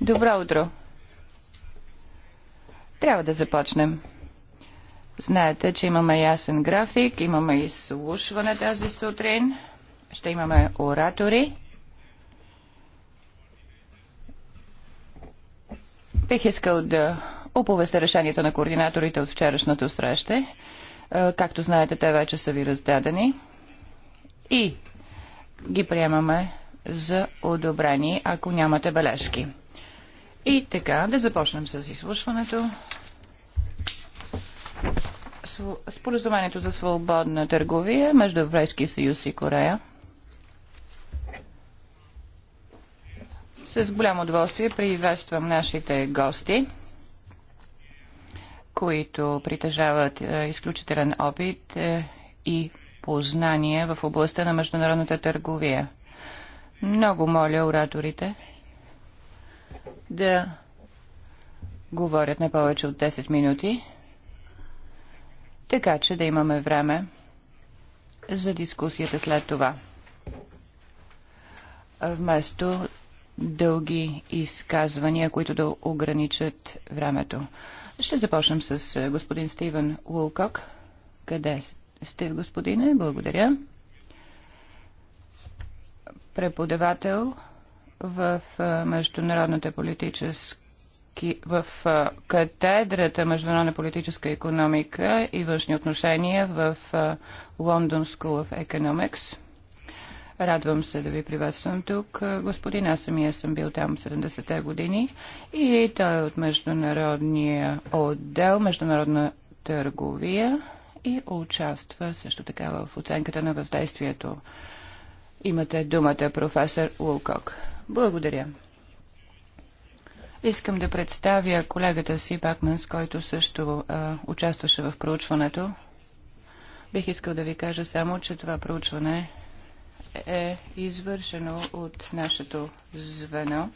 Добро утро. Трябва да започнем. Знаете, че имаме ясен график, имаме изслушване тази сутрин, ще имаме оратори. Бих искал да оповестя решението на координаторите от вчерашното среща. Е, както знаете, те вече са ви раздадени. И ги приемаме за одобрени, ако нямате бележки. И така, да започнем с изслушването. Споразумението за свободна търговия между Европейския съюз и Корея. С голямо удоволствие приветствам нашите гости, които притежават е, изключителен опит е, и познание в областта на международната търговия. Много моля ораторите да говорят не повече от 10 минути, така че да имаме време за дискусията след това. Вместо дълги изказвания, които да ограничат времето. Ще започнем с е, господин Стивен Уолкок. Къде сте, господине. Благодаря. Преподавател в международната политическа в катедрата Международна политическа економика и външни отношения в London School of Economics. Радвам се да ви приветствам тук, господин. Аз самия съм бил там 70-те години и той е от Международния отдел, Международна търговия и участва също така в оценката на въздействието. Имате думата, професор Улкок. Благодаря. Искам да представя колегата си Бакманс, който също а, участваше в проучването. Бих искал да ви кажа само, че това проучване е извършено от нашето звено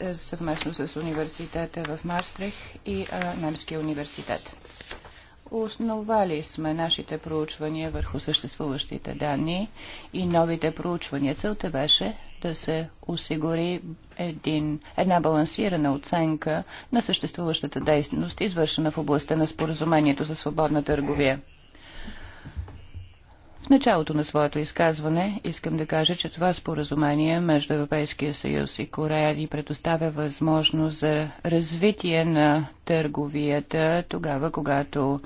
е, съвместно с университета в Мастрих и а, Немския университет. Основали сме нашите проучвания върху съществуващите данни и новите проучвания. Целта беше да се осигури един, една балансирана оценка на съществуващата дейност, извършена в областта на споразумението за свободна търговия. В началото на своето изказване искам да кажа, че това споразумение между Европейския съюз и Корея ни предоставя възможност за развитие на търговията тогава, когато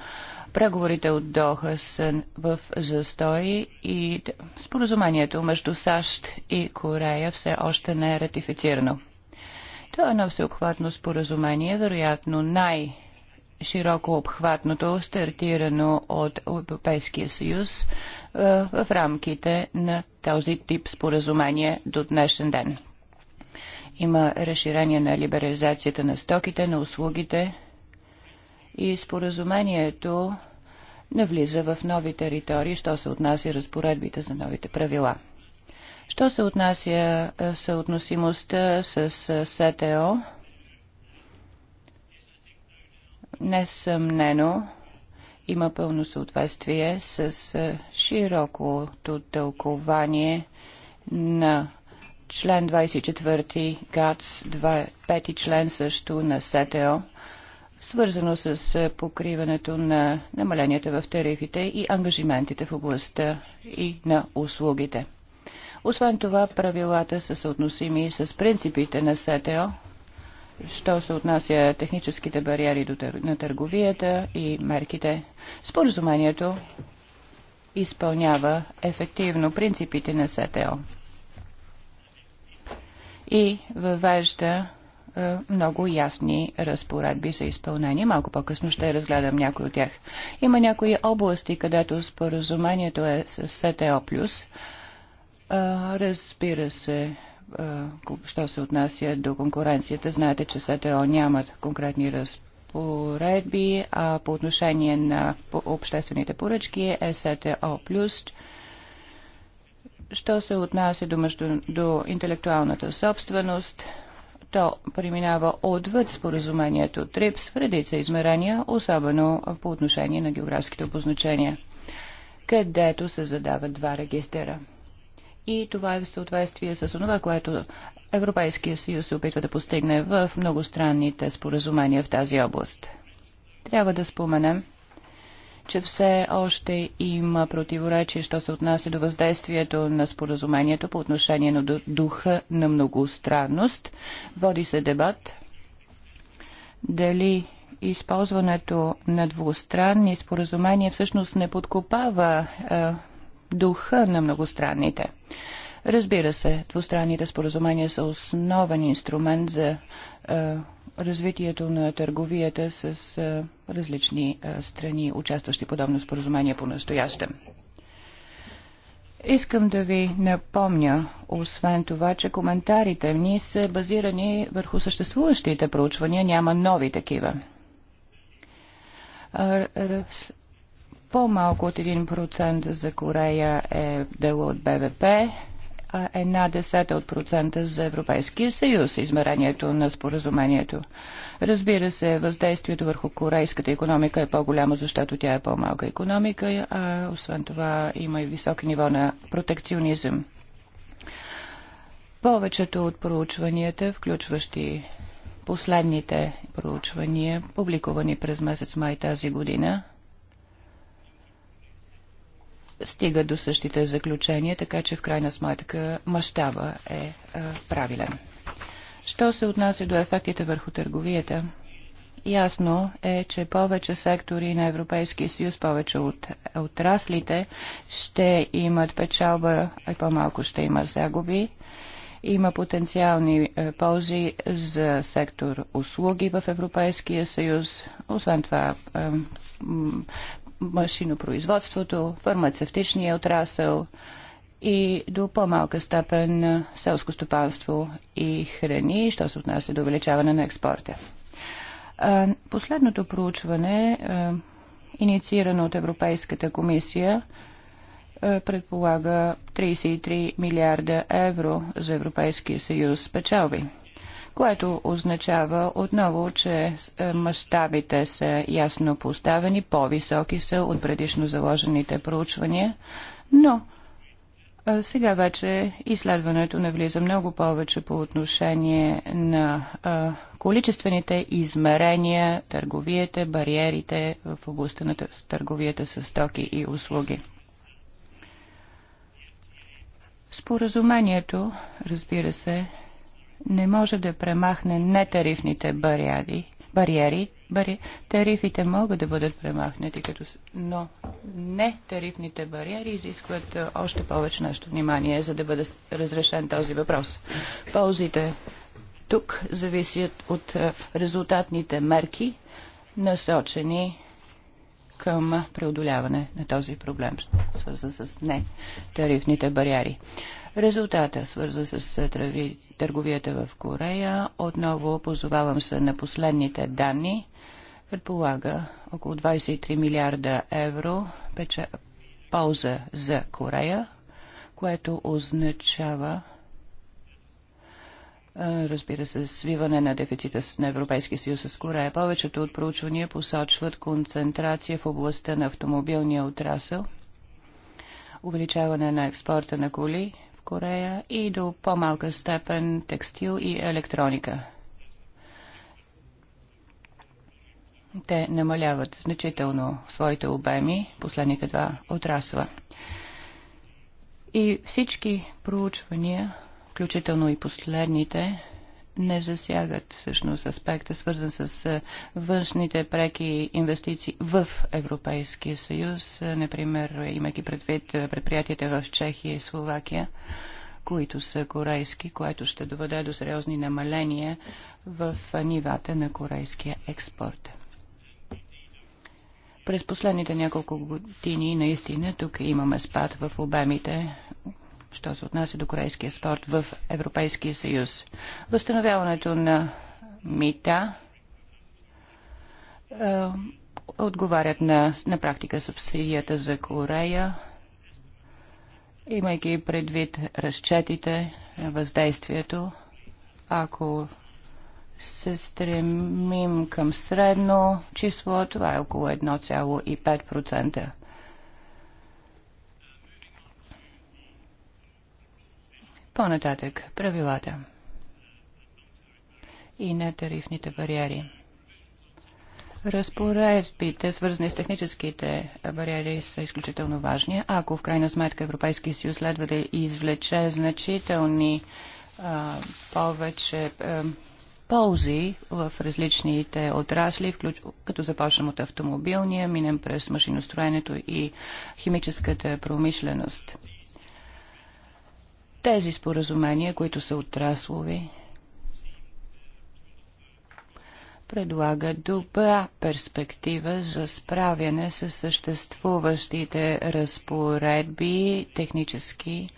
преговорите от Доха са в застой и споразумението между САЩ и Корея все още не е ратифицирано. То е едно всеобхватно споразумение, вероятно най- широко обхватното, стартирано от Европейския съюз е, в рамките на този тип споразумение до днешен ден. Има разширение на либерализацията на стоките, на услугите и споразумението навлиза в нови територии, що се отнася разпоредбите за новите правила. Що се отнася е, съотносимостта с е, СТО, несъмнено има пълно съответствие с е, широкото тълкование на член 24 ГАЦ, 5 член също на СТО, свързано с е, покриването на намаленията в тарифите и ангажиментите в областта и на услугите. Освен това, правилата са съотносими с принципите на СТО, що се отнася техническите бариери до, на търговията и мерките. Споразумението изпълнява ефективно принципите на СТО и въвежда е, много ясни разпоредби за изпълнение. Малко по-късно ще разгледам някои от тях. Има някои области, където споразумението е с СТО+. разбира се, що се отнася до конкуренцията. Знаете, че СТО нямат конкретни разпоредби, а по отношение на обществените поръчки е СТО+. Що се отнася до, между, до интелектуалната собственост, то преминава отвъд споразумението ТРИПС в редица измерения, особено по отношение на географските обозначения, където се задават два регистера – и това е в съответствие с това, което Европейския съюз се опитва да постигне в многостранните споразумения в тази област. Трябва да споменем, че все още има противоречие, що се отнася до въздействието на споразумението по отношение на духа на многостранност. Води се дебат дали използването на двустранни споразумения всъщност не подкопава е, духа на многостранните. Разбира се, двустранните споразумения са основен инструмент за е, развитието на търговията с е, различни е, страни, участващи подобно споразумение по настоящем. Искам да ви напомня, освен това, че коментарите ни са базирани върху съществуващите проучвания, няма нови такива е, по-малко от 1% за Корея е дело от БВП, а една десета от процента за Европейския съюз, измерението на споразумението. Разбира се, въздействието върху корейската економика е по-голямо, защото тя е по-малка економика, а освен това има и висок ниво на протекционизъм. Повечето от проучванията, включващи последните проучвания, публикувани през месец май тази година, стига до същите заключения, така че в крайна сметка мащаба е, е правилен. Що се отнася до ефектите върху търговията? Ясно е, че повече сектори на Европейския съюз, повече от отраслите ще имат печалба, а по-малко ще има загуби. Има потенциални е, ползи за сектор услуги в Европейския съюз. Освен това, е, машинопроизводството, фармацевтичния отрасъл и до по-малка степен селско стопанство и храни, що се отнася до увеличаване на експорта. Последното проучване, инициирано от Европейската комисия, предполага 33 милиарда евро за Европейския съюз печалби – което означава отново, че е, мащабите са ясно поставени, по-високи са от предишно заложените проучвания, но е, сега вече изследването навлиза много повече по отношение на е, количествените измерения, търговията, бариерите в областта на търговията с стоки и услуги. Споразумението, разбира се, не може да премахне нетарифните бариери. бариери бари... Тарифите могат да бъдат премахнати, като... но нетарифните бариери изискват още повече нашето внимание, за да бъде разрешен този въпрос. Ползите тук зависят от резултатните мерки, насочени към преодоляване на този проблем, свързан с нетарифните бариери. Резултата свърза с търговията в Корея. Отново позовавам се на последните данни. Предполага около 23 милиарда евро печа, полза за Корея, което означава разбира се, свиване на дефицита на Европейския съюз с Корея. Повечето от проучвания посочват концентрация в областта на автомобилния отрасъл, увеличаване на експорта на коли, Корея и до по-малка степен текстил и електроника. Те намаляват значително своите обеми, последните два отрасла. И всички проучвания, включително и последните, не засягат всъщност аспекта, свързан с външните преки инвестиции в Европейския съюз, например, имайки предвид предприятията в Чехия и Словакия, които са корейски, което ще доведе до сериозни намаления в нивата на корейския експорт. През последните няколко години наистина тук имаме спад в обемите що се отнася до корейския спорт в Европейския съюз. Възстановяването на мита е, отговарят на, на практика субсидията за Корея, имайки предвид разчетите, въздействието, ако се стремим към средно число, това е около 1,5%. По-нататък, правилата и нетарифните бариери. Разпоредбите, свързани с техническите бариери, са изключително важни. Ако в крайна сметка Европейския съюз следва да извлече значителни а, повече а, ползи в различните отрасли, включ... като започнем от автомобилния, минем през машиностроенето и химическата промишленост – тези споразумения, които са отраслови, предлага добра перспектива за справяне с съществуващите разпоредби, технически.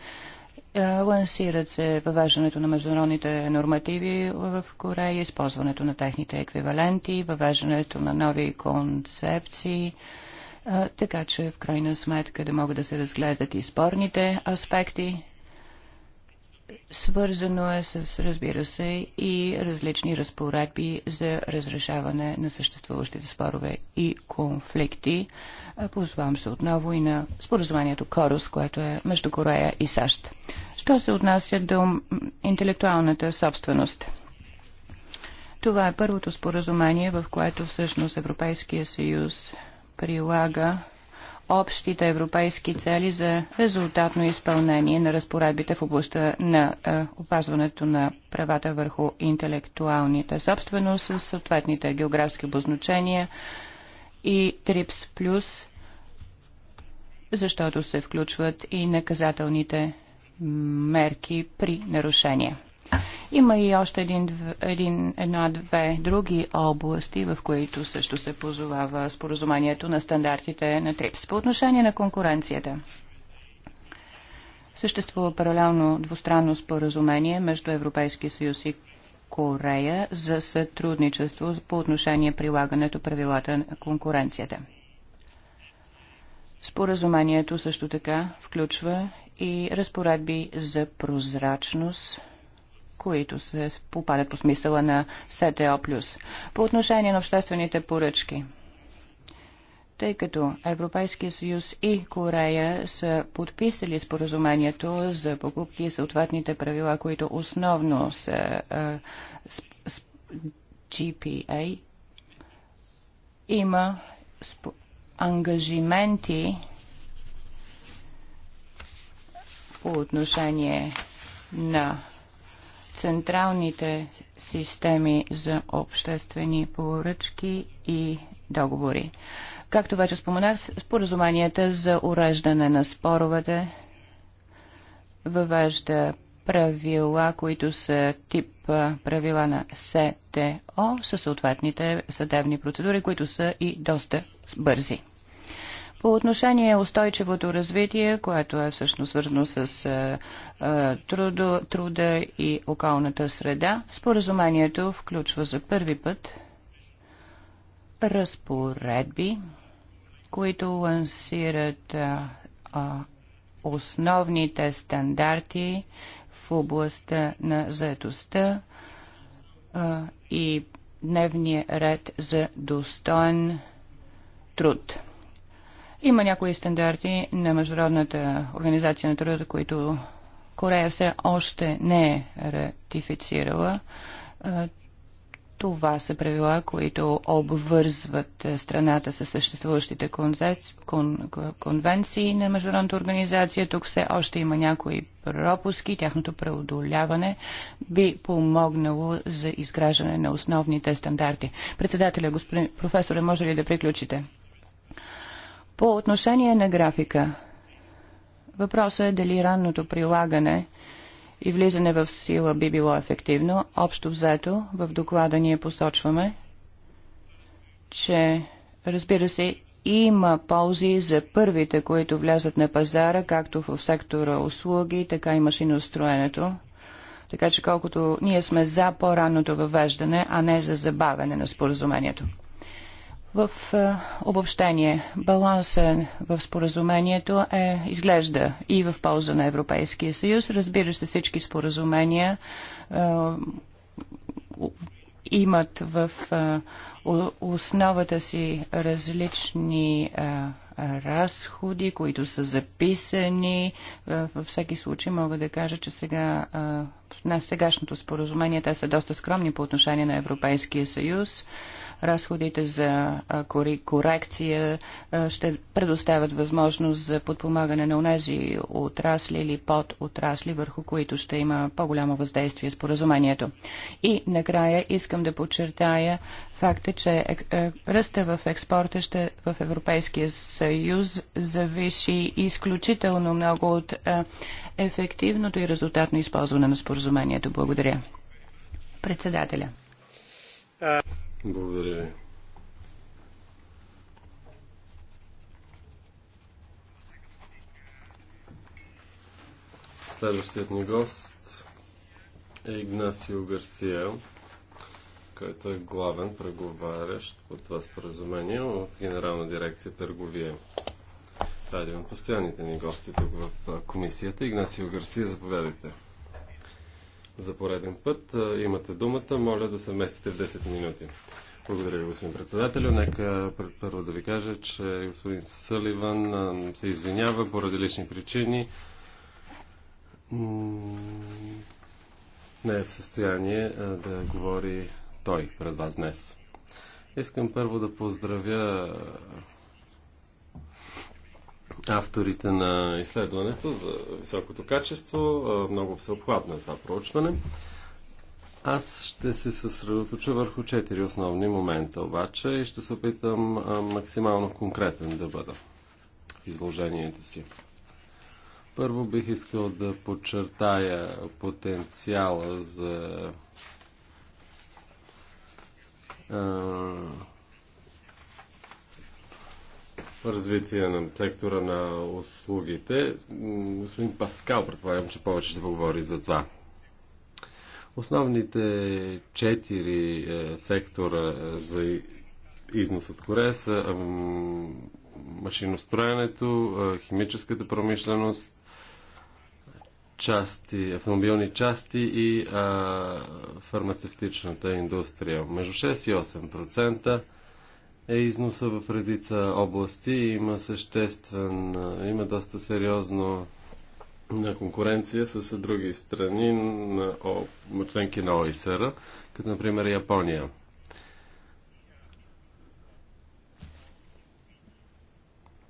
Лансират се въвеждането на международните нормативи в Корея, използването на техните еквиваленти, въвеждането на нови концепции, така че в крайна сметка да могат да се разгледат и спорните аспекти Свързано е с, разбира се, и различни разпоредби за разрешаване на съществуващите спорове и конфликти. Позвам се отново и на споразумението Корус, което е между Корея и САЩ. Що се отнася до интелектуалната собственост? Това е първото споразумение, в което всъщност Европейския съюз прилага общите европейски цели за резултатно изпълнение на разпоредбите в областта на е, опазването на правата върху интелектуалните собственост с съответните географски обозначения и ТРИПС плюс, защото се включват и наказателните мерки при нарушения. Има и още един, един, една-две други области, в които също се позовава споразумението на стандартите на ТРИПС. По отношение на конкуренцията. Съществува паралелно двустранно споразумение между Европейския съюз и Корея за сътрудничество по отношение прилагането правилата на конкуренцията. Споразумението също така включва и разпоредби за прозрачност – които се попадат по смисъла на СТО+. По отношение на обществените поръчки тъй като Европейския съюз и Корея са подписали споразумението за покупки и съответните правила, които основно са а, с, с GPA, има ангажименти по отношение на централните системи за обществени поръчки и договори. Както вече споменах, споразуменията за уреждане на споровете въвежда правила, които са тип правила на СТО, със съответните съдебни процедури, които са и доста бързи. По отношение устойчивото развитие, което е всъщност свързано с е, е, трудо, труда и околната среда, споразумението включва за първи път разпоредби, които лансират е, основните стандарти в областта на заедостта е, и дневния ред за достоен труд. Има някои стандарти на Международната организация на труда, които Корея все още не е ратифицирала. Това са правила, които обвързват страната с съществуващите конвенции на Международната организация. Тук все още има някои пропуски. Тяхното преодоляване би помогнало за изграждане на основните стандарти. Председателя, господин професоре, може ли да приключите? По отношение на графика, въпросът е дали ранното прилагане и влизане в сила би било ефективно. Общо взето, в доклада ние посочваме, че разбира се, има ползи за първите, които влязат на пазара, както в сектора услуги, така и машиностроенето. Така че колкото ние сме за по-ранното въвеждане, а не за забавяне на споразумението. В е, обобщение, балансът в споразумението е, изглежда и в полза на Европейския съюз. Разбира се, всички споразумения е, имат в е, основата си различни е, разходи, които са записани. Е, във всеки случай мога да кажа, че сега е, на сегашното споразумение те са доста скромни по отношение на Европейския съюз разходите за корекция ще предоставят възможност за подпомагане на унези отрасли или подотрасли, върху които ще има по-голямо въздействие споразумението. И накрая искам да подчертая факта, че е, е, ръста в експорта ще в Европейския съюз зависи изключително много от ефективното и резултатно използване на споразумението. Благодаря. Председателя. Благодаря ви. Следващият ни гост е Игнасио Гарсия, който е главен преговарящ по това споразумение в Генерална дирекция търговия. Това е един от постоянните ни гости тук в комисията. Игнасио Гарсия, заповядайте. За пореден път имате думата. Моля да се вместите в 10 минути. Благодаря ви, господин председател. Нека първо да ви кажа, че господин Съливан се извинява поради лични причини. Не е в състояние да говори той пред вас днес. Искам първо да поздравя авторите на изследването за високото качество. Много всеобхватно е това проучване. Аз ще се съсредоточа върху четири основни момента обаче и ще се опитам максимално конкретен да бъда в изложението си. Първо бих искал да подчертая потенциала за развитие на сектора на услугите. Господин Паскал, предполагам, че повече ще поговори за това. Основните четири е, сектора за износ от Корея са машиностроенето, е, химическата промишленост, части, автомобилни части и а, фармацевтичната индустрия. Между 6 и 8% е износа в редица области и има съществен, е, има доста сериозно на конкуренция с други страни на членки на ОИСР, като например Япония.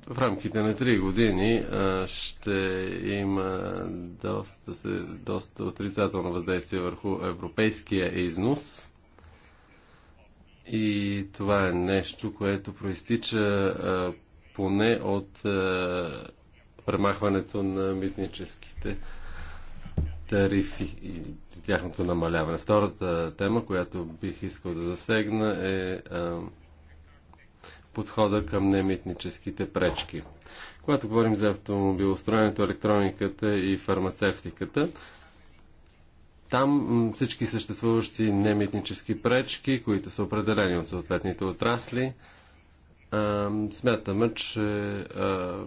В рамките на 3 години ще има доста, доста отрицателно въздействие върху европейския износ. И това е нещо, което проистича поне от премахването на митническите тарифи и тяхното намаляване. Втората тема, която бих искал да засегна е подхода към немитническите пречки. Когато говорим за автомобилостроенето, електрониката и фармацевтиката, там всички съществуващи немитнически пречки, които са определени от съответните отрасли, смятаме, че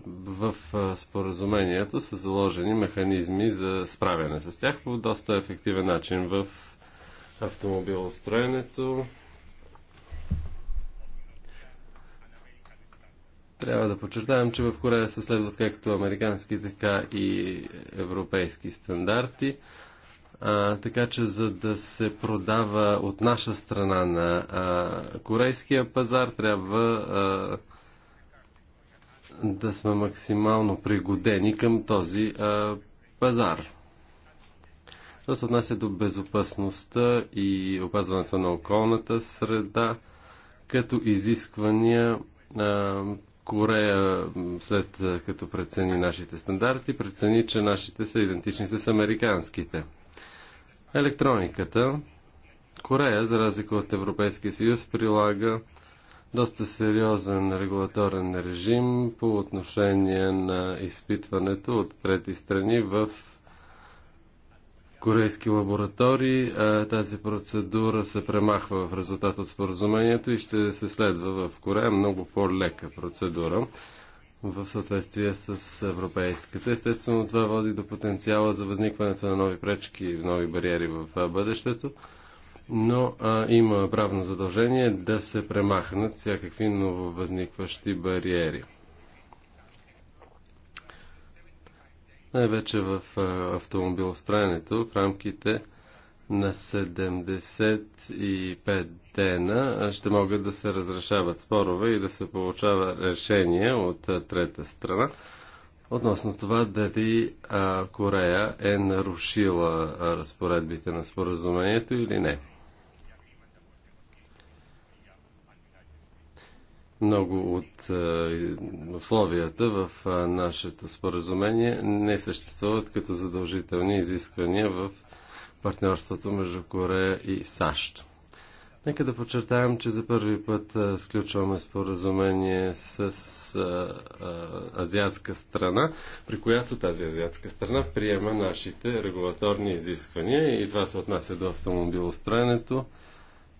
в споразумението са заложени механизми за справяне с тях по доста ефективен начин в автомобилостроенето. Трябва да подчертаем, че в Корея се следват както американски, така и европейски стандарти. А, така че за да се продава от наша страна на а, корейския пазар, трябва а, да сме максимално пригодени към този а, пазар. Това се отнася до безопасността и опазването на околната среда, като изисквания а, Корея, след като прецени нашите стандарти, прецени, че нашите са идентични с американските. Електрониката. Корея, за разлика от Европейския съюз, прилага доста сериозен регулаторен режим по отношение на изпитването от трети страни в корейски лаборатории. Тази процедура се премахва в резултат от споразумението и ще се следва в Корея много по-лека процедура в съответствие с европейската. Естествено, това води до потенциала за възникването на нови пречки, нови бариери в бъдещето, но а, има правно задължение да се премахнат всякакви нововъзникващи бариери. Най-вече в автомобилостроенето, в рамките на 75 дена ще могат да се разрешават спорове и да се получава решение от трета страна относно това дали а, Корея е нарушила разпоредбите на споразумението или не. Много от условията в нашето споразумение не съществуват като задължителни изисквания в партньорството между Корея и САЩ. Нека да подчертаем, че за първи път сключваме споразумение с а, а, азиатска страна, при която тази азиатска страна приема нашите регулаторни изисквания и това се отнася до автомобилостроенето,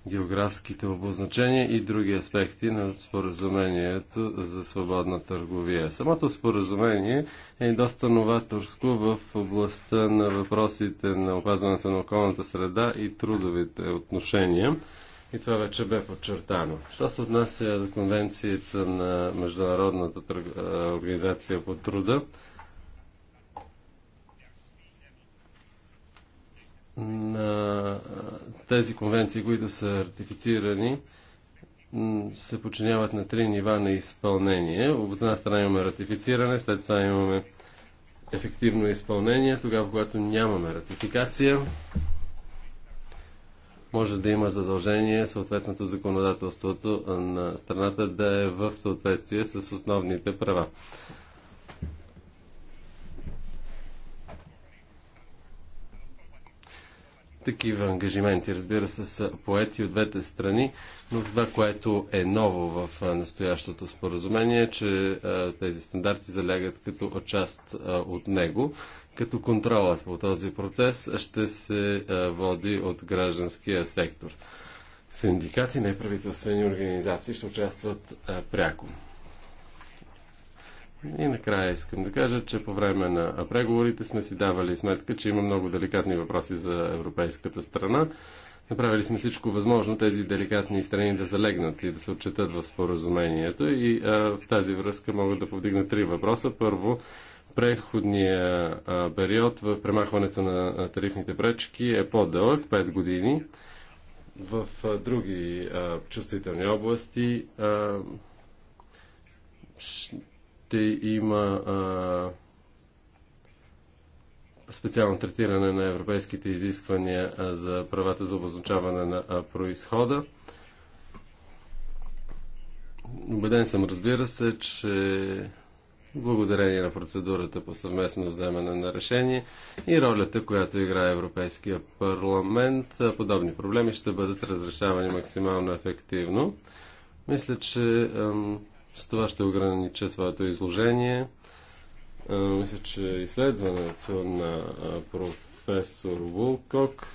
географските обозначения и други аспекти на споразумението за свободна търговия. Самото споразумение е доста новаторско в областта на въпросите на опазването на околната среда и трудовите отношения. И това вече бе подчертано. Що се отнася до конвенцията на Международната организация по труда, на тези конвенции, които са ратифицирани, се подчиняват на три нива на изпълнение. От една страна имаме ратифициране, след това имаме ефективно изпълнение, тогава когато нямаме ратификация, може да има задължение съответното законодателството на страната да е в съответствие с основните права. Такива ангажименти, разбира се, са поети от двете страни, но това, което е ново в настоящото споразумение е, че тези стандарти залягат като част от него, като контролът по този процес ще се води от гражданския сектор. Синдикати, неправителствени организации ще участват пряко. И накрая искам да кажа, че по време на преговорите сме си давали сметка, че има много деликатни въпроси за европейската страна. Направили сме всичко възможно тези деликатни страни да залегнат и да се отчетат в споразумението. И а, в тази връзка мога да повдигна три въпроса. Първо, преходния а, период в премахването на, тарифните пречки е по-дълъг, 5 години. В а, други а, чувствителни области а, ще има а, специално третиране на европейските изисквания за правата за обозначаване на происхода. Убеден съм, разбира се, че благодарение на процедурата по съвместно вземане на решение и ролята, която играе Европейския парламент, подобни проблеми ще бъдат разрешавани максимално ефективно. Мисля, че с това ще огранича своето изложение. Мисля, че изследването на професор Вулкок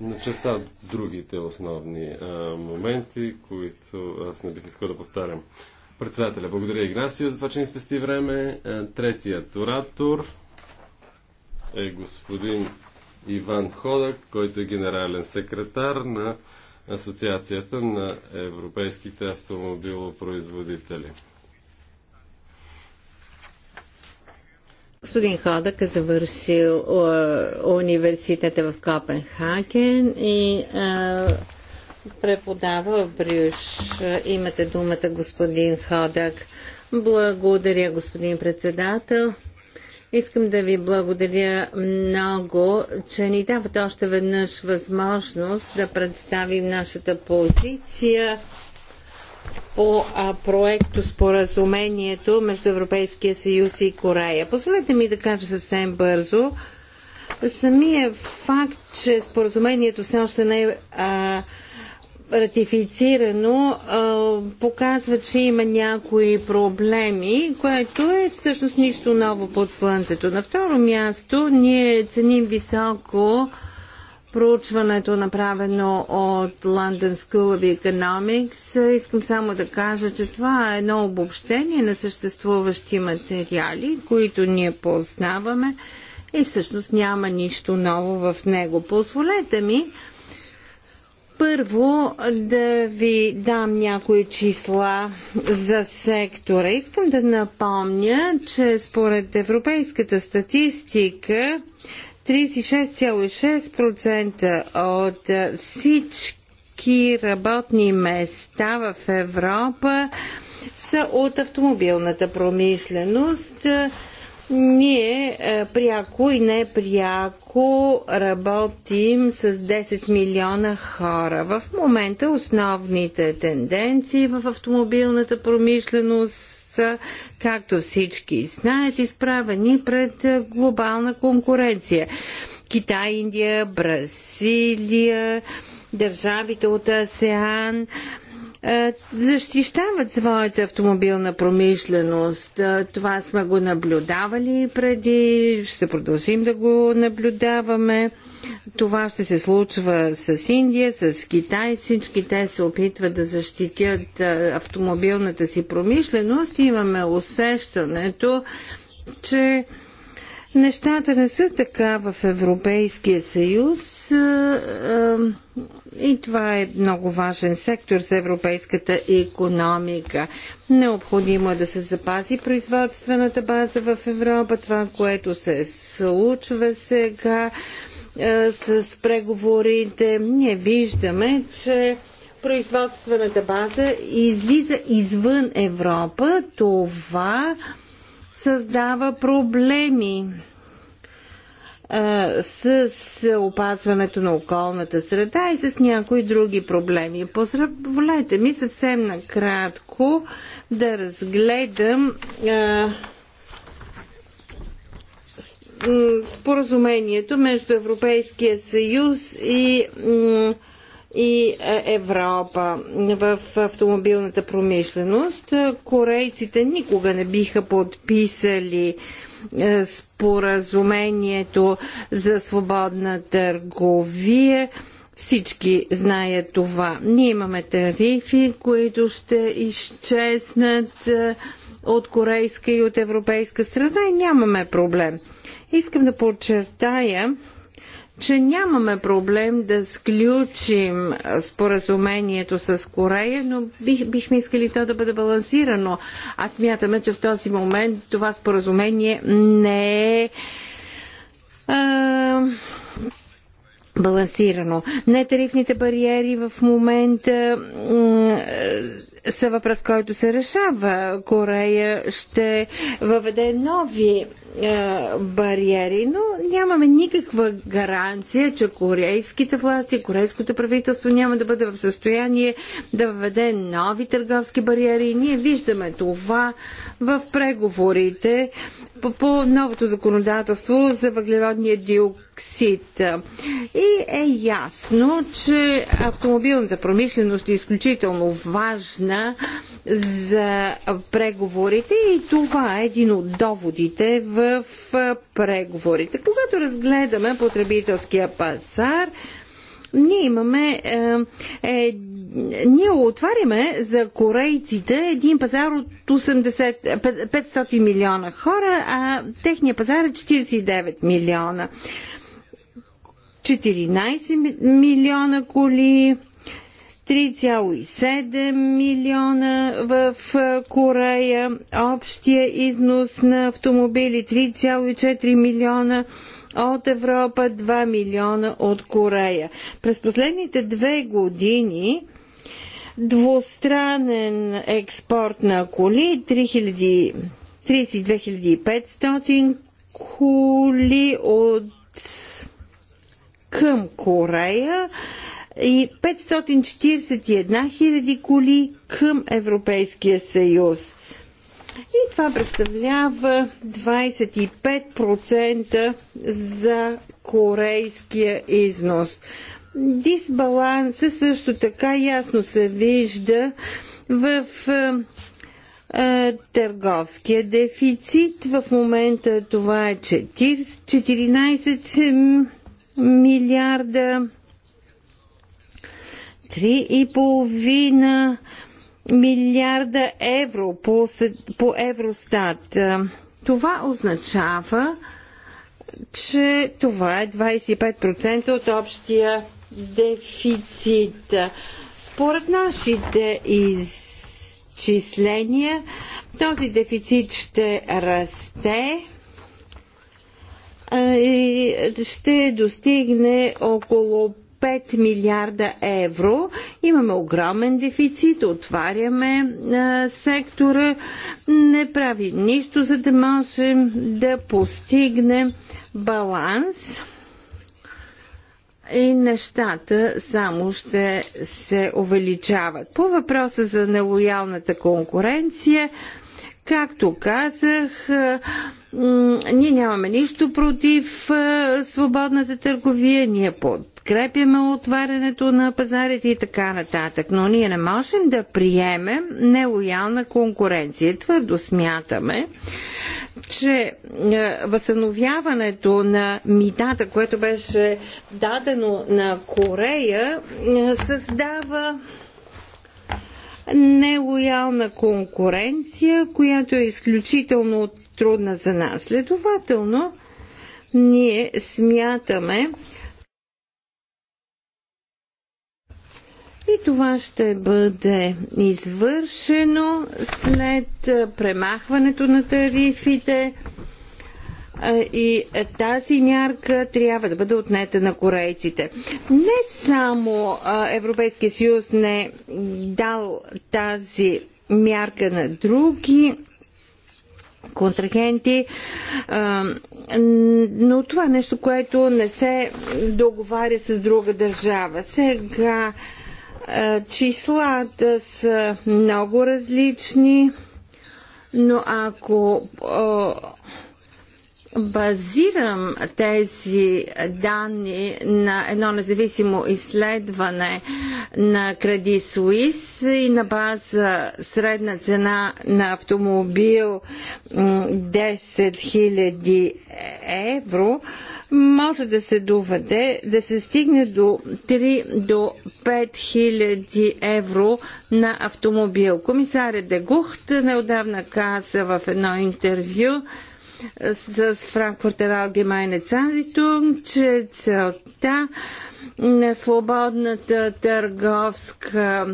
начерта другите основни моменти, които аз не бих искал да повтарям. Председателя, благодаря Игнасио за това, че ни спести време. Третият оратор е господин Иван Ходък, който е генерален секретар на Асоциацията на европейските автомобилопроизводители. Господин Ходък е завършил е, университета в Копенхаген и а, е, преподава в Брюш. Имате думата, господин Ходък. Благодаря, господин председател. Искам да ви благодаря много, че ни давате още веднъж възможност да представим нашата позиция по проекто споразумението между Европейския съюз и Корея. Позволете ми да кажа съвсем бързо. Самия факт, че споразумението все още не е а, ратифицирано, показва, че има някои проблеми, което е всъщност нищо ново под слънцето. На второ място, ние ценим високо проучването, направено от London School of Economics. Искам само да кажа, че това е едно обобщение на съществуващи материали, които ние познаваме и всъщност няма нищо ново в него. Позволете ми първо да ви дам някои числа за сектора. Искам да напомня, че според европейската статистика 36,6% от всички работни места в Европа са от автомобилната промишленост. Ние е, пряко и непряко работим с 10 милиона хора. В момента основните тенденции в автомобилната промишленост са, както всички знаят, изправени пред е, глобална конкуренция. Китай, Индия, Бразилия, държавите от АСЕАН е, защищават своята автомобилна промишленост. Е, това сме го наблюдавали преди, ще продължим да го наблюдаваме. Това ще се случва с Индия, с Китай. Всички те се опитват да защитят е, автомобилната си промишленост. Имаме усещането, че Нещата не са така в Европейския съюз и това е много важен сектор за европейската економика. Необходимо е да се запази производствената база в Европа, това, което се случва сега с преговорите. Ние виждаме, че производствената база излиза извън Европа. Това е създава проблеми е, с опазването на околната среда и с някои други проблеми. Позволете ми съвсем накратко да разгледам а, е, споразумението между Европейския съюз и а, и е, Европа в автомобилната промишленост. Корейците никога не биха подписали е, споразумението за свободна търговия. Всички знаят това. Ние имаме тарифи, които ще изчезнат е, от корейска и от европейска страна и нямаме проблем. Искам да подчертая, че нямаме проблем да сключим споразумението с Корея, но бих, бихме искали то да бъде балансирано. Аз смятаме, че в този момент това споразумение не е. А, балансирано. тарифните бариери в момента са въпрос, който се решава. Корея ще въведе нови е, бариери, но нямаме никаква гаранция, че корейските власти, корейското правителство няма да бъде в състояние да въведе нови търговски бариери. Ние виждаме това в преговорите по, по новото законодателство за въглеродния диоксид. И е ясно, че автомобилната промишленост е изключително важна за преговорите и това е един от доводите в преговорите. Когато разгледаме потребителския пазар, ние имаме. Е, е, ние отваряме за корейците един пазар от 80, 500 милиона хора, а техния пазар е 49 милиона. 14 милиона коли, 3,7 милиона в е, Корея, общия износ на автомобили 3,4 милиона от Европа, 2 милиона от Корея. През последните две години двустранен експорт на коли 3000, 32500 коли от към Корея и 541 000 коли към Европейския съюз. И това представлява 25% за корейския износ. Дисбаланса също така ясно се вижда в е, е, търговския дефицит. В момента това е 14 е, милиарда, 3,5 милиарда евро по, по Евростат. Е, това означава, че това е 25% от общия дефицит. Според нашите изчисления, този дефицит ще расте е, и ще достигне около 5 милиарда евро. Имаме огромен дефицит, отваряме а, сектора, не правим нищо, за да можем да постигнем баланс и нещата само ще се увеличават. По въпроса за нелоялната конкуренция, Както казах, е, ние нямаме нищо против е, свободната търговия, ние подкрепяме отварянето на пазарите и така нататък, но ние не можем да приемем нелоялна конкуренция. Твърдо смятаме, че е, възстановяването на митата, което беше дадено на Корея, създава нелоялна конкуренция, която е изключително трудна за нас. Следователно, ние смятаме, И това ще бъде извършено след премахването на тарифите и е, тази мярка трябва да бъде отнета на корейците. Не само Европейския съюз не дал тази мярка на други контрагенти, но това е нещо, което не се договаря с друга държава. Сега числата са много различни, но ако базирам тези данни на едно независимо изследване на Кради Суис и на база средна цена на автомобил 10 000 евро, може да се доведе да се стигне до 3 до 5 000 евро на автомобил. Комисарят Дегухт неодавна каза в едно интервю, с Франкфуртер Алгемайне Цанзитунг, че целта на свободната търговска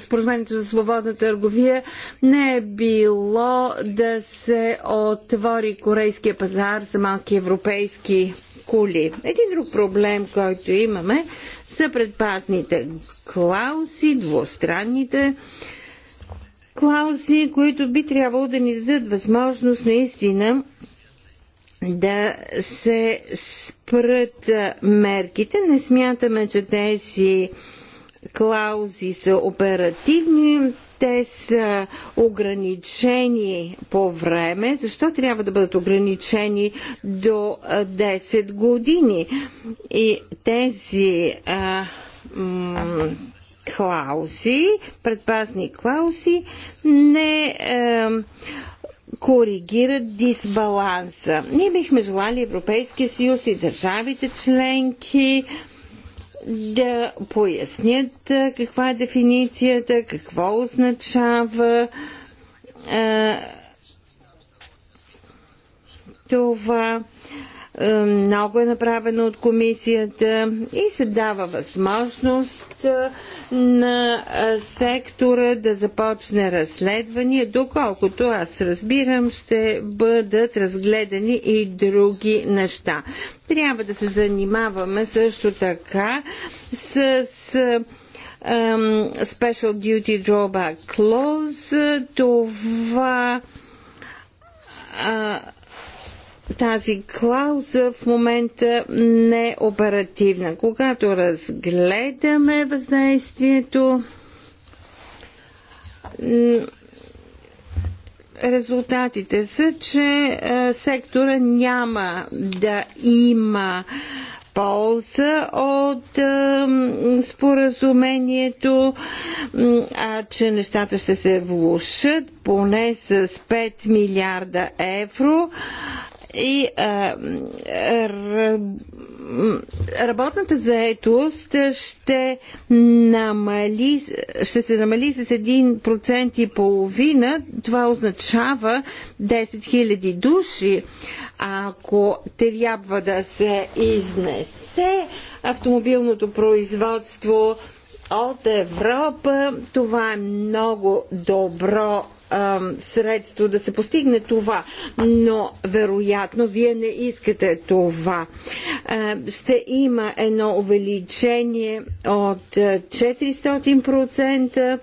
споразумението за свободна търговия не е било да се отвори корейския пазар за малки европейски коли. Един друг проблем, който имаме, са предпазните клауси, двустранните клаузи, които би трябвало да ни дадат възможност наистина да се спрат мерките. Не смятаме, че тези клаузи са оперативни, те са ограничени по време. Защо трябва да бъдат ограничени до 10 години? И тези а, Клауси, предпазни Клауси, не е, коригират дисбаланса. Ние бихме желали Европейския съюз и държавите членки да пояснят е, каква е дефиницията, какво означава е, това. Е, е, много е направено от комисията и се дава възможност е, на е, сектора да започне разследвания, доколкото аз разбирам, ще бъдат разгледани и други неща. Трябва да се занимаваме също така с, um, Special Duty Drawback Clause. Това uh, тази клауза в момента не е оперативна. Когато разгледаме въздействието, резултатите са, че сектора няма да има полза от е, споразумението, а че нещата ще се влушат поне с 5 милиарда евро, и а, работната заетост ще намали, ще се намали с 1% и половина. Това означава 10 000 души. Ако трябва да се изнесе автомобилното производство от Европа, това е много добро а, средство да се постигне това, но вероятно вие не искате това. А, ще има едно увеличение от 400%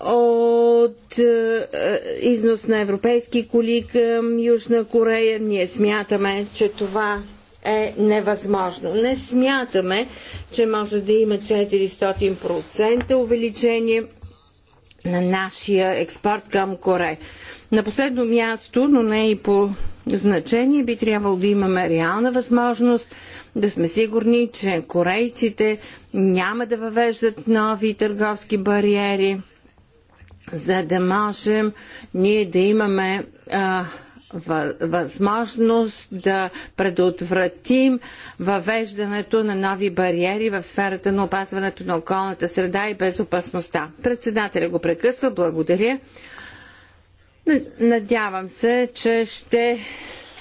от износ на европейски коли към Южна Корея. Ние смятаме, че това е невъзможно. Не смятаме, че може да има 400% увеличение на нашия експорт към Корея. На последно място, но не и по значение, би трябвало да имаме реална възможност да сме сигурни, че корейците няма да въвеждат нови търговски бариери, за да можем ние да имаме а, възможност да предотвратим въвеждането на нови бариери в сферата на опазването на околната среда и безопасността. Председателя го прекъсва. Благодаря. Надявам се, че ще.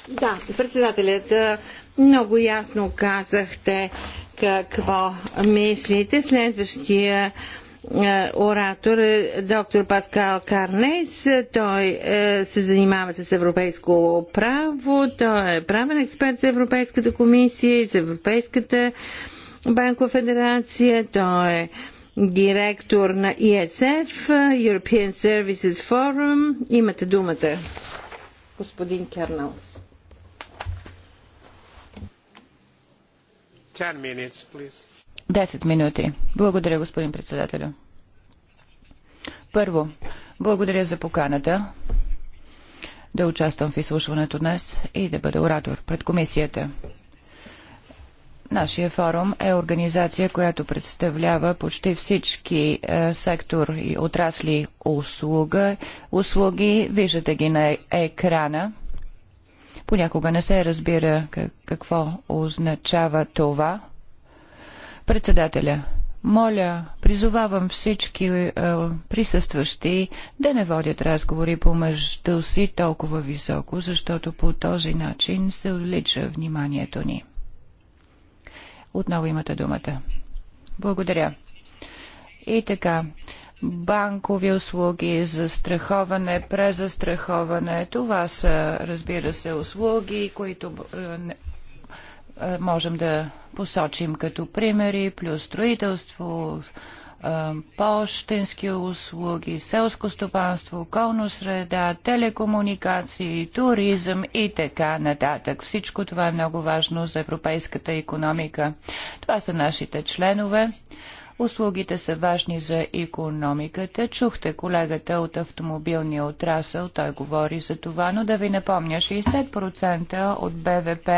Да, председателят много ясно казахте какво мислите. Следващия е, оратор е доктор Паскал Карнес. Той е, се занимава с европейско право. Той е правен експерт за Европейската комисия и за Европейската банкова федерация. Той е директор на ESF, European Services Forum. Имате думата, господин Кернелс. 10 minutes, please. 10 минути. Благодаря, господин председателю. Първо, благодаря за поканата да участвам в изслушването днес и да бъда оратор пред комисията. Нашия форум е организация, която представлява почти всички е, сектор и отрасли услуга. Услуги виждате ги на екрана. Понякога не се разбира какво означава това, Председателя, моля, призовавам всички е, присъстващи да не водят разговори по мъжта си толкова високо, защото по този начин се отлича вниманието ни. Отново имате думата. Благодаря. И така, банкови услуги, за страховане, презастраховане. Това са, разбира се, услуги, които е, е, можем да посочим като примери, плюс строителство, е, пощенски услуги, селско стопанство, околно среда, телекомуникации, туризъм и така нататък. Всичко това е много важно за европейската економика. Това са нашите членове. Услугите са важни за економиката. Чухте колегата от автомобилния отрасъл, той говори за това, но да ви напомня, 60% от БВП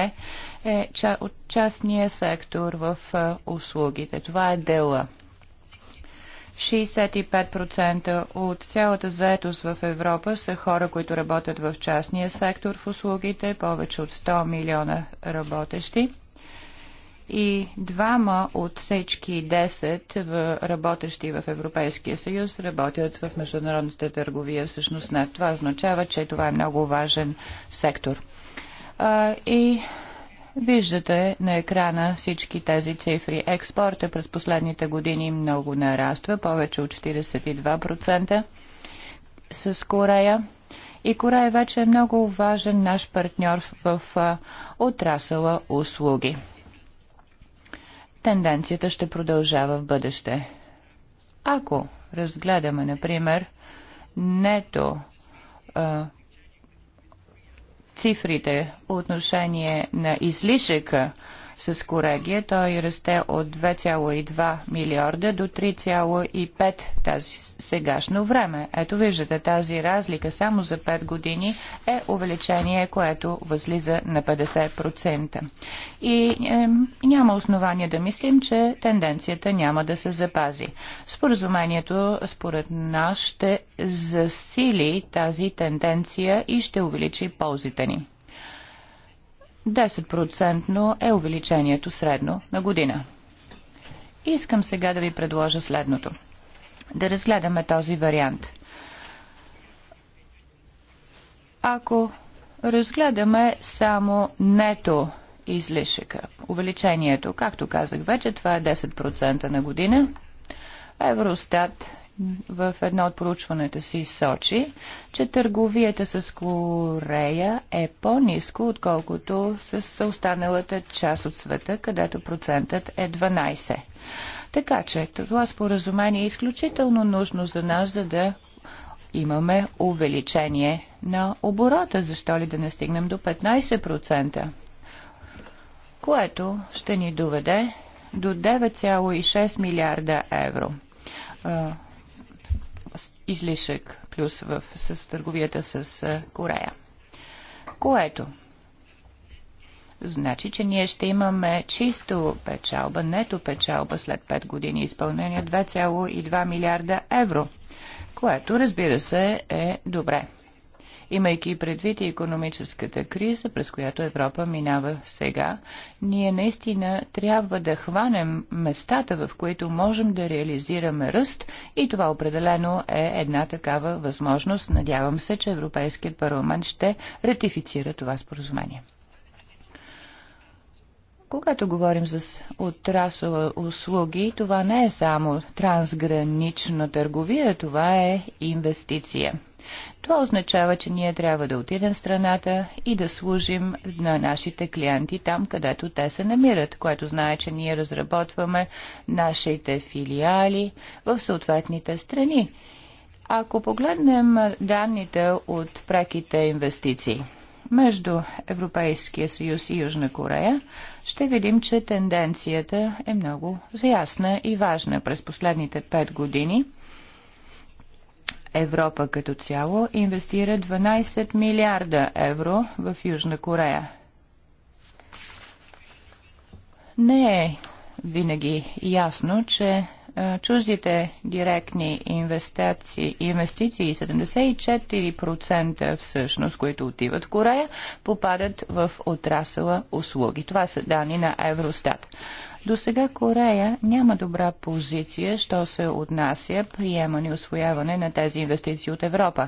е от частния сектор в услугите. Това е дела. 65% от цялата заетост в Европа са хора, които работят в частния сектор в услугите, повече от 100 милиона работещи и двама от всички 10 работещи в Европейския съюз работят в международната търговия всъщност не. Това означава, че това е много важен сектор. А, и Виждате на екрана всички тези цифри. Експорта през последните години много нараства, повече от 42% с Корея. И Корея вече е много важен наш партньор в отрасъла услуги тенденцията ще продължава в бъдеще. Ако разгледаме, например, нето а, цифрите по отношение на излишъка с корегия. Той расте от 2,2 милиарда до 3,5 тази сегашно време. Ето виждате, тази разлика само за 5 години е увеличение, което възлиза на 50%. И е, няма основания да мислим, че тенденцията няма да се запази. Споразумението, според нас, ще засили тази тенденция и ще увеличи ползите ни. 10% е увеличението средно на година. Искам сега да ви предложа следното. Да разгледаме този вариант. Ако разгледаме само нето излишъка, увеличението, както казах вече, това е 10% на година, Евростат в едно от проучването си сочи, че търговията с Корея е по-ниско, отколкото с останалата част от света, където процентът е 12. Така че това споразумение е изключително нужно за нас, за да имаме увеличение на оборота, защо ли да не стигнем до 15%, което ще ни доведе до 9,6 милиарда евро излишък плюс в, с търговията с Корея. Което значи, че ние ще имаме чисто печалба, нето печалба след 5 години изпълнение 2,2 милиарда евро, което разбира се е добре имайки предвид и економическата криза, през която Европа минава сега, ние наистина трябва да хванем местата, в които можем да реализираме ръст и това определено е една такава възможност. Надявам се, че Европейският парламент ще ратифицира това споразумение. Когато говорим за отрасова услуги, това не е само трансгранична търговия, това е инвестиция. Това означава, че ние трябва да отидем в страната и да служим на нашите клиенти там, където те се намират, което знае, че ние разработваме нашите филиали в съответните страни. Ако погледнем данните от преките инвестиции между Европейския съюз и Южна Корея, ще видим, че тенденцията е много заясна и важна през последните 5 години – Европа като цяло инвестира 12 милиарда евро в Южна Корея. Не е винаги ясно, че чуждите директни инвестиции, инвестиции 74% всъщност, които отиват в Корея, попадат в отрасъла услуги. Това са данни на Евростат. До сега Корея няма добра позиция, що се отнася приемане и освояване на тези инвестиции от Европа.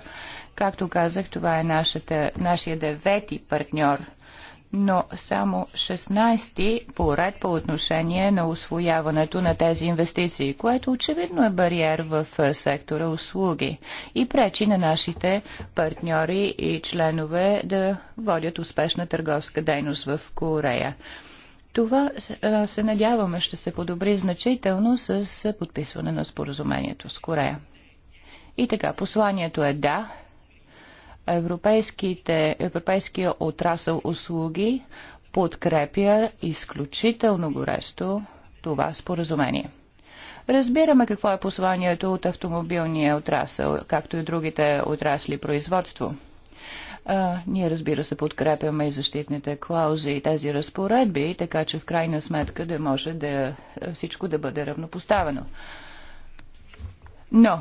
Както казах, това е нашата, нашия девети партньор но само 16-ти поред по отношение на освояването на тези инвестиции, което очевидно е бариер в е, сектора услуги и пречи на нашите партньори и членове да водят успешна търговска дейност в Корея. Това се надяваме ще се подобри значително с подписване на споразумението с Корея. И така, посланието е да, европейските, европейския отрасъл услуги подкрепя изключително горещо това споразумение. Разбираме какво е посланието от автомобилния отрасъл, както и другите отрасли производство – а, ние, разбира се, подкрепяме и защитните клаузи и тези разпоредби, така че в крайна сметка да може да всичко да бъде равнопоставено. Но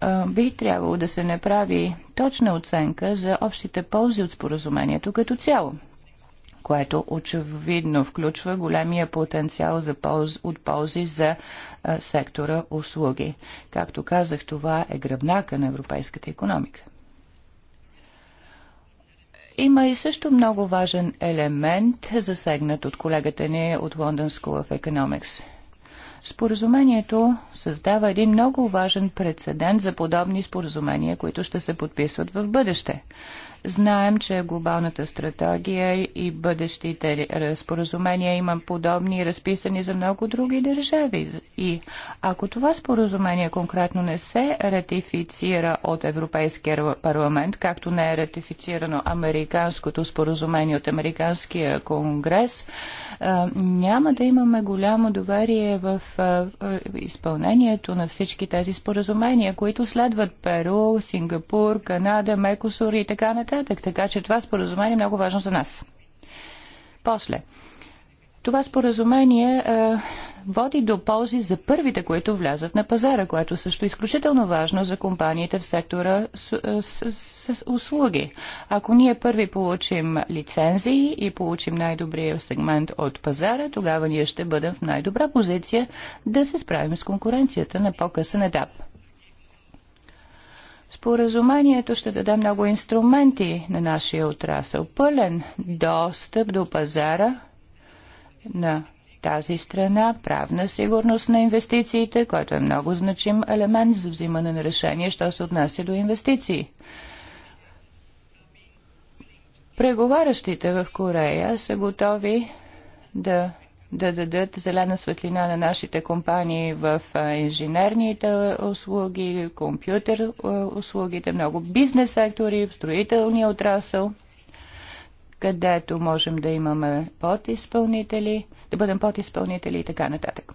а, би трябвало да се направи точна оценка за общите ползи от споразумението като цяло което очевидно включва големия потенциал за полз, от ползи за а, сектора услуги. Както казах, това е гръбнака на европейската економика. Има и също много важен елемент, засегнат от колегата ни от London School of Economics. Споразумението създава един много важен прецедент за подобни споразумения, които ще се подписват в бъдеще. Знаем, че глобалната стратегия и бъдещите споразумения има подобни разписани за много други държави. И ако това споразумение конкретно не се ратифицира от Европейския парламент, както не е ратифицирано американското споразумение от Американския конгрес, е, няма да имаме голямо доверие в е, е, изпълнението на всички тези споразумения, които следват Перу, Сингапур, Канада, Мекосур и така нататък нататък. Така че това споразумение е много важно за нас. После. Това споразумение е, води до ползи за първите, които влязат на пазара, което също е изключително важно за компаниите в сектора с, е, с, с, с услуги. Ако ние първи получим лицензии и получим най-добрия сегмент от пазара, тогава ние ще бъдем в най-добра позиция да се справим с конкуренцията на по-късен етап. Споразумението ще даде много инструменти на нашия отрасъл. Пълен достъп до пазара на тази страна, правна сигурност на инвестициите, който е много значим елемент за взимане на решение, що се отнася до инвестиции. Преговарящите в Корея са готови да да дадат зелена светлина на нашите компании в инженерните услуги, компютър услугите, много бизнес сектори, строителния отрасъл, където можем да имаме подизпълнители, да бъдем подизпълнители и така нататък.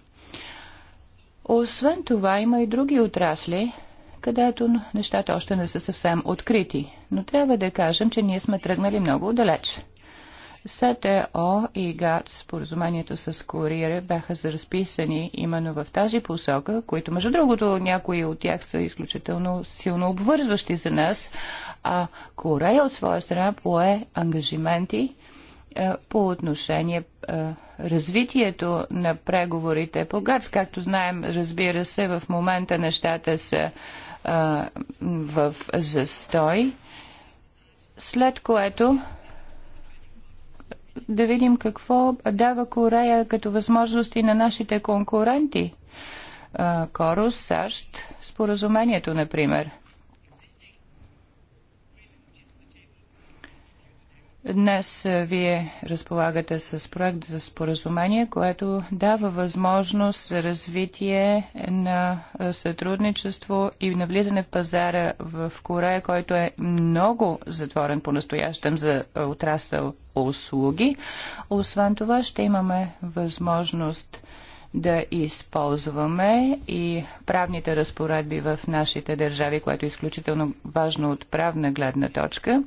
Освен това, има и други отрасли, където нещата още не са съвсем открити. Но трябва да кажем, че ние сме тръгнали много далеч. СТО и ГАТ, споразумението с Куриера бяха разписани именно в тази посока, които, между другото, някои от тях са изключително силно обвързващи за нас, а Корея от своя страна пое ангажименти е, по отношение е, развитието на преговорите по ГАЦ. Както знаем, разбира се, в момента нещата са а, е, в застой, след което да видим какво дава Корея като възможности на нашите конкуренти. Корус, САЩ, споразумението, например. Днес вие разполагате с проект за споразумение, което дава възможност за развитие на сътрудничество и навлизане в пазара в Корея, който е много затворен по-настоящем за отрасъл услуги. Освен това ще имаме възможност да използваме и правните разпоредби в нашите държави, което е изключително важно от правна гледна точка.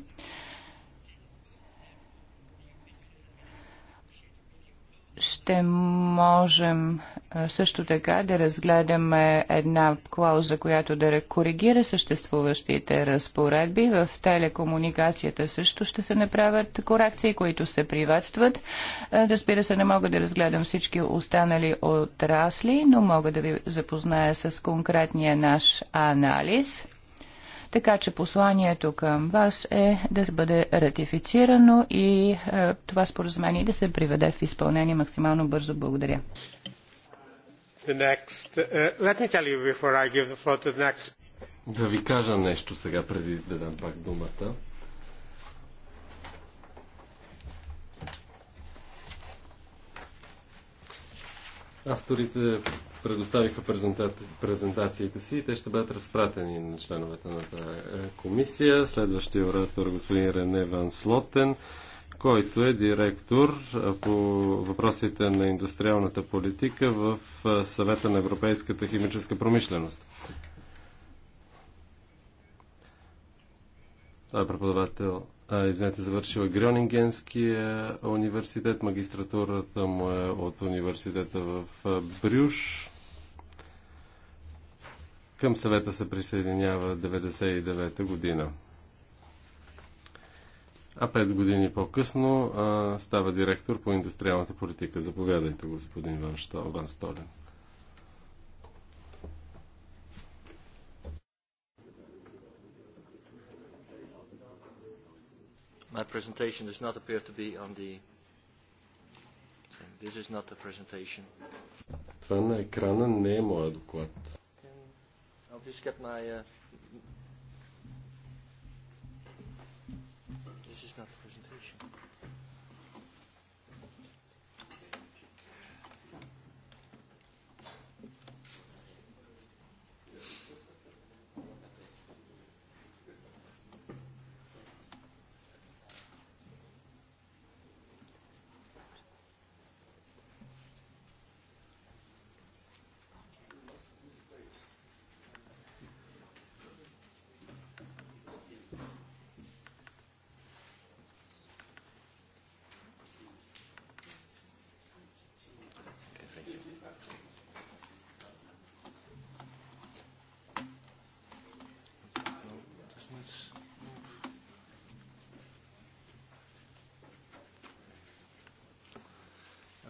ще можем също така да разгледаме една клауза, която да коригира съществуващите разпоредби. В телекомуникацията също ще се направят корекции, които се приветстват. Разбира се, не мога да разгледам всички останали отрасли, но мога да ви запозная с конкретния наш анализ така че посланието към вас е да бъде ратифицирано и е, това споразумение да се приведе в изпълнение максимално бързо. Благодаря. Uh, да ви кажа нещо сега, преди да дам пак думата. Авторите предоставиха презентациите си и те ще бъдат разпратени на членовете на тази е, комисия. Следващия оратор господин Рене Ван Слотен, който е директор по въпросите на индустриалната политика в съвета на Европейската химическа промишленост. Това е преподавател извинете, завършила Грёнингенския университет, магистратурата му е от университета в Брюш. Към съвета се присъединява 99-та година. А пет години по-късно става директор по индустриалната политика. Заповядайте, господин Ван Столен. My presentation does not appear to be on the... This is not the presentation. Това на екрана не е моя доклад. I'll just get my... Uh...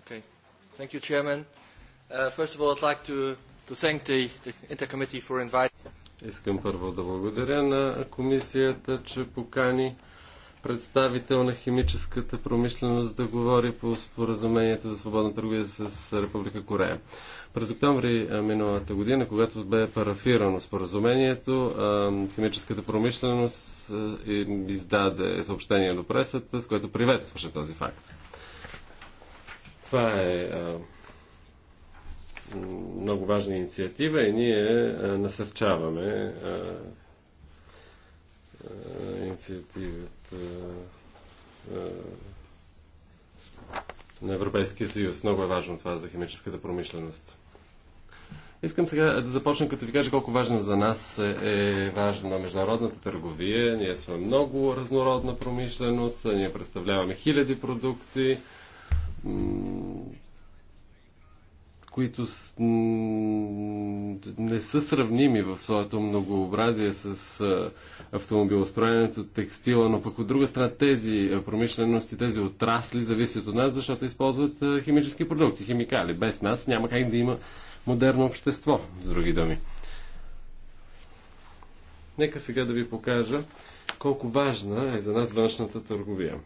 Okay. Thank you, Chairman. Uh, first of all, I'd like to, to thank the, the Intercommittee for inviting. Искам първо да благодаря на комисията, че покани представител на химическата промишленост да говори по споразумението за свободна търговия с Република Корея. През октомври миналата година, когато бе парафирано споразумението, химическата промишленост издаде съобщение до пресата, с което приветстваше този факт. Това е много важна инициатива и ние насърчаваме инициативата на Европейския съюз. Много е важно това за химическата промишленост. Искам сега да започна като ви кажа колко важна за нас е, е важна международната търговия. Ние сме много разнородна промишленост, ние представляваме хиляди продукти, които не са сравними в своето многообразие с автомобилостроенето, текстила, но пък от друга страна тези промишлености, тези отрасли зависят от нас, защото използват химически продукти, химикали. Без нас няма как да има модерно общество, с други думи. Нека сега да ви покажа колко важна е за нас външната търговия.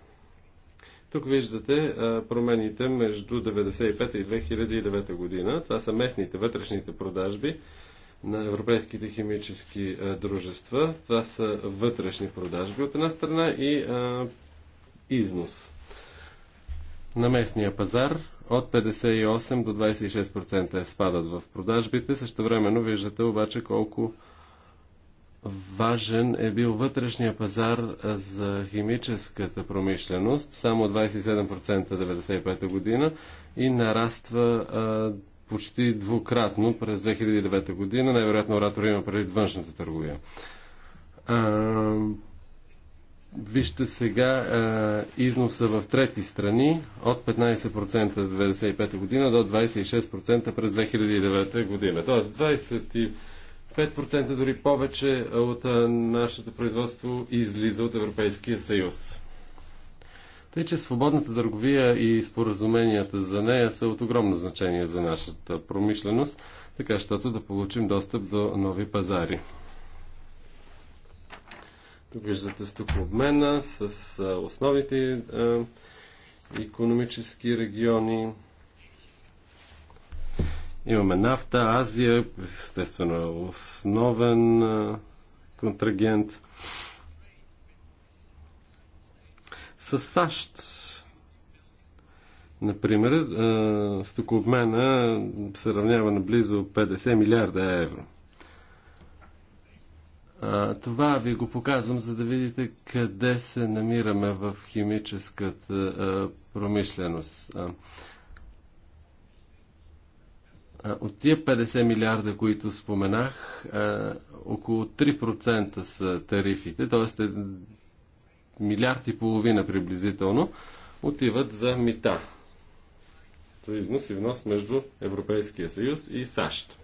Тук виждате промените между 1995 и 2009 година. Това са местните вътрешните продажби на европейските химически дружества. Това са вътрешни продажби от една страна и а, износ на местния пазар от 58 до 26% спадат в продажбите. Също времено виждате обаче колко важен е бил вътрешния пазар за химическата промишленост, само 27% 95 година и нараства почти двукратно през 2009 година. Най-вероятно оратор има преди външната търговия. А, вижте сега а, износа в трети страни от 15% в 1995 година до 26% през 2009 година. Тоест 20 5% дори повече от нашето производство излиза от Европейския съюз. Тъй, че свободната търговия и споразуменията за нея са от огромно значение за нашата промишленост, така щото да получим достъп до нови пазари. Тук виждате стокообмена с основните економически региони. Имаме нафта, Азия, естествено основен контрагент. С САЩ, например, стокообмена се равнява на близо 50 милиарда евро. Това ви го показвам, за да видите къде се намираме в химическата промишленост. От тия 50 милиарда, които споменах, около 3% са тарифите, т.е. милиард и половина приблизително, отиват за мита, за износ и внос между Европейския съюз и САЩ.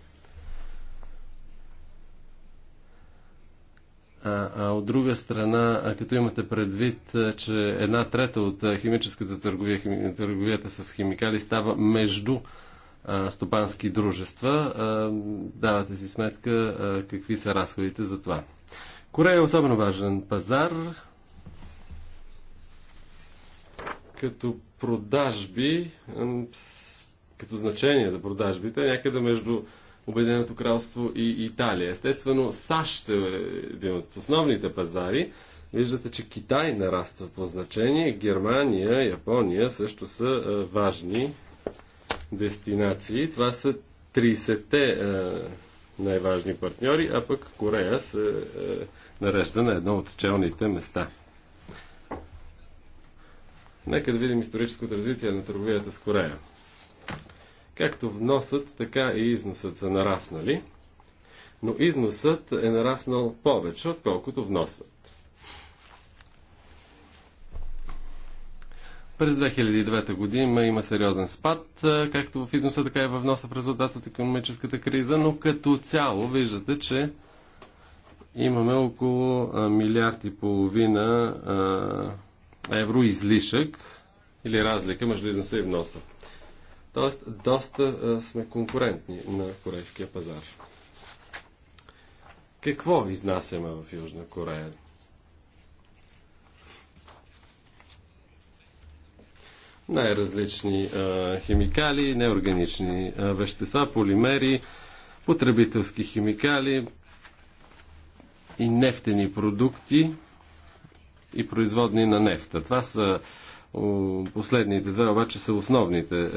А, а от друга страна, като имате предвид, че една трета от химическата търговия, търговията с химикали става между стопански дружества. Давате си сметка какви са разходите за това. Корея е особено важен пазар, като продажби, като значение за продажбите, някъде между Обединеното кралство и Италия. Естествено, САЩ е един от основните пазари. Виждате, че Китай нараства по значение, Германия, Япония също са важни дестинации. Това са 30-те е, най-важни партньори, а пък Корея се е, нарежда на едно от челните места. Нека да видим историческото развитие на търговията с Корея. Както вносът, така и износът са нараснали, но износът е нараснал повече, отколкото вносът. През 2009 година има сериозен спад, както в износа, така и в вноса в резултат от економическата криза, но като цяло виждате, че имаме около милиард и половина евро излишък или разлика между износа и вноса. Тоест, доста сме конкурентни на корейския пазар. Какво изнасяме в Южна Корея? най-различни а, химикали, неорганични а, вещества, полимери, потребителски химикали и нефтени продукти и производни на нефта. Това са последните две, обаче са основните е,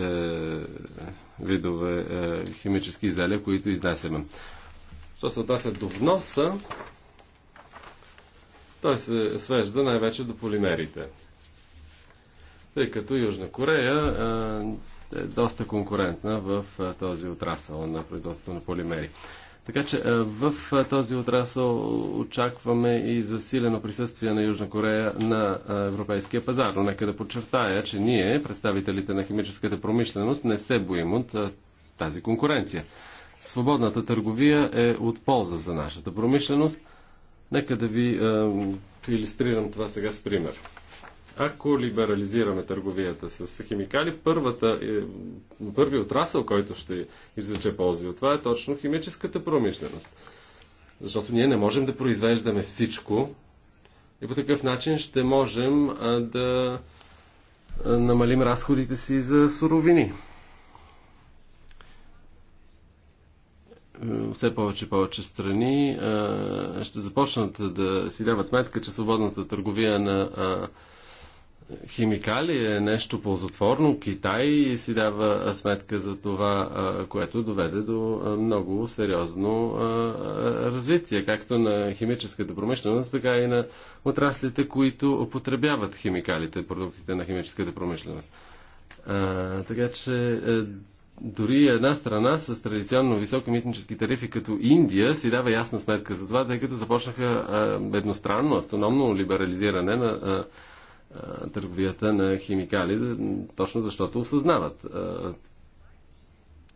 видове е, химически изделия, които изнасяме. Що се отнася до вноса, той се свежда най-вече до полимерите тъй като Южна Корея е доста конкурентна в този отрасъл на производството на полимери. Така че в този отрасъл очакваме и засилено присъствие на Южна Корея на европейския пазар. Но нека да подчертая, че ние, представителите на химическата промишленост, не се боим от тази конкуренция. Свободната търговия е от полза за нашата промишленост. Нека да ви е, илюстрирам това сега с пример. Ако либерализираме търговията с химикали, първата, е, първи отрасъл, който ще извлече ползи от това е точно химическата промишленост. Защото ние не можем да произвеждаме всичко и по такъв начин ще можем да намалим разходите си за суровини. все повече и повече страни ще започнат да си дават сметка, че свободната търговия на химикали е нещо ползотворно. Китай си дава сметка за това, което доведе до много сериозно развитие, както на химическата промишленост, така и на отраслите, които употребяват химикалите, продуктите на химическата промишленост. Така че дори една страна с традиционно високи митнически тарифи като Индия си дава ясна сметка за това, тъй като започнаха едностранно, автономно либерализиране на търговията на химикали, точно защото осъзнават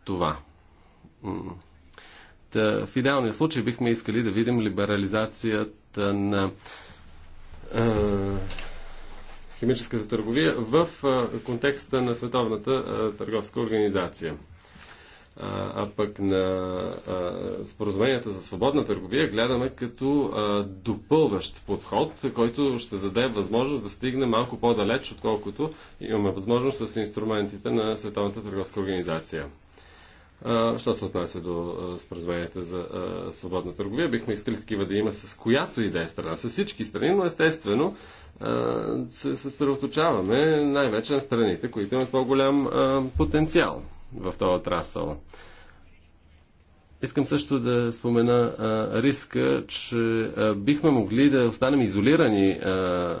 това. Та, в идеалния случай бихме искали да видим либерализацията на химическата търговия в контекста на Световната търговска организация а пък на споразуменията за свободна търговия гледаме като допълващ подход, който ще даде възможност да стигне малко по-далеч, отколкото имаме възможност с инструментите на Световната търговска организация. Що се отнася до споразуменията за свободна търговия, бихме искали такива да има с която и да е страна, с всички страни, но естествено се съсредоточаваме най-вече на страните, които имат по-голям потенциал в този отрасъл. Искам също да спомена а, риска, че а, бихме могли да останем изолирани а,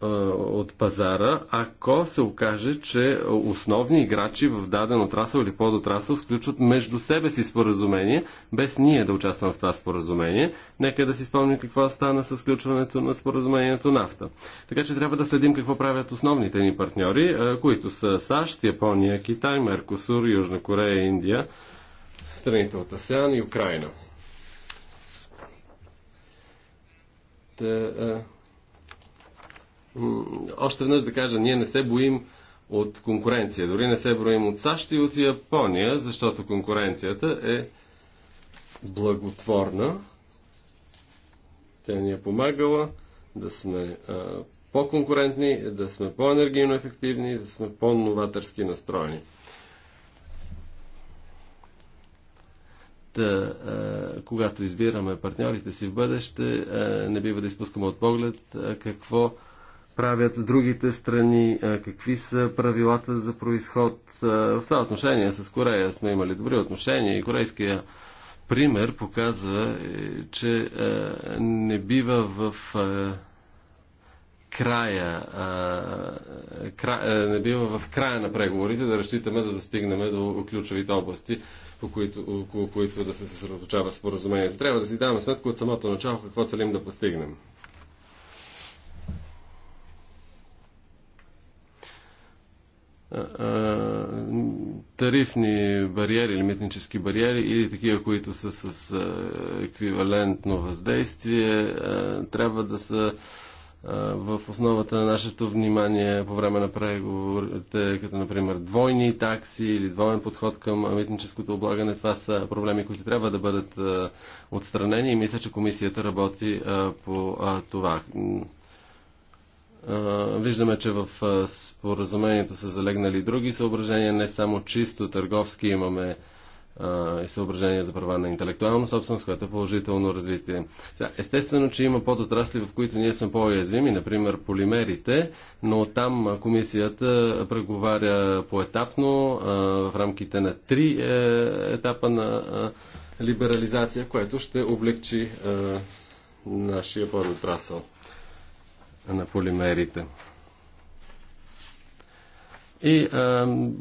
от пазара, ако се окаже, че основни играчи в даден отрасъл или подотрасъл сключват между себе си споразумение, без ние да участваме в това споразумение. Нека да си спомним какво стана с сключването на споразумението нафта. Така че трябва да следим какво правят основните ни партньори, които са САЩ, Япония, Китай, Меркосур, Южна Корея, Индия, страните от АСЕАН и Украина още веднъж да кажа, ние не се боим от конкуренция. Дори не се броим от САЩ и от Япония, защото конкуренцията е благотворна. Тя ни е помагала да сме по-конкурентни, да сме по-енергийно ефективни, да сме по-новаторски настроени. Та, а, когато избираме партньорите си в бъдеще, а, не бива да изпускаме от поглед а, какво правят другите страни, какви са правилата за происход. В това отношение с Корея сме имали добри отношения и корейския пример показва, е, че не бива в края, края не бива в края на преговорите да разчитаме да достигнем до ключовите области, по които, около които да се съсредоточава споразумението. Трябва да си даваме сметка от самото начало какво целим да постигнем. тарифни бариери или митнически бариери или такива, които са с еквивалентно въздействие, трябва да са в основата на нашето внимание по време на преговорите, като например двойни такси или двоен подход към митническото облагане. Това са проблеми, които трябва да бъдат отстранени и мисля, че комисията работи по това. Виждаме, че в споразумението са залегнали други съображения, не само чисто търговски имаме и съображения за права на интелектуална собственост, което е положително развитие. Естествено, че има подотрасли, в които ние сме по-уязвими, например полимерите, но там комисията преговаря поетапно в рамките на три е, етапа на либерализация, което ще облегчи нашия подотрасъл на полимерите. И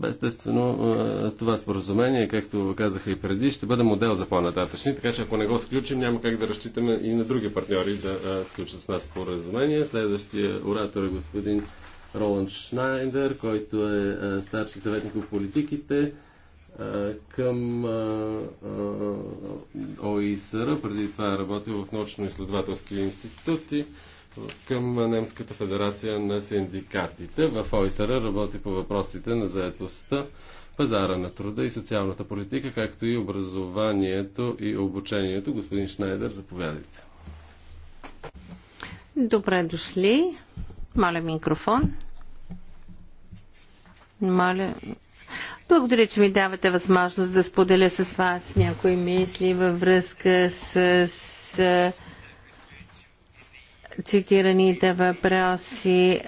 естествено това споразумение, както казаха и преди, ще бъде модел за по-нататъчни, така че ако не го сключим, няма как да разчитаме и на други партньори да сключат с нас споразумение. Следващия оратор е господин Роланд Шнайдер, който е старши съветник по политиките към ОИСР. Преди това е работил в научно-изследователски институти към Немската федерация на синдикатите. В ОИСР работи по въпросите на заедостта, пазара на труда и социалната политика, както и образованието и обучението. Господин Шнайдер, заповядайте. Добре дошли. Моля микрофон. Моля. Благодаря, че ми давате възможност да споделя с вас някои мисли във връзка с, с цитираните въпроси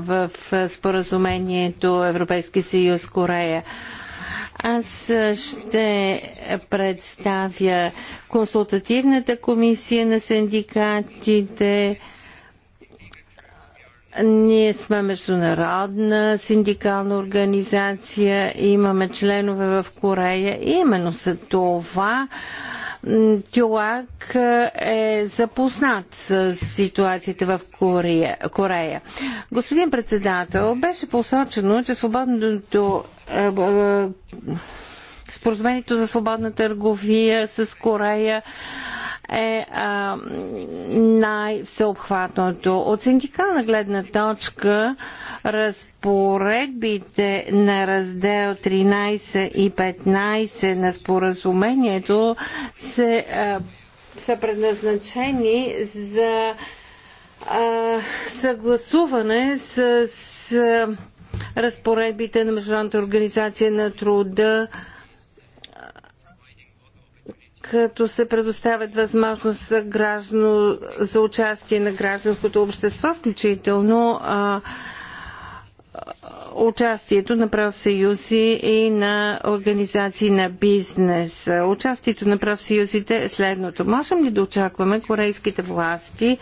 в споразумението Европейски съюз Корея. Аз ще представя консултативната комисия на синдикатите. Ние сме международна синдикална организация, имаме членове в Корея. Именно за това Тюлак е запознат с ситуацията в Корея. Корея. Господин председател, беше посочено, че свободното е, е, споразумението за свободна търговия с Корея е най-всеобхватното. От синдикална гледна точка разпоредбите на раздел 13 и 15 на споразумението се, а, са предназначени за а, съгласуване с, с разпоредбите на Международната организация на труда като се предоставят възможност за, граждано, за участие на гражданското общество, включително а, участието на правсъюзи и на организации на бизнес. Участието на правсъюзите е следното. Можем ли да очакваме корейските власти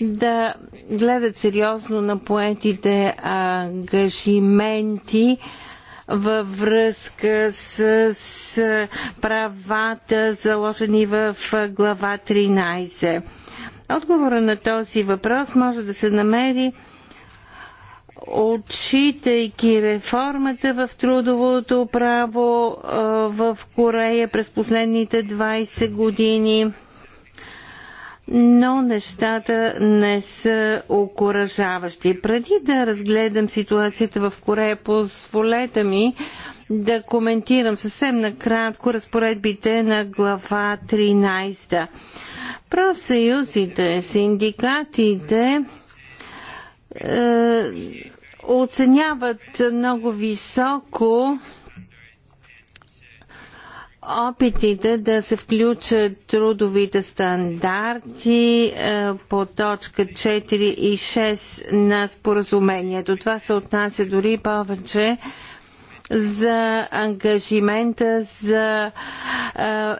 да гледат сериозно на поетите ангажименти във връзка с, с правата, заложени в глава 13. Отговора на този въпрос може да се намери отчитайки реформата в трудовото право в Корея през последните 20 години – но нещата не са окоръжаващи. Преди да разгледам ситуацията в Корея, позволете ми да коментирам съвсем накратко разпоредбите на глава 13. Профсъюзите, синдикатите е, оценяват много високо опитите да се включат трудовите стандарти е, по точка 4 и 6 на споразумението. Това се отнася дори повече за ангажимента за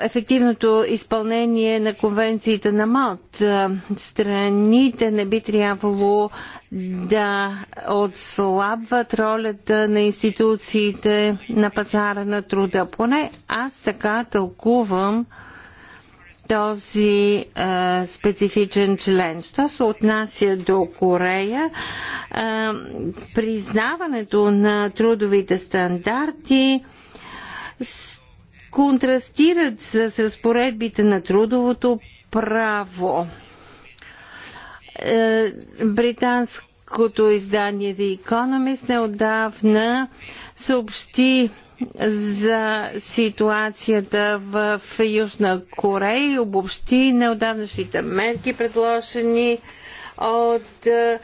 ефективното изпълнение на конвенциите на МОД. Страните не би трябвало да отслабват ролята на институциите на пазара на труда. Поне аз така тълкувам този а, специфичен член. Що се отнася до Корея, а, признаването на трудовите стандарти контрастират с, с разпоредбите на трудовото право. Е, британското издание The Economist неодавна съобщи за ситуацията в Южна Корея и обобщи неодавнашните мерки, предложени от е,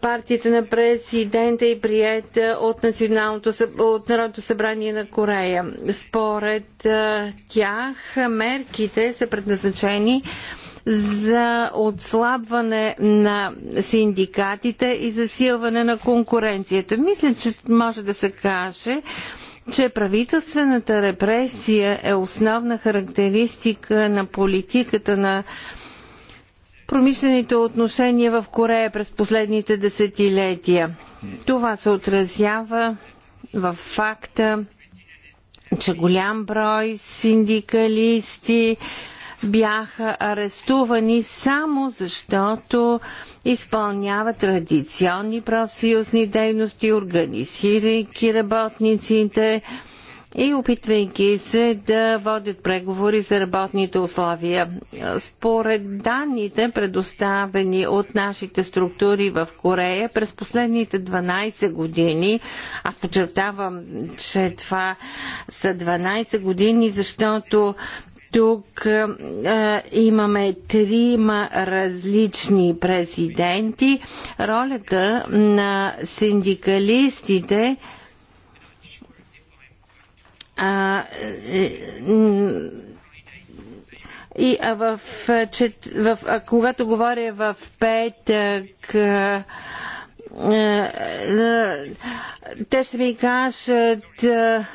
партията на президента и приета от, националното, от Народното събрание на Корея. Според е, тях мерките са предназначени за отслабване на синдикатите и засилване на конкуренцията. Мисля, че може да се каже, че правителствената репресия е основна характеристика на политиката на промишлените отношения в Корея през последните десетилетия. Това се отразява в факта, че голям брой синдикалисти, бяха арестувани само защото изпълняват традиционни профсъюзни дейности, организирайки работниците и опитвайки се да водят преговори за работните условия. Според данните, предоставени от нашите структури в Корея, през последните 12 години, аз подчертавам, че това са 12 години, защото тук а, имаме трима различни президенти. Ролята на синдикалистите а, е, и а в, чет, в, а, когато говоря в петък, а, а, е, е, те ще ми кажат. А,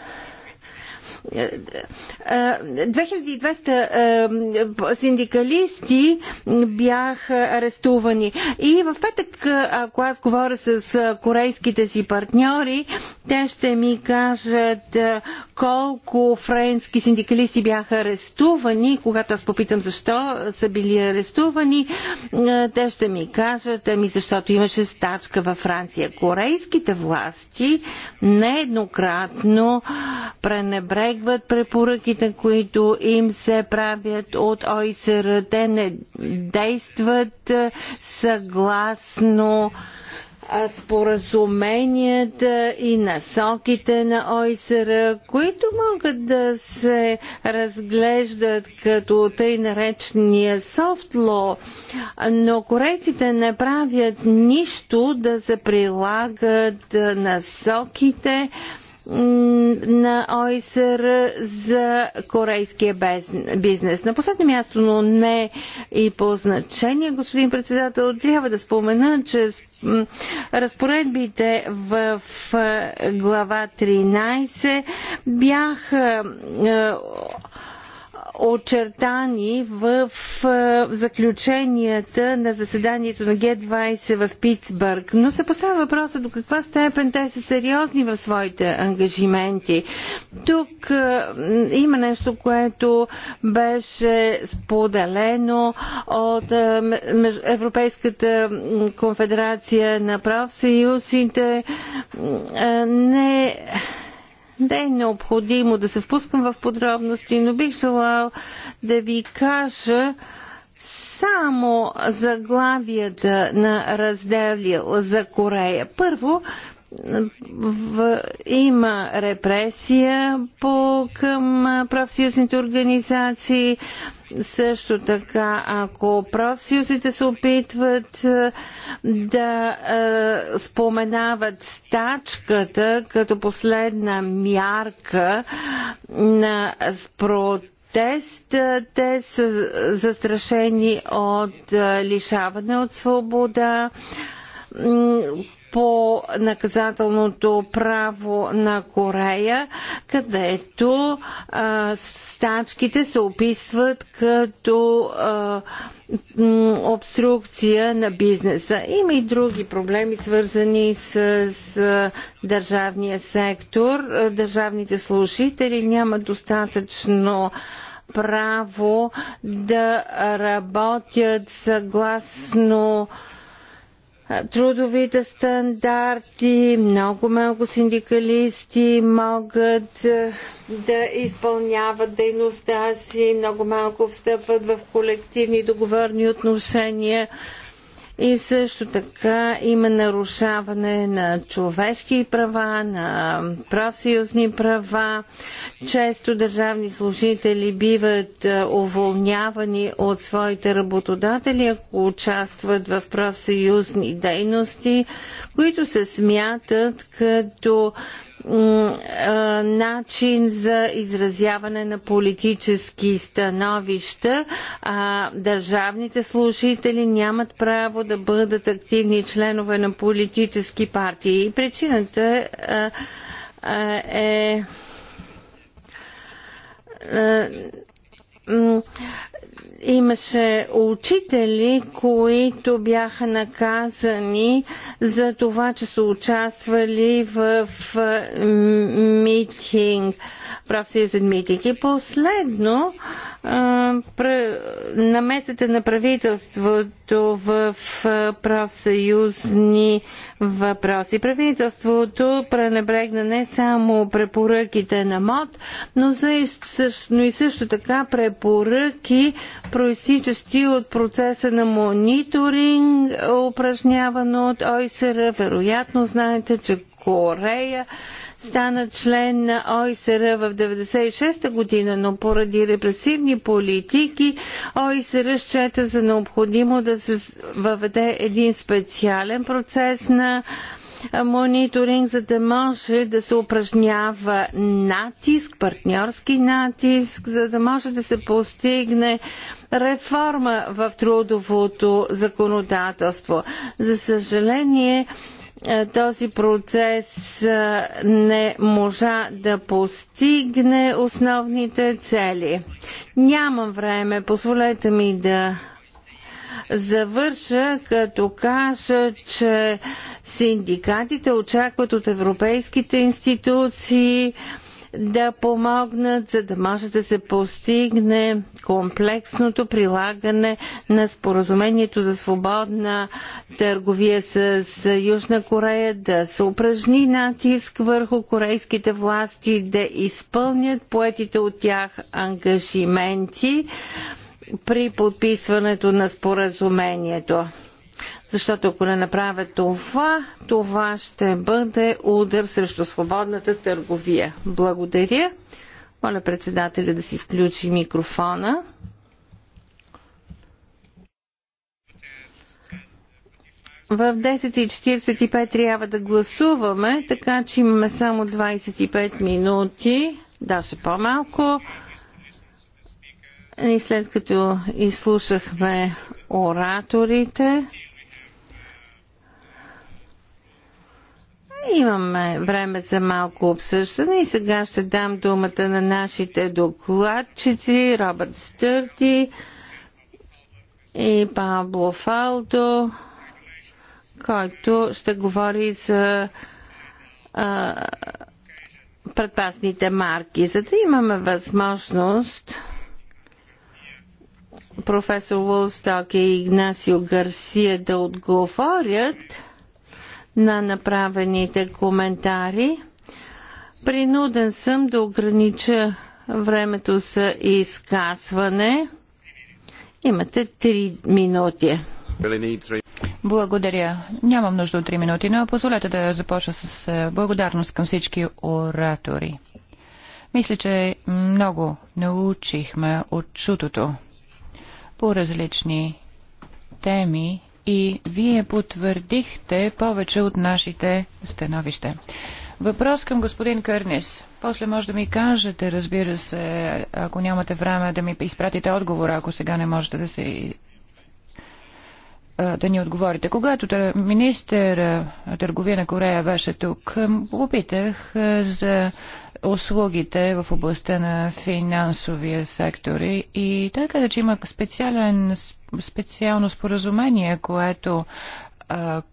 2200 синдикалисти бяха арестувани. И в петък, ако аз говоря с корейските си партньори, те ще ми кажат колко френски синдикалисти бяха арестувани. Когато аз попитам защо са били арестувани, те ще ми кажат, ами защото имаше стачка във Франция. Корейските власти нееднократно пренебрегват пренебрегват препоръките, които им се правят от ОИСР. Те не действат съгласно споразуменията и насоките на ОИСР, които могат да се разглеждат като тъй наречения софтло, но корейците не правят нищо да се прилагат насоките, на ОИСР за корейския бизнес. На последно място, но не и по значение, господин председател, трябва да спомена, че разпоредбите в глава 13 бяха очертани в е, заключенията на заседанието на Г-20 в Питсбърг. Но се поставя въпроса до каква степен те са сериозни в своите ангажименти. Тук е, има нещо, което беше споделено от е, Европейската конфедерация на правсъюзите. Не не е необходимо да се впускам в подробности, но бих желал да ви кажа само заглавията на разделил за Корея. Първо, в, има репресия по, към профсъюзните организации. Също така, ако профсъюзите се опитват да е, споменават стачката като последна мярка на протест, тест, те са застрашени от лишаване от свобода, по наказателното право на Корея, където а, стачките се описват като а, обструкция на бизнеса. Има и други проблеми, свързани с, с държавния сектор. Държавните служители нямат достатъчно право да работят съгласно а, трудовите стандарти, много малко синдикалисти могат да изпълняват дейността си, много малко встъпват в колективни договорни отношения и също така има нарушаване на човешки права, на правсъюзни права. Често държавни служители биват е, уволнявани от своите работодатели, ако участват в правсъюзни дейности, които се смятат като начин за изразяване на политически становища. А, държавните служители нямат право да бъдат активни членове на политически партии. И причината а, а, е. А, имаше учители, които бяха наказани за това, че са участвали в митинг, съюзен е митинг. И последно, намесата на правителството в съюзни въпроси. Правителството пренебрегна не само препоръките на МОД, но, но и също така препоръки, проистичащи от процеса на мониторинг, упражняван от ОИСР. Вероятно знаете, че Корея стана член на ОИСР в 1996 година, но поради репресивни политики ОИСР счета за необходимо да се въведе един специален процес на мониторинг, за да може да се упражнява натиск, партньорски натиск, за да може да се постигне реформа в трудовото законодателство. За съжаление, е, този процес е, не можа да постигне основните цели. Нямам време, позволете ми да завърша като кажа, че синдикатите очакват от европейските институции да помогнат, за да може да се постигне комплексното прилагане на споразумението за свободна търговия с Южна Корея, да се упражни натиск върху корейските власти да изпълнят поетите от тях ангажименти при подписването на споразумението. Защото ако не направят това, това ще бъде удар срещу свободната търговия. Благодаря. Моля председателя да си включи микрофона. В 10.45 трябва да гласуваме, така че имаме само 25 минути, даже по-малко. И след като изслушахме ораторите, Имаме време за малко обсъждане и сега ще дам думата на нашите докладчици Робърт Стърти и Пабло Фалдо, който ще говори за а, предпасните марки, за да имаме възможност професор Уолсток и Игнасио Гарсия да отговорят на направените коментари. Принуден съм да огранича времето за изказване. Имате 3 минути. Благодаря. Нямам нужда от 3 минути, но позволете да започна с е, благодарност към всички оратори. Мисля, че много научихме от чутото по различни теми и вие потвърдихте повече от нашите становища. Въпрос към господин Кърнис. После може да ми кажете, разбира се, ако нямате време да ми изпратите отговора, ако сега не можете да се да ни отговорите. Когато министър търговия на Корея беше тук, попитах за услугите в областта на финансовия сектор и той каза, че има специален специално споразумение, което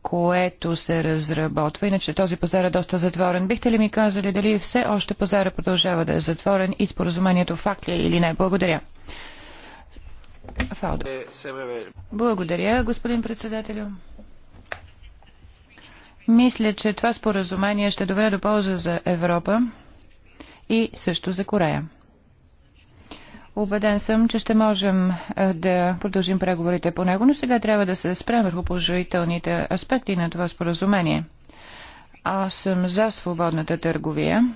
което се разработва. Иначе този пазар е доста затворен. Бихте ли ми казали дали все още пазара продължава да е затворен и споразумението факт ли е или не? Благодаря. Фаудо. Благодаря, господин председателю. Мисля, че това споразумение ще доведе до полза за Европа и също за Корея. Убеден съм, че ще можем е, да продължим преговорите по него, но сега трябва да се спрем върху положителните аспекти на това споразумение. Аз съм за свободната търговия,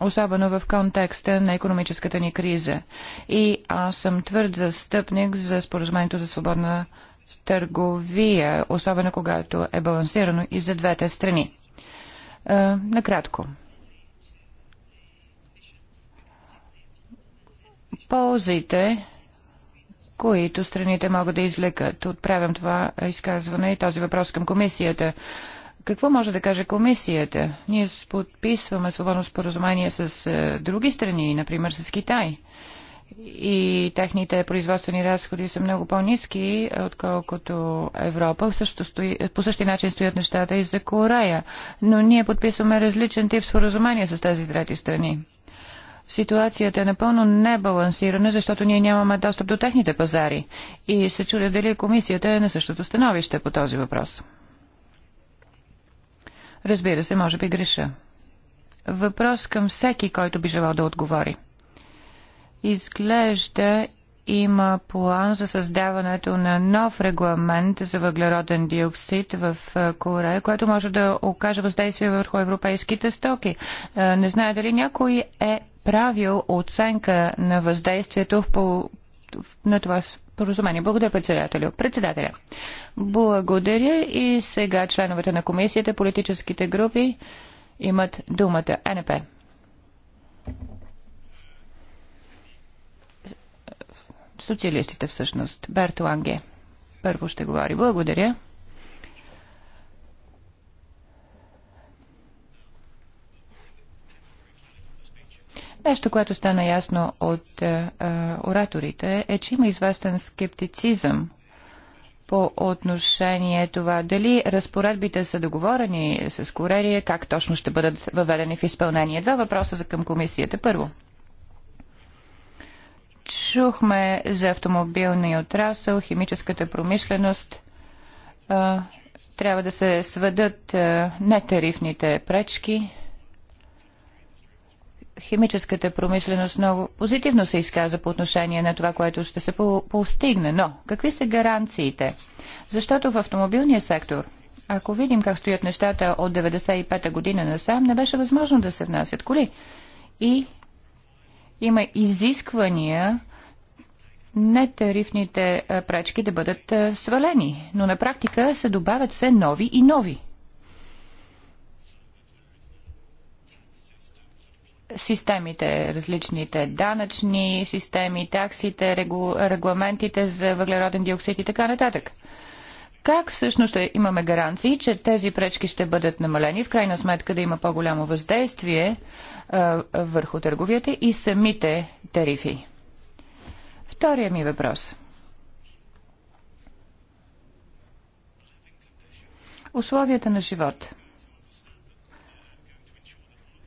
особено в контекста на економическата ни криза. И аз съм твърд застъпник за споразумението за свободна търговия, особено когато е балансирано и за двете страни. Е, накратко, ползите, които страните могат да извлекат. Отправям това изказване и този въпрос към комисията. Какво може да каже комисията? Ние подписваме свободно споразумение с е, други страни, например с Китай. И техните производствени разходи са много по-низки, отколкото Европа. по същия начин стоят нещата и за Корея. Но ние подписваме различен тип споразумения с тези трети страни ситуацията е напълно небалансирана, защото ние нямаме достъп до техните пазари. И се чудя дали комисията е на същото становище по този въпрос. Разбира се, може би греша. Въпрос към всеки, който би желал да отговори. Изглежда има план за създаването на нов регламент за въглероден диоксид в е, Корея, което може да окаже въздействие върху европейските стоки. Е, не знае дали някой е правил оценка на въздействието в по... на това споразумение. Благодаря, председателю. Председателя. Благодаря и сега членовете на комисията, политическите групи имат думата. Е, НП. Социалистите всъщност. Берто Анге. Първо ще говори. Благодаря. Нещо, което стана ясно от а, е, е, ораторите е, че има известен скептицизъм по отношение това дали разпоредбите са договорени с Корерия, как точно ще бъдат въведени в изпълнение. Два въпроса за към комисията. Първо, Чухме за автомобилния отрасъл, химическата промишленост. Трябва да се сведат нетарифните пречки. Химическата промишленост много позитивно се изказа по отношение на това, което ще се по постигне. Но какви са гаранциите? Защото в автомобилния сектор ако видим как стоят нещата от 95-та година насам, не беше възможно да се внасят коли. И има изисквания нетарифните пречки да бъдат свалени, но на практика се добавят все нови и нови. системите, различните данъчни системи, таксите, регламентите за въглероден диоксид и така нататък. Как всъщност ще имаме гаранции, че тези пречки ще бъдат намалени, в крайна сметка да има по-голямо въздействие а, е, върху търговията и самите тарифи? Втория ми въпрос. Условията на живот.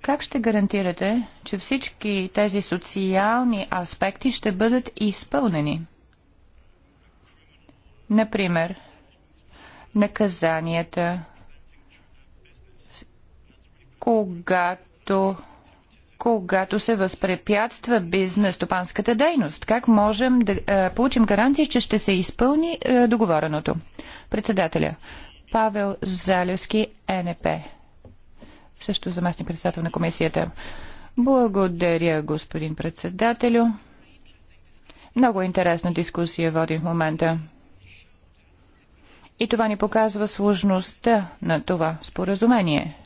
Как ще гарантирате, че всички тези социални аспекти ще бъдат изпълнени? Например, наказанията, когато когато се възпрепятства бизнес стопанската дейност? Как можем да а, е, получим гарантии, че ще се изпълни а, е, договореното? Председателя Павел Залевски, НП. Също заместник председател на комисията. Благодаря, господин председателю. Много интересна дискусия водим в момента. И това ни показва сложността на това споразумение.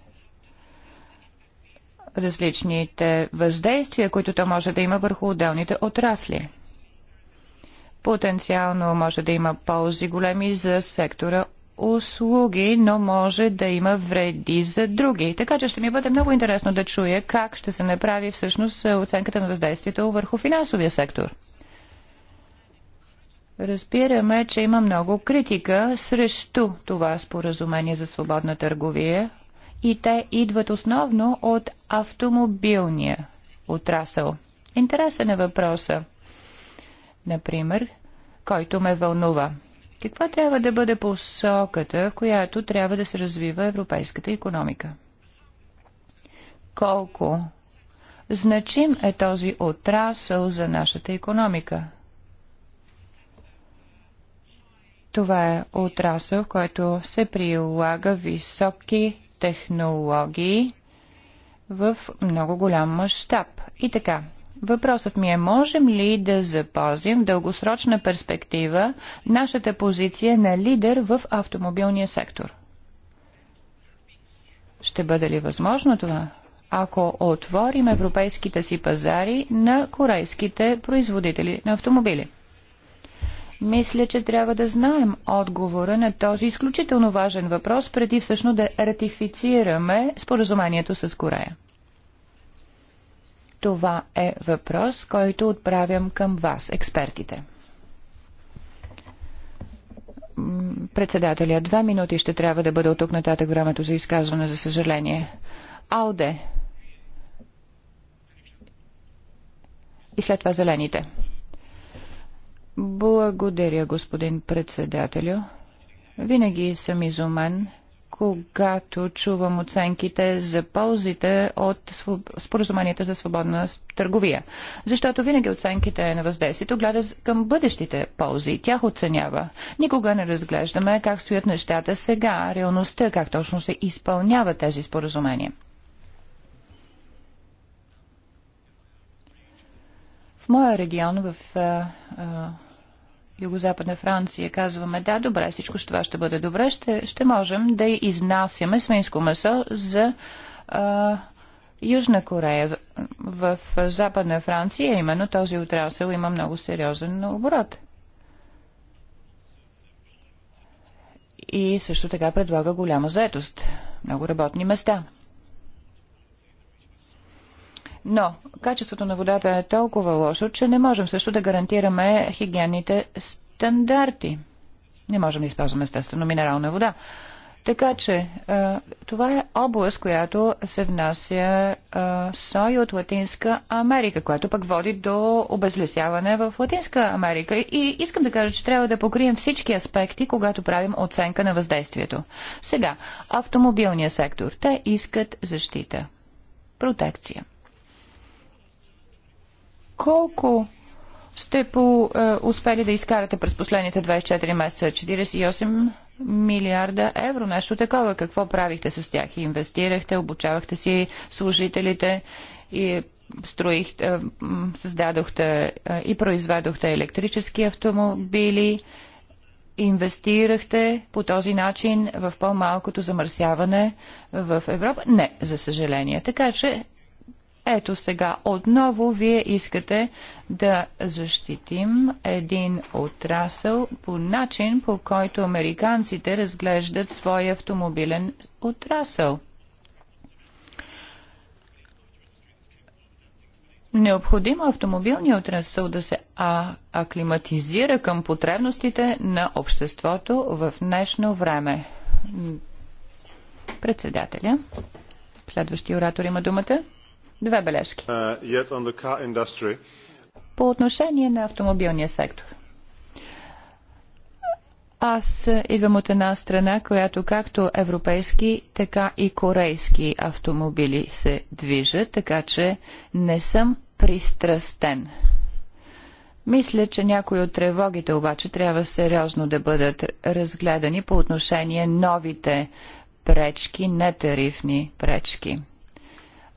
Различните въздействия, които то може да има върху отделните отрасли. Потенциално може да има ползи големи за сектора услуги, но може да има вреди за други. Така че ще ми бъде много интересно да чуя как ще се направи всъщност оценката на въздействието върху финансовия сектор. Разбираме, че има много критика срещу това споразумение за свободна търговия и те идват основно от автомобилния отрасъл. Интересен е въпроса, например, който ме вълнува. Каква трябва да бъде посоката, в която трябва да се развива европейската економика? Колко значим е този отрасъл за нашата економика? Това е отрасъл, в който се прилага високи технологии в много голям мащаб. И така, Въпросът ми е, можем ли да запазим в дългосрочна перспектива нашата позиция на лидер в автомобилния сектор? Ще бъде ли възможно това, ако отворим европейските си пазари на корейските производители на автомобили? Мисля, че трябва да знаем отговора на този изключително важен въпрос, преди всъщност да ратифицираме споразумението с Корея. Това е въпрос, който отправям към вас, експертите. Председателя, две минути ще трябва да бъде от тук нататък времето за изказване, за съжаление. Алде. И след това зелените. Благодаря, господин председателю. Винаги съм изумен, когато чувам оценките за ползите от споразуменията за свободна търговия. Защото винаги оценките на въздействието гледат към бъдещите ползи. Тях оценява. Никога не разглеждаме как стоят нещата сега, реалността, как точно се изпълняват тези споразумения. моя регион в а, а, Югозападна Франция казваме, да, добре, всичко това ще бъде добре, ще, ще можем да изнасяме свинско месо за а, Южна Корея. В, в Западна Франция именно този отрасъл има много сериозен оборот. И също така предлага голяма заетост, много работни места. Но качеството на водата е толкова лошо, че не можем също да гарантираме хигиенните стандарти. Не можем да използваме естествено минерална вода. Така че това е област, която се внася сой от Латинска Америка, която пък води до обезлесяване в Латинска Америка. И искам да кажа, че трябва да покрием всички аспекти, когато правим оценка на въздействието. Сега, автомобилния сектор. Те искат защита. Протекция колко сте по, е, успели да изкарате през последните 24 месеца? 48 милиарда евро, нещо такова. Какво правихте с тях? Инвестирахте, обучавахте си служителите и строихте, е, създадохте е, и произведохте електрически автомобили, инвестирахте по този начин в по-малкото замърсяване в Европа? Не, за съжаление. Така че ето сега отново вие искате да защитим един отрасъл по начин, по който американците разглеждат своя автомобилен отрасъл. Необходимо автомобилният отрасъл да се а, аклиматизира към потребностите на обществото в днешно време. Председателя. Следващия оратор има думата. Две бележки. Uh, по отношение на автомобилния сектор. Аз идвам от една страна, която както европейски, така и корейски автомобили се движат, така че не съм пристрастен. Мисля, че някои от тревогите обаче трябва сериозно да бъдат разгледани по отношение новите пречки, нетарифни пречки.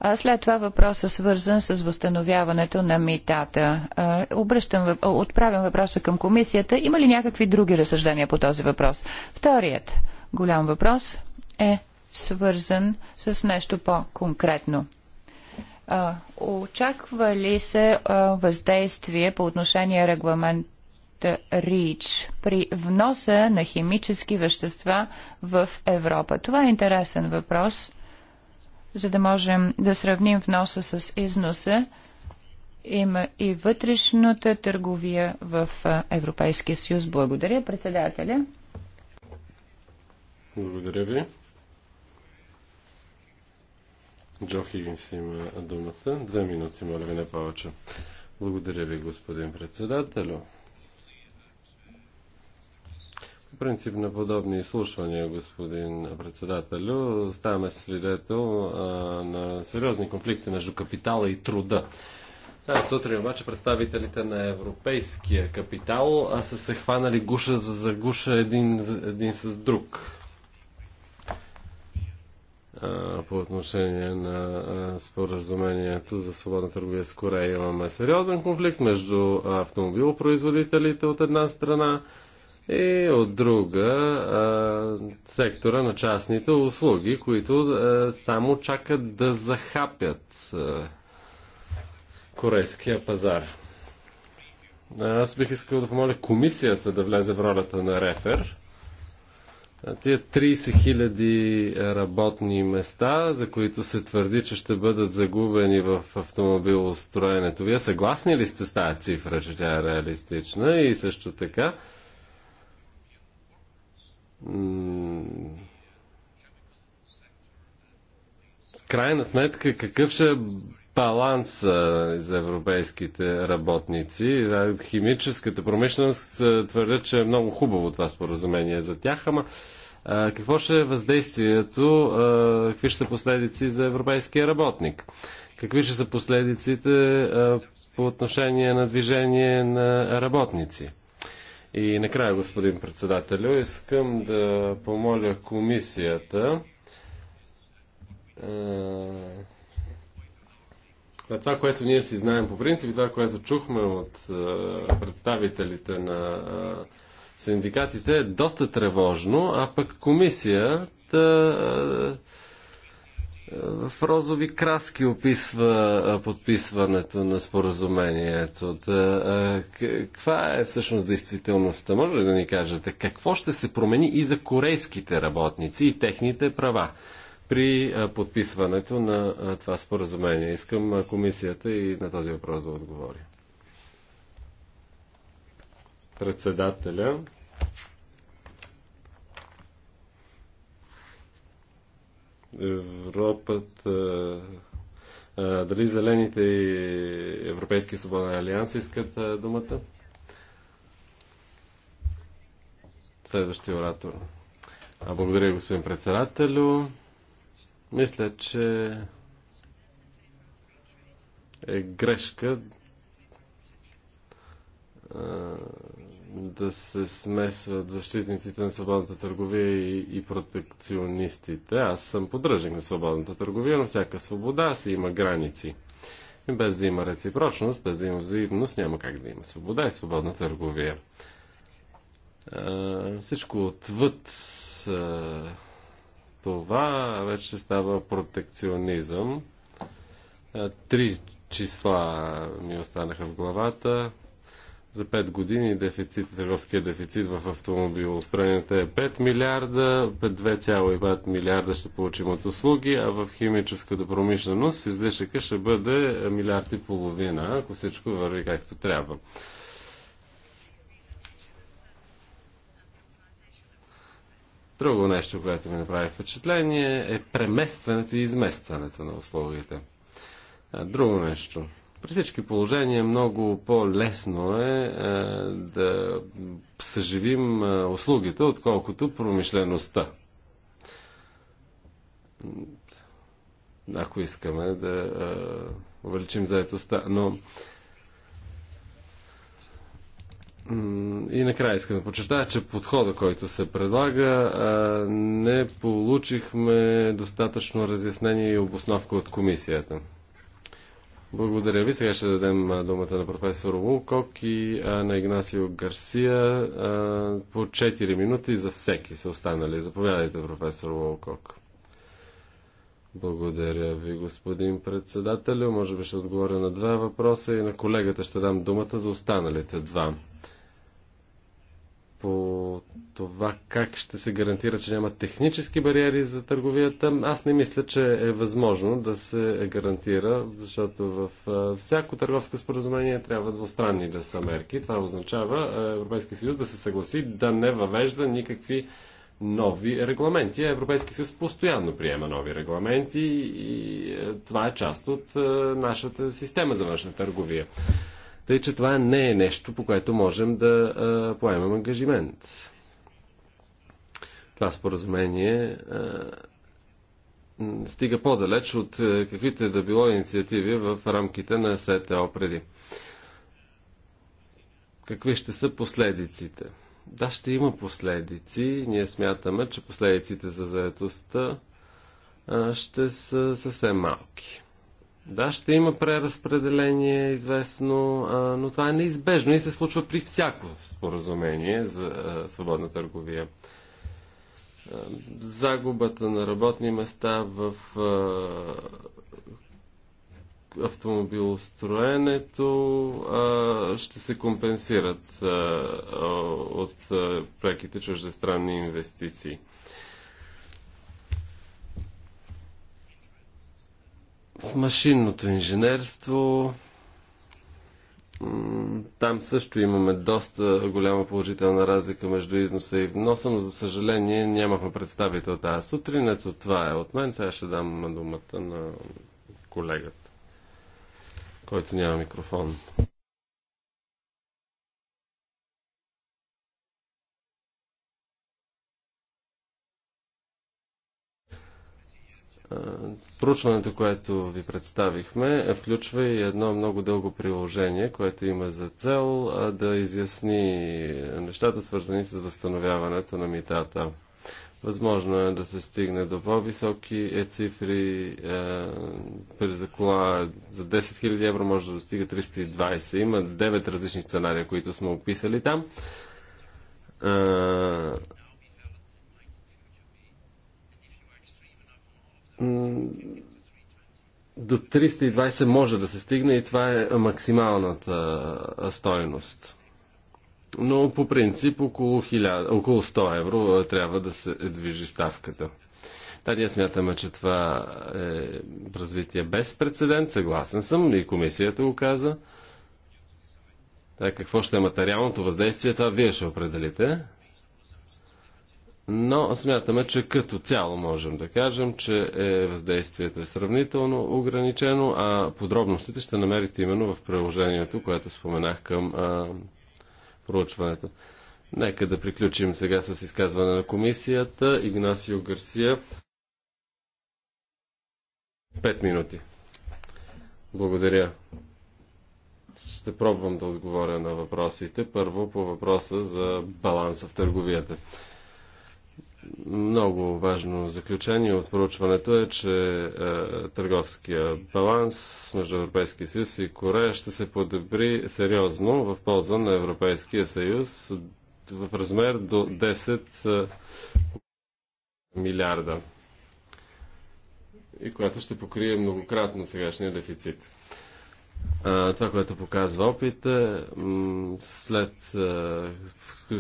А след това въпросът свързан с възстановяването на митата. Обръщам, отправям въпроса към комисията. Има ли някакви други разсъждения по този въпрос? Вторият голям въпрос е свързан с нещо по-конкретно. Очаква ли се въздействие по отношение регламент РИЧ при вноса на химически вещества в Европа? Това е интересен въпрос – за да можем да сравним вноса с износа, има и вътрешната търговия в Европейския съюз. Благодаря, председателя. Благодаря ви. Джо Хигинс има думата. Две минути, моля ви, не повече. Благодаря ви, господин председател принцип на подобни изслушвания, господин председателю, ставаме свидетел а, на сериозни конфликти между капитала и труда. Да, сутрин обаче представителите на европейския капитал а са се хванали гуша за загуша един, един с друг по отношение на споразумението за свободна търговия с Корея. Имаме сериозен конфликт между автомобилопроизводителите от една страна и от друга а, сектора на частните услуги, които а, само чакат да захапят а, корейския пазар. Аз бих искал да помоля комисията да влезе в ролята на рефер. Тия 30 000 работни места, за които се твърди, че ще бъдат загубени в автомобилостроенето. Вие съгласни ли сте с тази цифра, че тя е реалистична и също така? В крайна сметка какъв ще е баланс за европейските работници. Химическата промишленост твърдят, че е много хубаво това споразумение за тях, ама какво ще е въздействието, какви ще са последици за европейския работник? Какви ще са последиците по отношение на движение на работници? И накрая, господин председателю, искам да помоля комисията на това, което ние си знаем по принцип, това, което чухме от представителите на синдикатите е доста тревожно, а пък комисията в розови краски описва подписването на споразумението. каква е всъщност действителността? Може ли да ни кажете какво ще се промени и за корейските работници и техните права при подписването на това споразумение? Искам комисията и на този въпрос да отговори. Председателя. Европата, дали Зелените и Европейски свободен алианс искат думата? Следващия оратор. Благодаря, господин председателю. Мисля, че е грешка да се смесват защитниците на свободната търговия и, и протекционистите. Аз съм поддръжник на свободната търговия, но всяка свобода си има граници. И без да има реципрочност, без да има взаимност, няма как да има свобода и свободна търговия. А, всичко отвъд а, това вече става протекционизъм. А, три числа ми останаха в главата. За 5 години дефицит, търговския дефицит в автомобилостроенията е 5 милиарда, 2,5 милиарда ще получим от услуги, а в химическата промишленост излишъка ще бъде милиард и половина, ако всичко върви както трябва. Друго нещо, което ми направи впечатление е преместването и изместването на услугите. Друго нещо – при всички положения много по-лесно е, е да съживим е, услугите, отколкото промишлеността. Ако искаме да е, увеличим заедостта. Но и накрая искам да подчертая, че подхода, който се предлага, не получихме достатъчно разяснение и обосновка от комисията. Благодаря ви. Сега ще дадем думата на професор Лукок и на Игнасио Гарсия по 4 минути за всеки са останали. Заповядайте, професор Лукок. Благодаря ви, господин председател. Може би ще отговоря на два въпроса и на колегата ще дам думата за останалите два по това как ще се гарантира, че няма технически бариери за търговията, аз не мисля, че е възможно да се гарантира, защото в всяко търговско споразумение трябва двустранни да са мерки. Това означава Европейския съюз да се съгласи да не въвежда никакви нови регламенти. Европейския съюз постоянно приема нови регламенти и е, това е част от е, нашата система за външна търговия. Тъй, че това не е нещо, по което можем да а, поемем ангажимент. Това споразумение а, стига по-далеч от каквито е да било инициативи в рамките на СТО преди. Какви ще са последиците? Да, ще има последици. Ние смятаме, че последиците за заедостта ще са съвсем малки. Да, ще има преразпределение известно, а, но това е неизбежно и се случва при всяко споразумение за а, свободна търговия. А, загубата на работни места в автомобилостроенето ще се компенсират от преките чуждестранни инвестиции. В машинното инженерство там също имаме доста голяма положителна разлика между износа и вноса, но за съжаление нямахме представител тази сутрин. Ето това е от мен. Сега ще дам думата на колегата, който няма микрофон. Е, проучването, което ви представихме, включва и едно много дълго приложение, което има за цел да изясни нещата, свързани с възстановяването на митата. Възможно е да се стигне до по-високи е, цифри. Е, за кола за 10 000 евро може да достига 320. Има 9 различни сценария, които сме описали там. Е, до 320 може да се стигне и това е максималната стоеност. Но по принцип около, 1000, около 100 евро трябва да се движи ставката. Та ние смятаме, че това е развитие без прецедент, съгласен съм и комисията го каза. Та, е, какво ще е материалното въздействие, това вие ще определите. Но смятаме, че като цяло можем да кажем, че е, въздействието е сравнително ограничено, а подробностите ще намерите именно в приложението, което споменах към а, проучването. Нека да приключим сега с изказване на комисията. Игнасио Гарсия. Пет минути. Благодаря. Ще пробвам да отговоря на въпросите. Първо по въпроса за баланса в търговията. Много важно заключение от проучването е, че е, търговския баланс между Европейския съюз и Корея ще се подобри сериозно в полза на Европейския съюз в размер до 10 е, милиарда и което ще покрие многократно сегашния дефицит това, което показва опит, след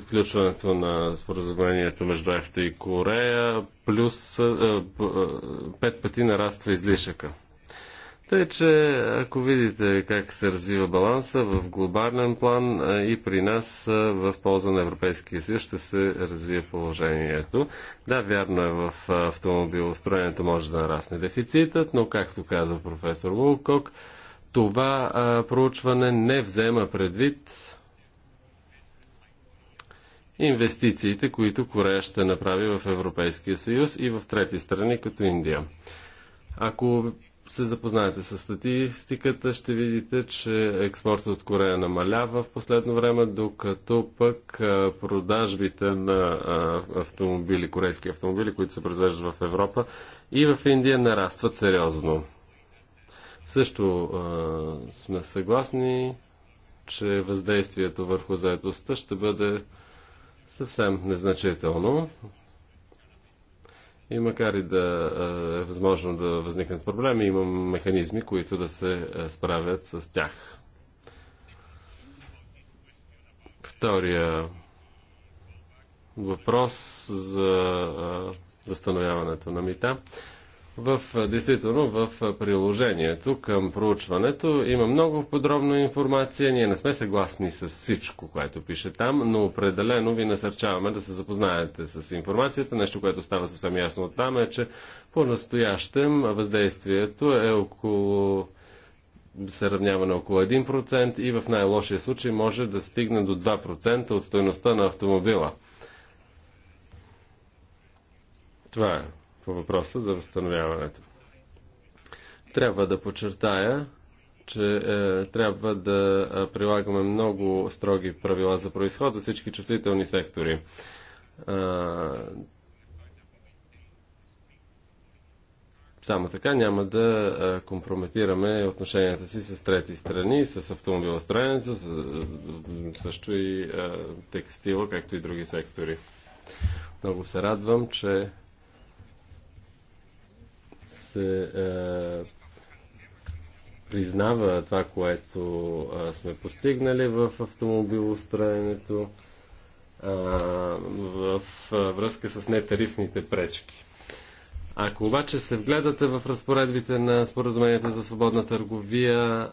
включването на споразумението между ЕФТА и Корея, плюс пет пъти нараства излишъка. Тъй, че ако видите как се развива баланса в глобален план и при нас в полза на Европейския съюз ще се развие положението. Да, вярно е, в автомобилостроенето може да нарасне дефицитът, но както каза професор Лукок, това а, проучване не взема предвид инвестициите, които Корея ще направи в Европейския съюз и в трети страни, като Индия. Ако се запознаете с статистиката, ще видите, че експортът от Корея намалява в последно време, докато пък продажбите на автомобили, корейски автомобили, които се произвеждат в Европа и в Индия нарастват сериозно. Също а, сме съгласни, че въздействието върху заедостта ще бъде съвсем незначително. И макар и да е възможно да възникнат проблеми, имам механизми, които да се справят с тях. Втория въпрос за възстановяването на мита в, действително в приложението към проучването има много подробна информация. Ние не сме съгласни с всичко, което пише там, но определено ви насърчаваме да се запознаете с информацията. Нещо, което става съвсем ясно от там е, че по-настоящем въздействието е около се равнява на около 1% и в най-лошия случай може да стигне до 2% от стоеността на автомобила. Това е по въпроса за възстановяването. Трябва да подчертая, че е, трябва да е, прилагаме много строги правила за происход за всички чувствителни сектори. А, е, само така няма да е, компрометираме отношенията си с трети страни, с автомобилостроенето, също и а, текстила, както и други сектори. Много се радвам, че се е, признава това, което е, сме постигнали в автомобилостроенето е, в е, връзка с нетарифните пречки. Ако обаче се вгледате в разпоредбите на споразумението за свободна търговия,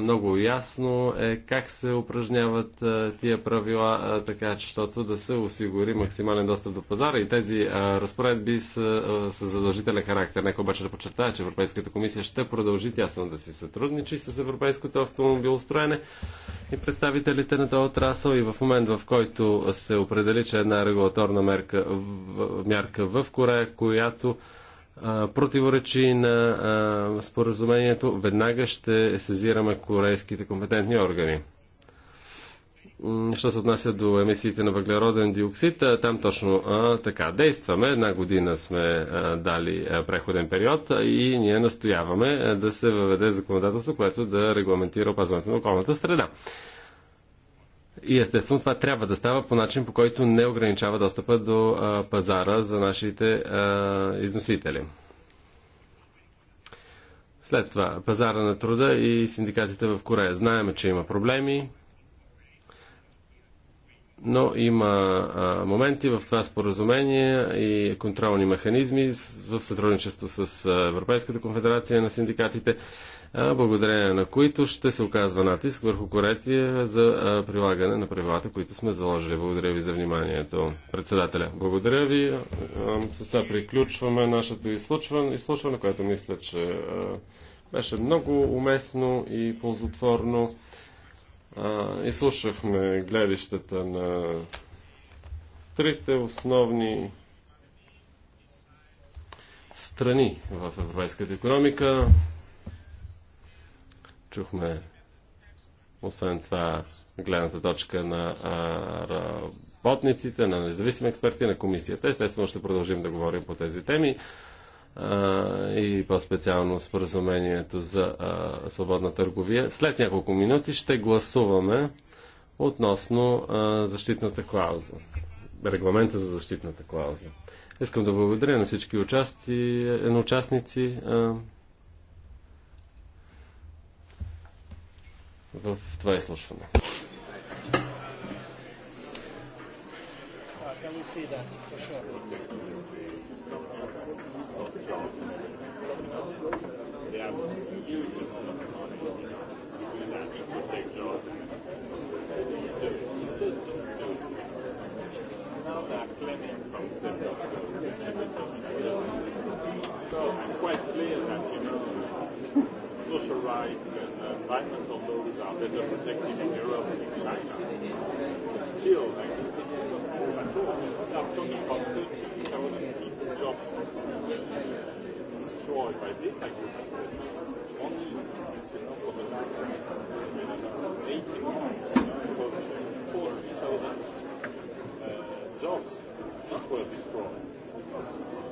много ясно е как се упражняват тия правила, така че да се осигури максимален достъп до пазара и тези разпоредби са с задължителен характер. Нека обаче да подчертая, че Европейската комисия ще продължи тясно да си сътрудничи с европейското автомобилостроене и представителите на този отрасъл и в момент в който се определи, че е една регулаторна мерка, мярка в Корея, която противоречи на споразумението, веднага ще сезираме корейските компетентни органи. Що се отнася до емисиите на въглероден диоксид, там точно а, така действаме. Една година сме а, дали а, преходен период и ние настояваме да се въведе законодателство, което да регламентира опазването на околната среда. И естествено това трябва да става по начин, по който не ограничава достъпа до а, пазара за нашите а, износители. След това, пазара на труда и синдикатите в Корея. Знаеме, че има проблеми но има а, моменти в това споразумение и контролни механизми в сътрудничество с Европейската конфедерация на синдикатите, а, благодарение на които ще се оказва натиск върху Коретия за а, прилагане на правилата, които сме заложили. Благодаря ви за вниманието, председателя. Благодаря ви. С това приключваме нашето изслушване, изслушване което мисля, че беше много уместно и ползотворно. А, изслушахме гледищата на трите основни страни в европейската економика. Чухме освен това гледната точка на работниците, на независими експерти, на комисията. Естествено ще продължим да говорим по тези теми и по-специално споразумението за свободна търговия. След няколко минути ще гласуваме относно защитната клауза, регламента за защитната клауза. Искам да благодаря на всички участи, на участници в това изслушване. Ah, can we see that for sure? quite clear that, you know, social rights and uh, environmental laws are better protected in Europe than in China. But still, I don't think we don't prove at all. We are talking about 30,000 people jobs destroyed by this agreement. Only you know, for the last 80 months, it was 40,000 uh, jobs that were destroyed.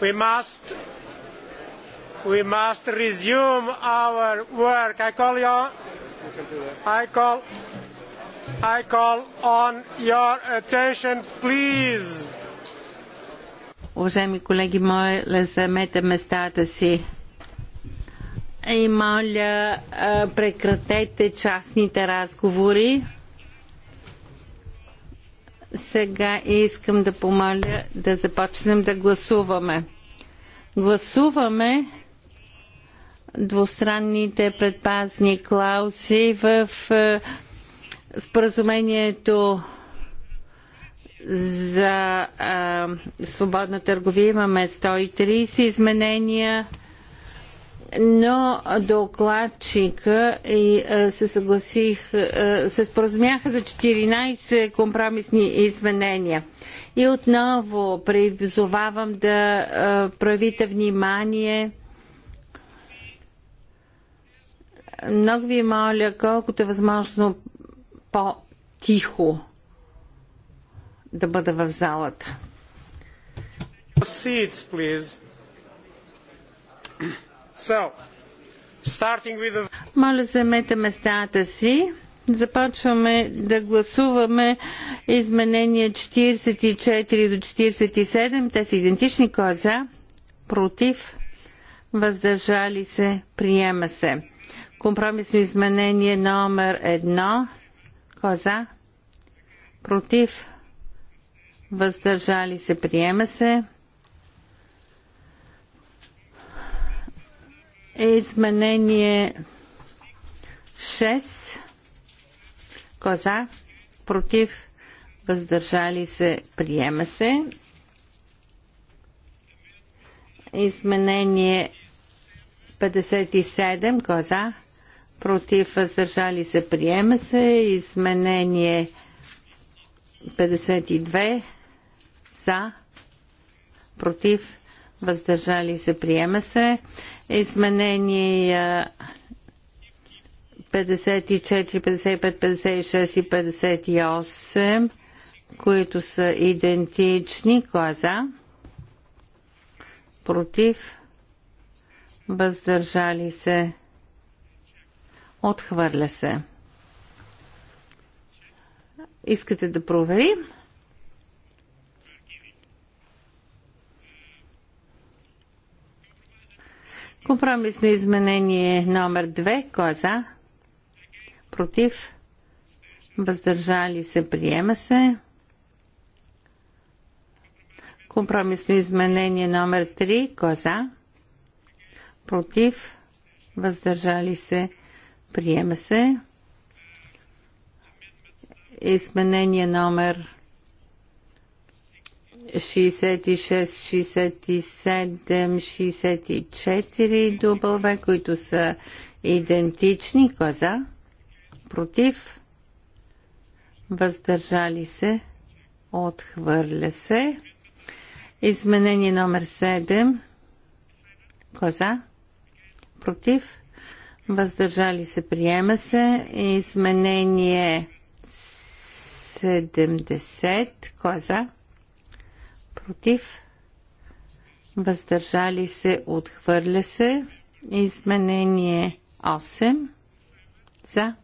We must, we must resume our work. I call your, I call, I call on your attention, please. Уважаеми колеги, моля, заемете местата си. И моля, прекратете частните разговори. Сега искам да помоля да започнем да гласуваме. Гласуваме двустранните предпазни клаузи в е, споразумението за а, е, свободна търговия. Имаме 130 изменения но докладчика и се съгласих, се споразумяха за 14 компромисни изменения. И отново призовавам да проявите внимание. Много ви моля, колкото е възможно по-тихо да бъда в залата. Seats, please. So, the... Моля, заемете местата си. Започваме да гласуваме изменения 44 до 47. Те са идентични. Кой е за? Против? Въздържали се? Приема се. Компромисно изменение номер 1. Кой е за? Против? Въздържали се? Приема се. е изменение 6. Коза. Е Против. Въздържали се. Приема се. Изменение 57. Коза. Е Против. Въздържали се. Приема се. Изменение 52. За. Против въздържали се, приема се. Изменение 54, 55, 56 и 58, които са идентични. Кой е за? Против? Въздържали се? Отхвърля се. Искате да проверим? Компромисно изменение номер 2. Кой е за? Против? Въздържали се? Приема се. Компромисно изменение номер 3. Кой е за? Против? Въздържали се? Приема се. Изменение номер 66, 67, 64 дубълве, които са идентични. Коза? Е Против? Въздържали се? Отхвърля се. Изменение номер 7. Коза? Е Против? Въздържали се? Приема се. Изменение 70. Коза? Е против, въздържали се, отхвърля се. Изменение 8 за,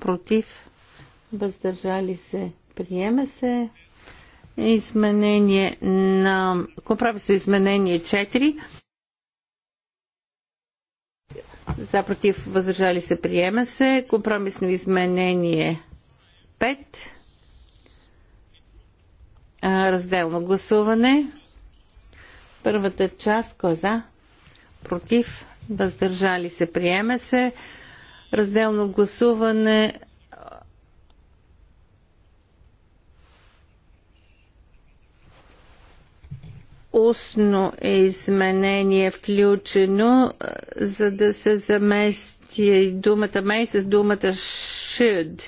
против, въздържали се, приема се. Изменение на... Поправи се изменение 4. За против въздържали се приема се. Компромисно изменение 5 разделно гласуване. Първата част, кой е за? Против, въздържали се, приеме се. Разделно гласуване устно е изменение включено, за да се замести думата мей с думата should.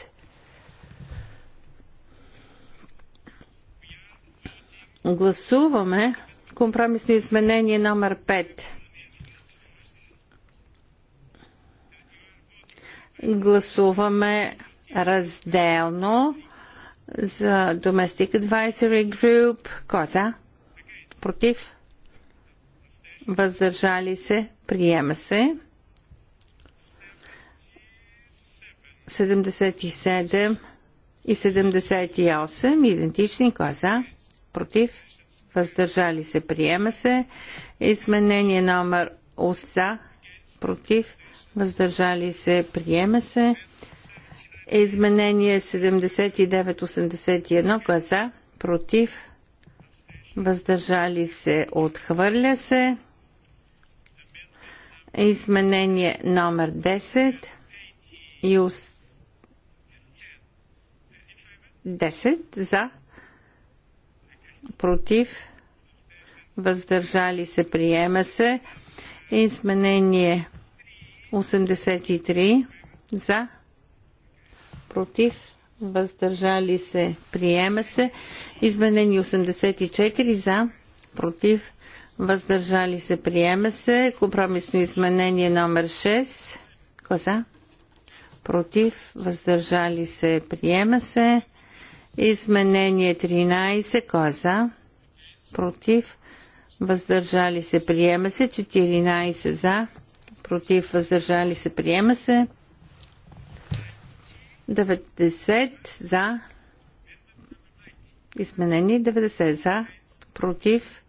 Гласуваме компромисно изменение номер 5. Гласуваме разделно за Domestic Advisory Group. Коза? Е за? Против? Въздържали се? Приема се. 77 и 78 идентични. коза. Е за? против, въздържали се, приема се. Изменение номер 8 за, против, въздържали се, приема се. Изменение 79-81 гласа, е против, въздържали се, отхвърля се. Изменение номер 10 и 10 за, против, въздържали се, приема се. Изменение 83 за, против, въздържали се, приема се. Изменение 84 за, против, въздържали се, приема се. Компромисно изменение номер 6. Коза? Против, въздържали се, приема се. Изменение 13. Кой е за? Против. Въздържали се. Приема се. 14 за. Против. Въздържали се. Приема се. 90 за. Изменение 90 за. Против.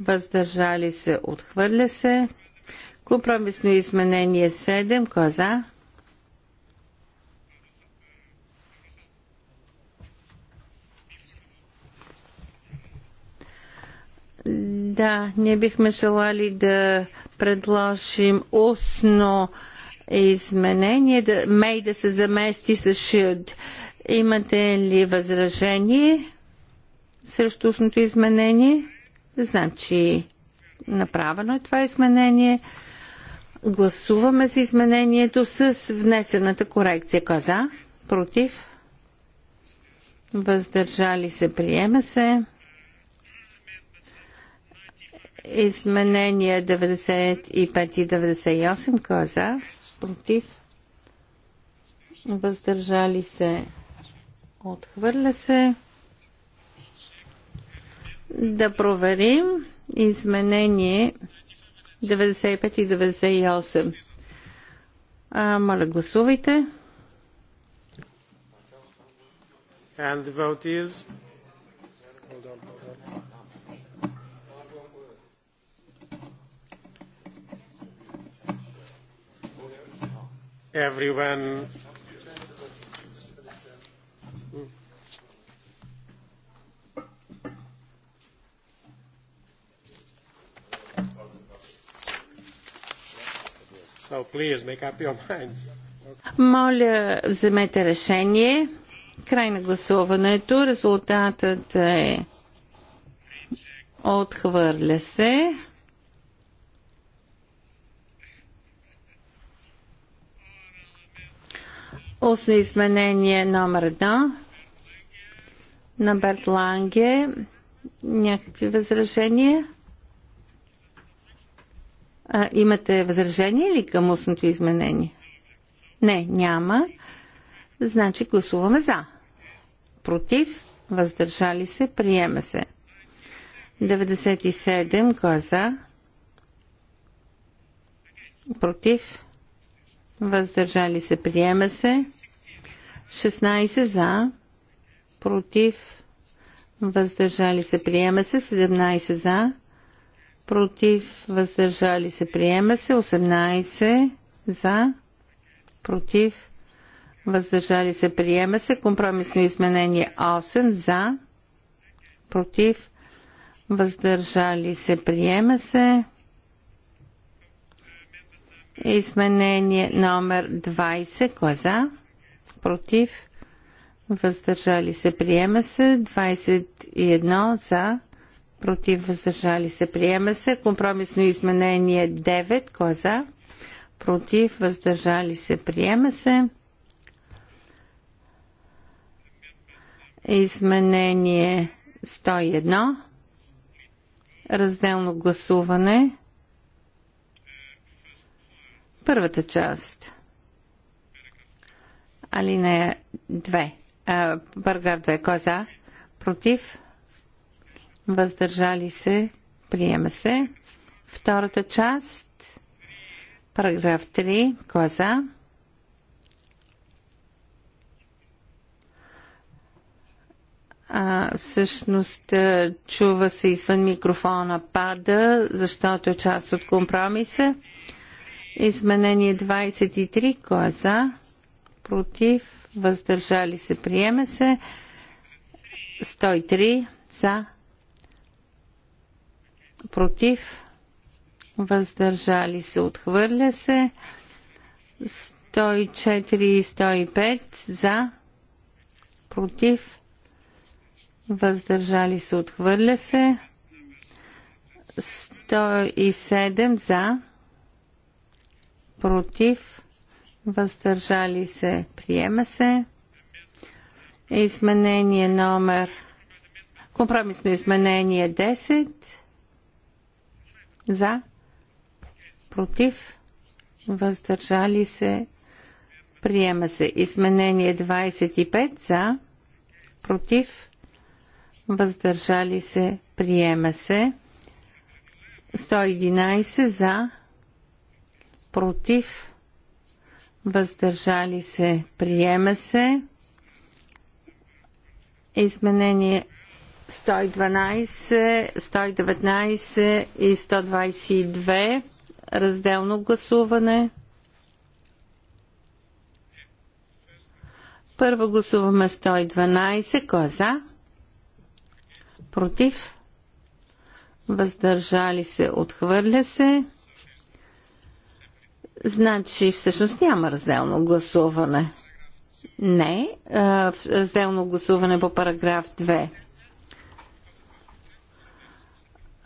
Въздържали се. Отхвърля се. Компромисно изменение 7. Кой е за? Да, ние бихме желали да предложим устно изменение, да, мей да се замести с should. Имате ли възражение срещу устното изменение? Значи, направено е това изменение. Гласуваме за изменението с внесената корекция. Каза? Е Против? Въздържали се? Приема се? Изменения 95 и 98. коза. е за? Против? Въздържали се? Отхвърля се. Да проверим изменение 95 и 98. А, моля, гласувайте. And the vote is everyone. Моля, вземете решение. Край на гласуването. Резултатът е отхвърля се. Устно изменение номер едно на Берт Ланге. Някакви възражения? А, имате възражение ли към устното изменение? Не, няма. Значи гласуваме за. Против, въздържали се, приема се. 97, кой е за? Против, въздържали се, приема се. 16 за, против, въздържали се, приема се. 17 за, против, въздържали се, приема се. 18 за, против, въздържали се, приема се. Компромисно изменение 8 за, против, въздържали се, приема се. Изменение номер 20. Кой е за? Против? Въздържали се. Приема се. 21 за. Против? Въздържали се. Приема се. Компромисно изменение 9. Кой е за? Против? Въздържали се. Приема се. Изменение 101. Разделно гласуване. Първата част. Алинея 2. Параграф 2. Кой е за? Против? Въздържали се? Приема се. Втората част. Параграф 3. Кой е за? а, всъщност чува се извън микрофона пада, защото е част от компромиса. Изменение 23. Кой е за? Против. Въздържали се. Приема се. 103. За. Против. Въздържали се. Отхвърля се. 104 и 105. За. Против. Въздържали се. Отхвърля се. 107 за против, въздържали се, приема се. Изменение номер, компромисно изменение 10, за, против, въздържали се, приема се. Изменение 25, за, против, въздържали се, приема се. 111 за, против, въздържали се, приема се. Изменение 112, 119 и 122. Разделно гласуване. Първо гласуваме 112. Кой е за? Против? Въздържали се? Отхвърля се? Значи всъщност няма разделно гласуване. Не, разделно гласуване по параграф 2.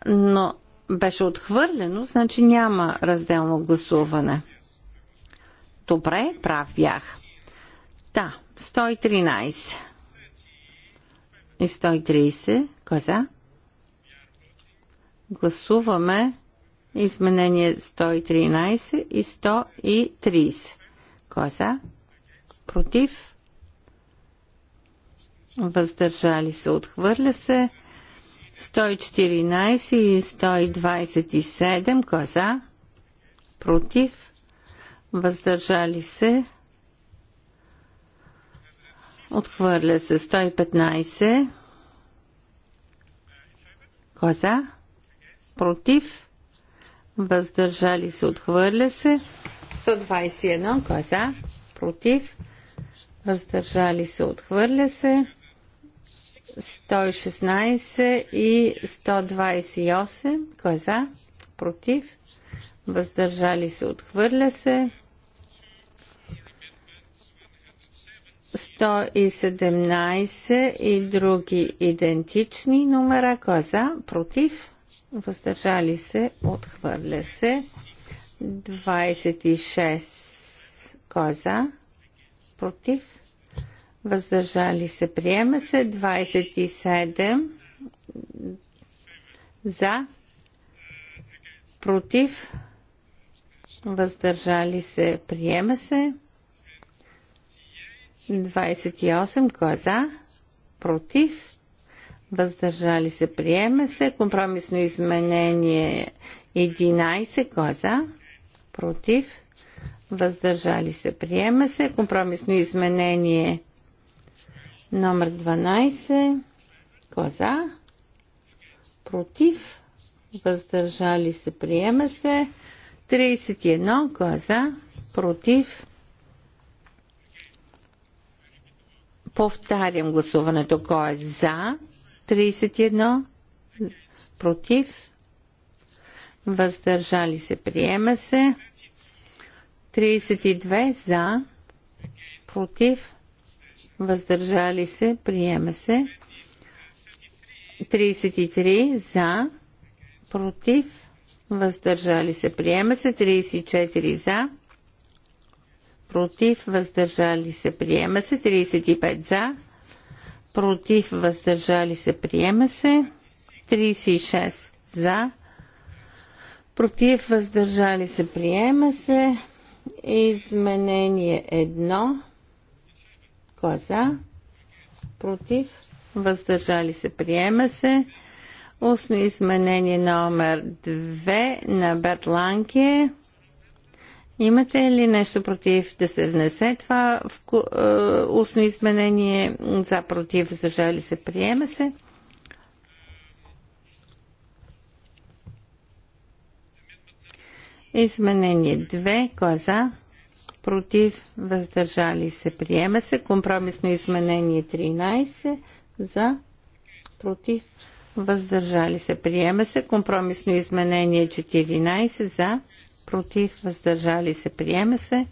Но беше отхвърлено, значи няма разделно гласуване. Добре, прав бях. Да, 113. И 130. Кой е за? Гласуваме Изменение 113 и 130. Кой е за? Против? Въздържали се, отхвърля се. 114 и 127. Кой е за? Против? Въздържали се. Отхвърля се 115. Коза. Е Против въздържали се, отхвърля се. 121, кой за, против, въздържали се, отхвърля се. 116 и 128, кой е за, против, въздържали се, отхвърля се. 117 е и други идентични номера, кой е за, против, въздържали се, отхвърля се. 26 кой е за? Против? Въздържали се, приема се. 27 за? Против? Въздържали се, приема се. 28 кой е за? Против? въздържали се, приеме се. Компромисно изменение 11, кой е за? Против, въздържали се, приема се. Компромисно изменение номер 12, кой е за? Против, въздържали се, приема се. 31, кой е за? Против, Повтарям гласуването. Кой е за? 31 против, въздържали се, приема се. 32 за, против, въздържали се, приема се. 33 за, против, въздържали се, приема се. 34 за, против, въздържали се, приема се. 35 за, против, въздържали се, приема се. 36 за, против, въздържали се, приема се. Изменение 1. Кой е за? Против, въздържали се, приема се. Устно изменение номер 2 на Берт Имате ли нещо против да се внесе това в, е, устно изменение за против, въздържали се, приема се? Изменение 2. Кой е за? Против, въздържали се, приема се. Компромисно изменение 13. За? Против, въздържали се, приема се. Компромисно изменение 14. За? против, въздържали се, приема се.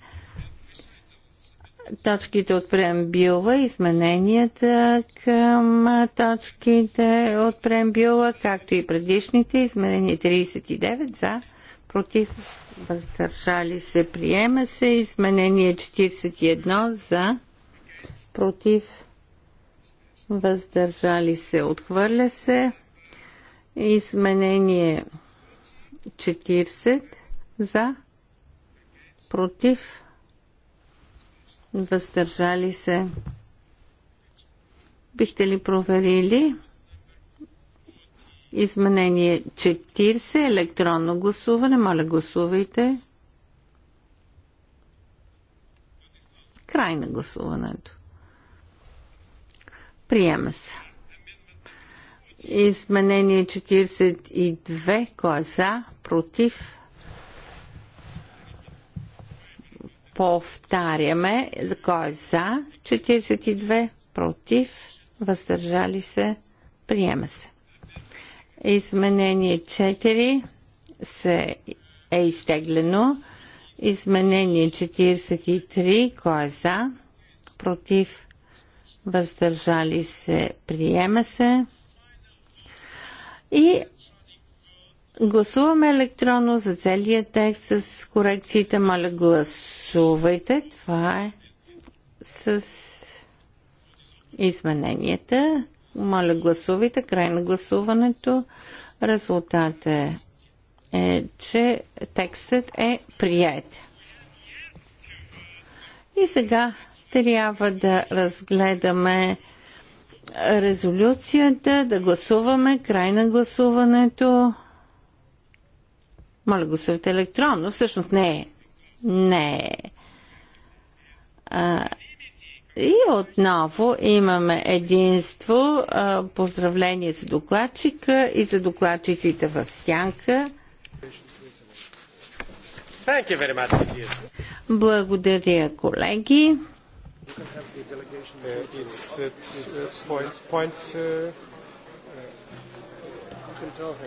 Точките от преамбюла, измененията към точките от преамбюла, както и предишните, изменение 39 за, против, въздържали се, приема се. Изменение 41 за, против, въздържали се, отхвърля се. Изменение 40 за, против, въздържали се. Бихте ли проверили? Изменение 40, електронно гласуване. Моля, гласувайте. Край на гласуването. Приема се. Изменение 42. Кой е за? Против? повтаряме. Кой е за? 42. Против. Въздържали се. Приема се. Изменение 4 се е изтеглено. Изменение 43. Кой е за? Против. Въздържали се. Приема се. И Гласуваме електронно за целият текст с корекциите. Моля, гласувайте. Това е с измененията. Моля, гласувайте. Край на гласуването. Резултат е, е че текстът е прият. И сега трябва да разгледаме резолюцията, да гласуваме край на гласуването. Моля, го се от електронно. Всъщност не е. Не е. И отново имаме единство. А, Поздравление за докладчика и за докладчиците в сянка. Благодаря, колеги. It's, it's, it's point, points, uh, uh,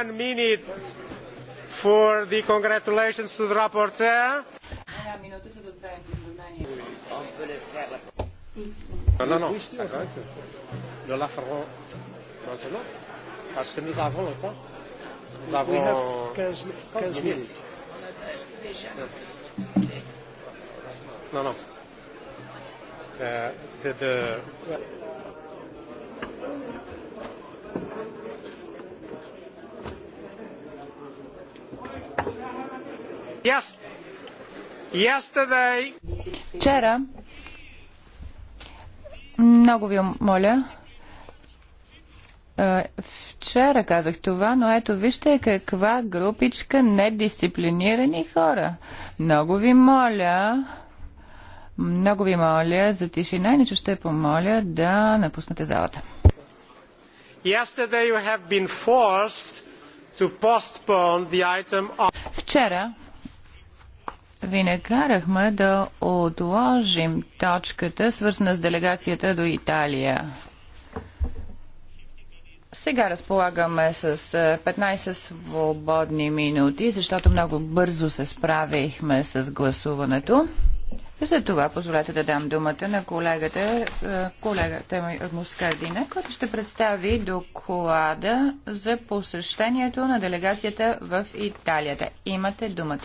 One minute for the congratulations to the rapporteur. Non, non, non. Nous la ferons maintenant. Parce que nous avons le temps. Nous avons 15, 15 minutes. Non, non. Euh, de, de... Вчера, много ви моля, е, вчера казах това, но ето вижте каква групичка недисциплинирани хора. Много ви моля, много ви моля за тишина, иначе ще помоля да напуснете залата. Вчера ви накарахме да отложим точката, свързана с делегацията до Италия. Сега разполагаме с 15 е, свободни минути, защото много бързо се справихме с гласуването. За това позволете да дам думата на колегата, е, колегата Мускардина, който ще представи доклада за посещението на делегацията в Италията. Имате думата.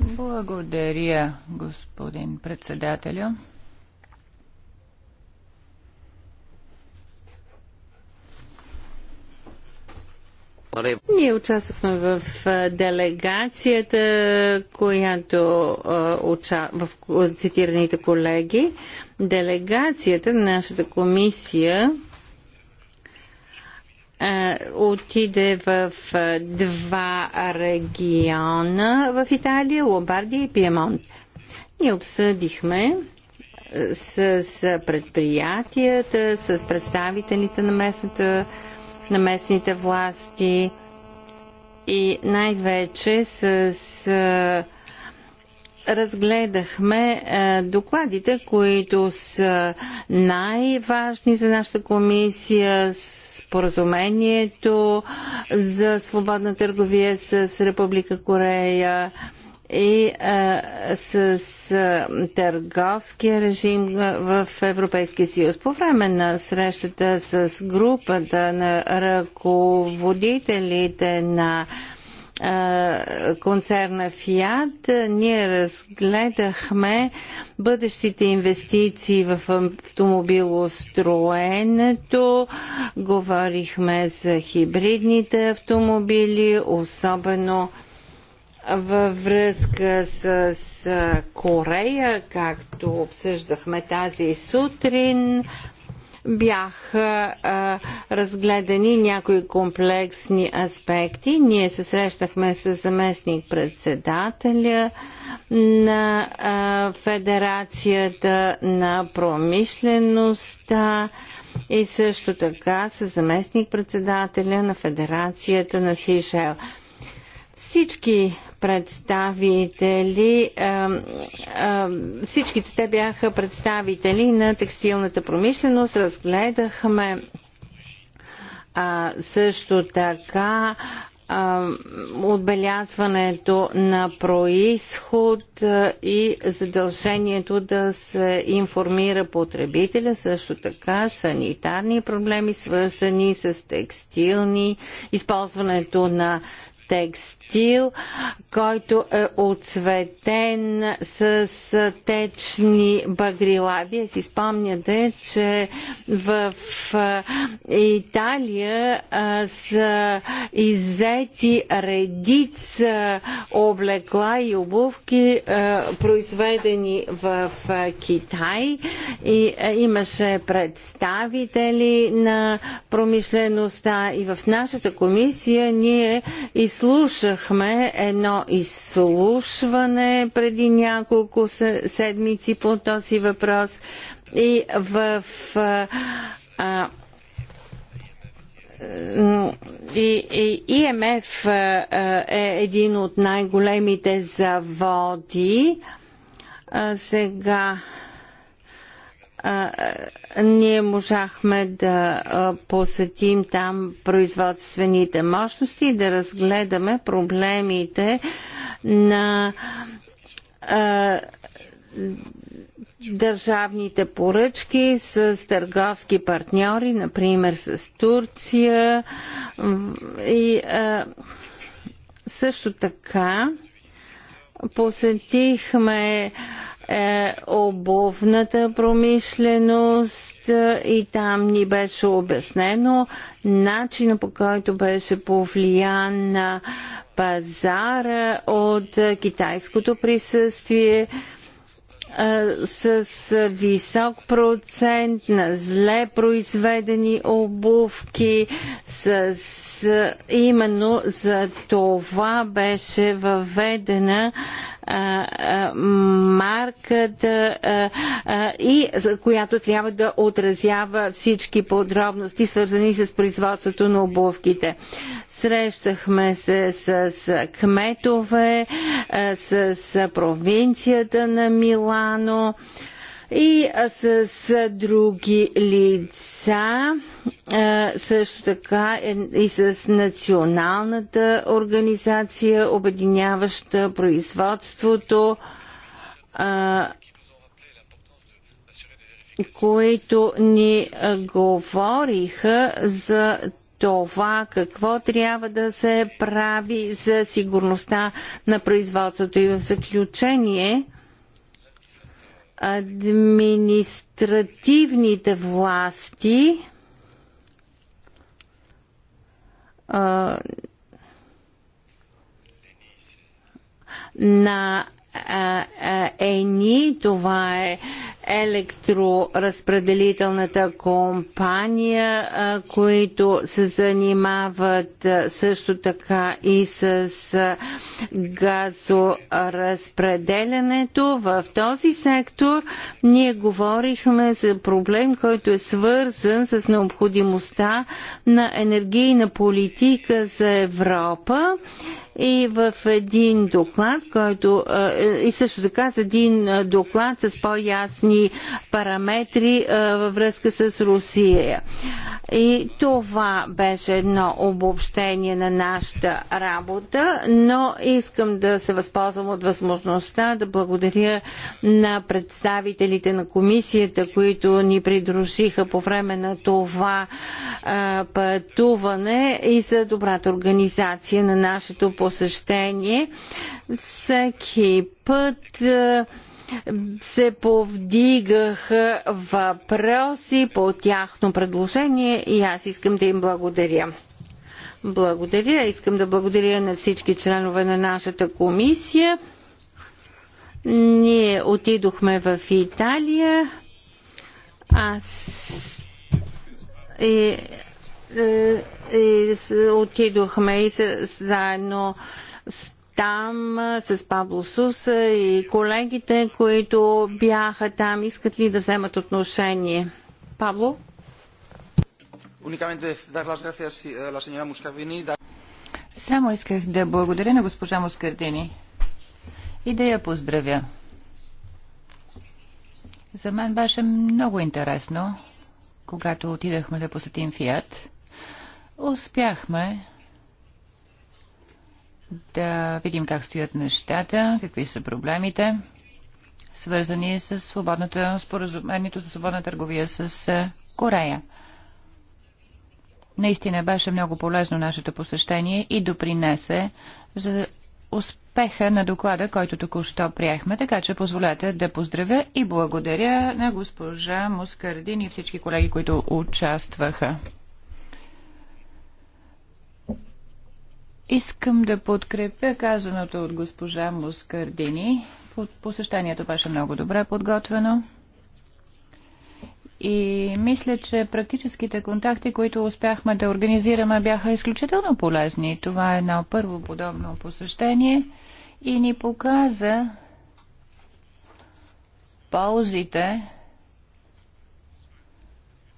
Благодаря, господин председателю. Ние участвахме в делегацията, която в цитираните колеги. Делегацията на нашата комисия е, отиде в е, два региона в Италия Ломбардия и Пиемонт. Ние обсъдихме е, с, предприятията, с представителите на, местната, на местните власти и най-вече с, разгледахме докладите, които са най-важни за нашата комисия, с споразумението за свободна търговия с Република Корея и а, с, с търговския режим в Европейския съюз. По време на срещата с групата на ръководителите на концерна Фиат, ние разгледахме бъдещите инвестиции в автомобилостроенето, говорихме за хибридните автомобили, особено във връзка с, с Корея, както обсъждахме тази сутрин, бяха а, разгледани някои комплексни аспекти. Ние се срещахме с заместник председателя на а, Федерацията на промишлеността и също така с заместник председателя на Федерацията на Сишел. Всички представители, всичките те бяха представители на текстилната промишленост, разгледахме също така отбелязването на происход и задължението да се информира потребителя, също така санитарни проблеми, свързани с текстилни, използването на текстил, който е отцветен с течни багрила. Вие си спомняте, че в Италия са иззети редица облекла и обувки, произведени в Китай. И имаше представители на промишлеността и в нашата комисия ние изслушахме Изслушахме едно изслушване преди няколко седмици по този въпрос и в а, и, и, ИМФ е един от най-големите заводи. А сега а, ние можахме да посетим там производствените мощности и да разгледаме проблемите на а, държавните поръчки с търговски партньори, например с Турция и а, също така посетихме а, е обувната промишленост и там ни беше обяснено начина по който беше повлиян на пазара от китайското присъствие е, с висок процент на зле произведени обувки, с за, именно за това беше въведена а, а, марката, а, и за която трябва да отразява всички подробности, свързани с производството на обувките. Срещахме се с, кметове, с, с провинцията на Милано. А, и с, с други лица, също така е, и с националната организация, обединяваща производството, които ни говориха за това какво трябва да се прави за сигурността на производството. И в заключение, административните власти а, на а, а, ЕНИ, това е електроразпределителната компания, които се занимават също така и с газоразпределянето. В този сектор ние говорихме за проблем, който е свързан с необходимостта на енергийна политика за Европа и в един доклад, който е, и също така с един доклад с по-ясни определени параметри във връзка с Русия. И това беше едно обобщение на нашата работа, но искам да се възползвам от възможността да благодаря на представителите на комисията, които ни придружиха по време на това а, пътуване и за добрата организация на нашето посещение. Всеки път а, се повдигаха въпроси по тяхно предложение и аз искам да им благодаря. Благодаря. Искам да благодаря на всички членове на нашата комисия. Ние отидохме в Италия. Аз и, и, е, и е, отидохме и заедно с там с Павло Суса и колегите, които бяха там. Искат ли да вземат отношение? Павло. Е, Само исках да благодаря на госпожа Мускардини и да я поздравя. За мен беше много интересно, когато отидахме да посетим Фиат. Успяхме да видим как стоят нещата, какви са проблемите, свързани с свободната, споразумението за свободна търговия с Корея. Наистина беше много полезно нашето посещение и допринесе за успеха на доклада, който току-що приехме, така че позволете да поздравя и благодаря на госпожа Мускардин и всички колеги, които участваха. Искам да подкрепя казаното от госпожа Мускардини. Посещението беше много добре подготвено. И мисля, че практическите контакти, които успяхме да организираме, бяха изключително полезни. Това е едно първо подобно посещение и ни показа ползите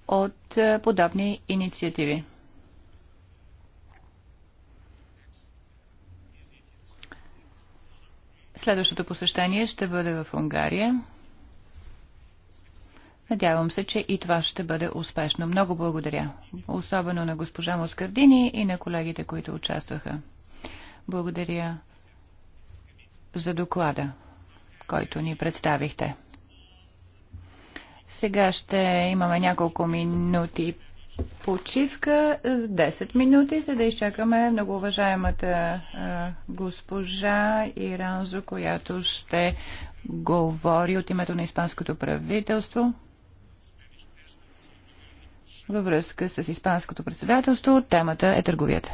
от е, подобни инициативи. Следващото посещение ще бъде в Унгария. Надявам се, че и това ще бъде успешно. Много благодаря. Особено на госпожа Москардини и на колегите, които участваха. Благодаря за доклада, който ни представихте. Сега ще имаме няколко минути почивка 10 е, минути, за да изчакаме многоуважаемата е, госпожа Иранзо, която ще говори от името на Испанското правителство във връзка с Испанското председателство. Темата е търговията.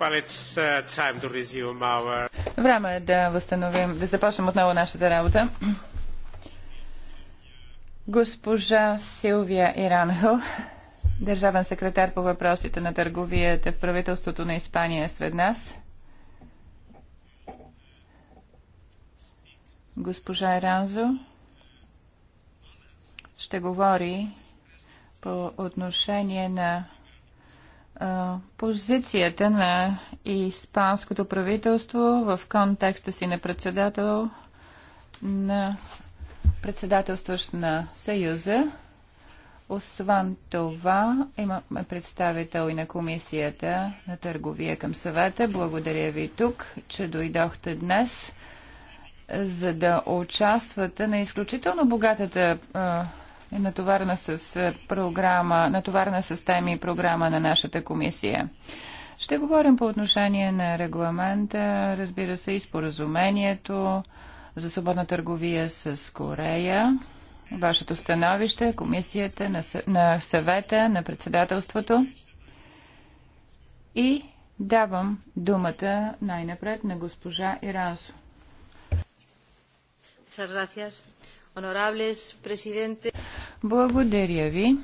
Well, uh, our... Време е да възстановим, да започнем отново нашата работа. Госпожа Силвия Иранхо, държавен секретар по въпросите на търговията в правителството на Испания е сред нас. Госпожа Иранзо ще говори по отношение на позицията на испанското правителство в контекста си на председател на председателстващ на Съюза. Освен това, имаме представител и на комисията на търговия към съвета. Благодаря ви тук, че дойдохте днес, за да участвате на изключително богатата е натоварена с е, програма, натоварена с теми и програма на нашата комисия. Ще говорим по отношение на регламента, разбира се, и споразумението за свободна търговия с Корея. Вашето становище, комисията, на, на съвета, на председателството. И давам думата най-напред на госпожа Ирансо. Muchas gracias. Благодаря ви.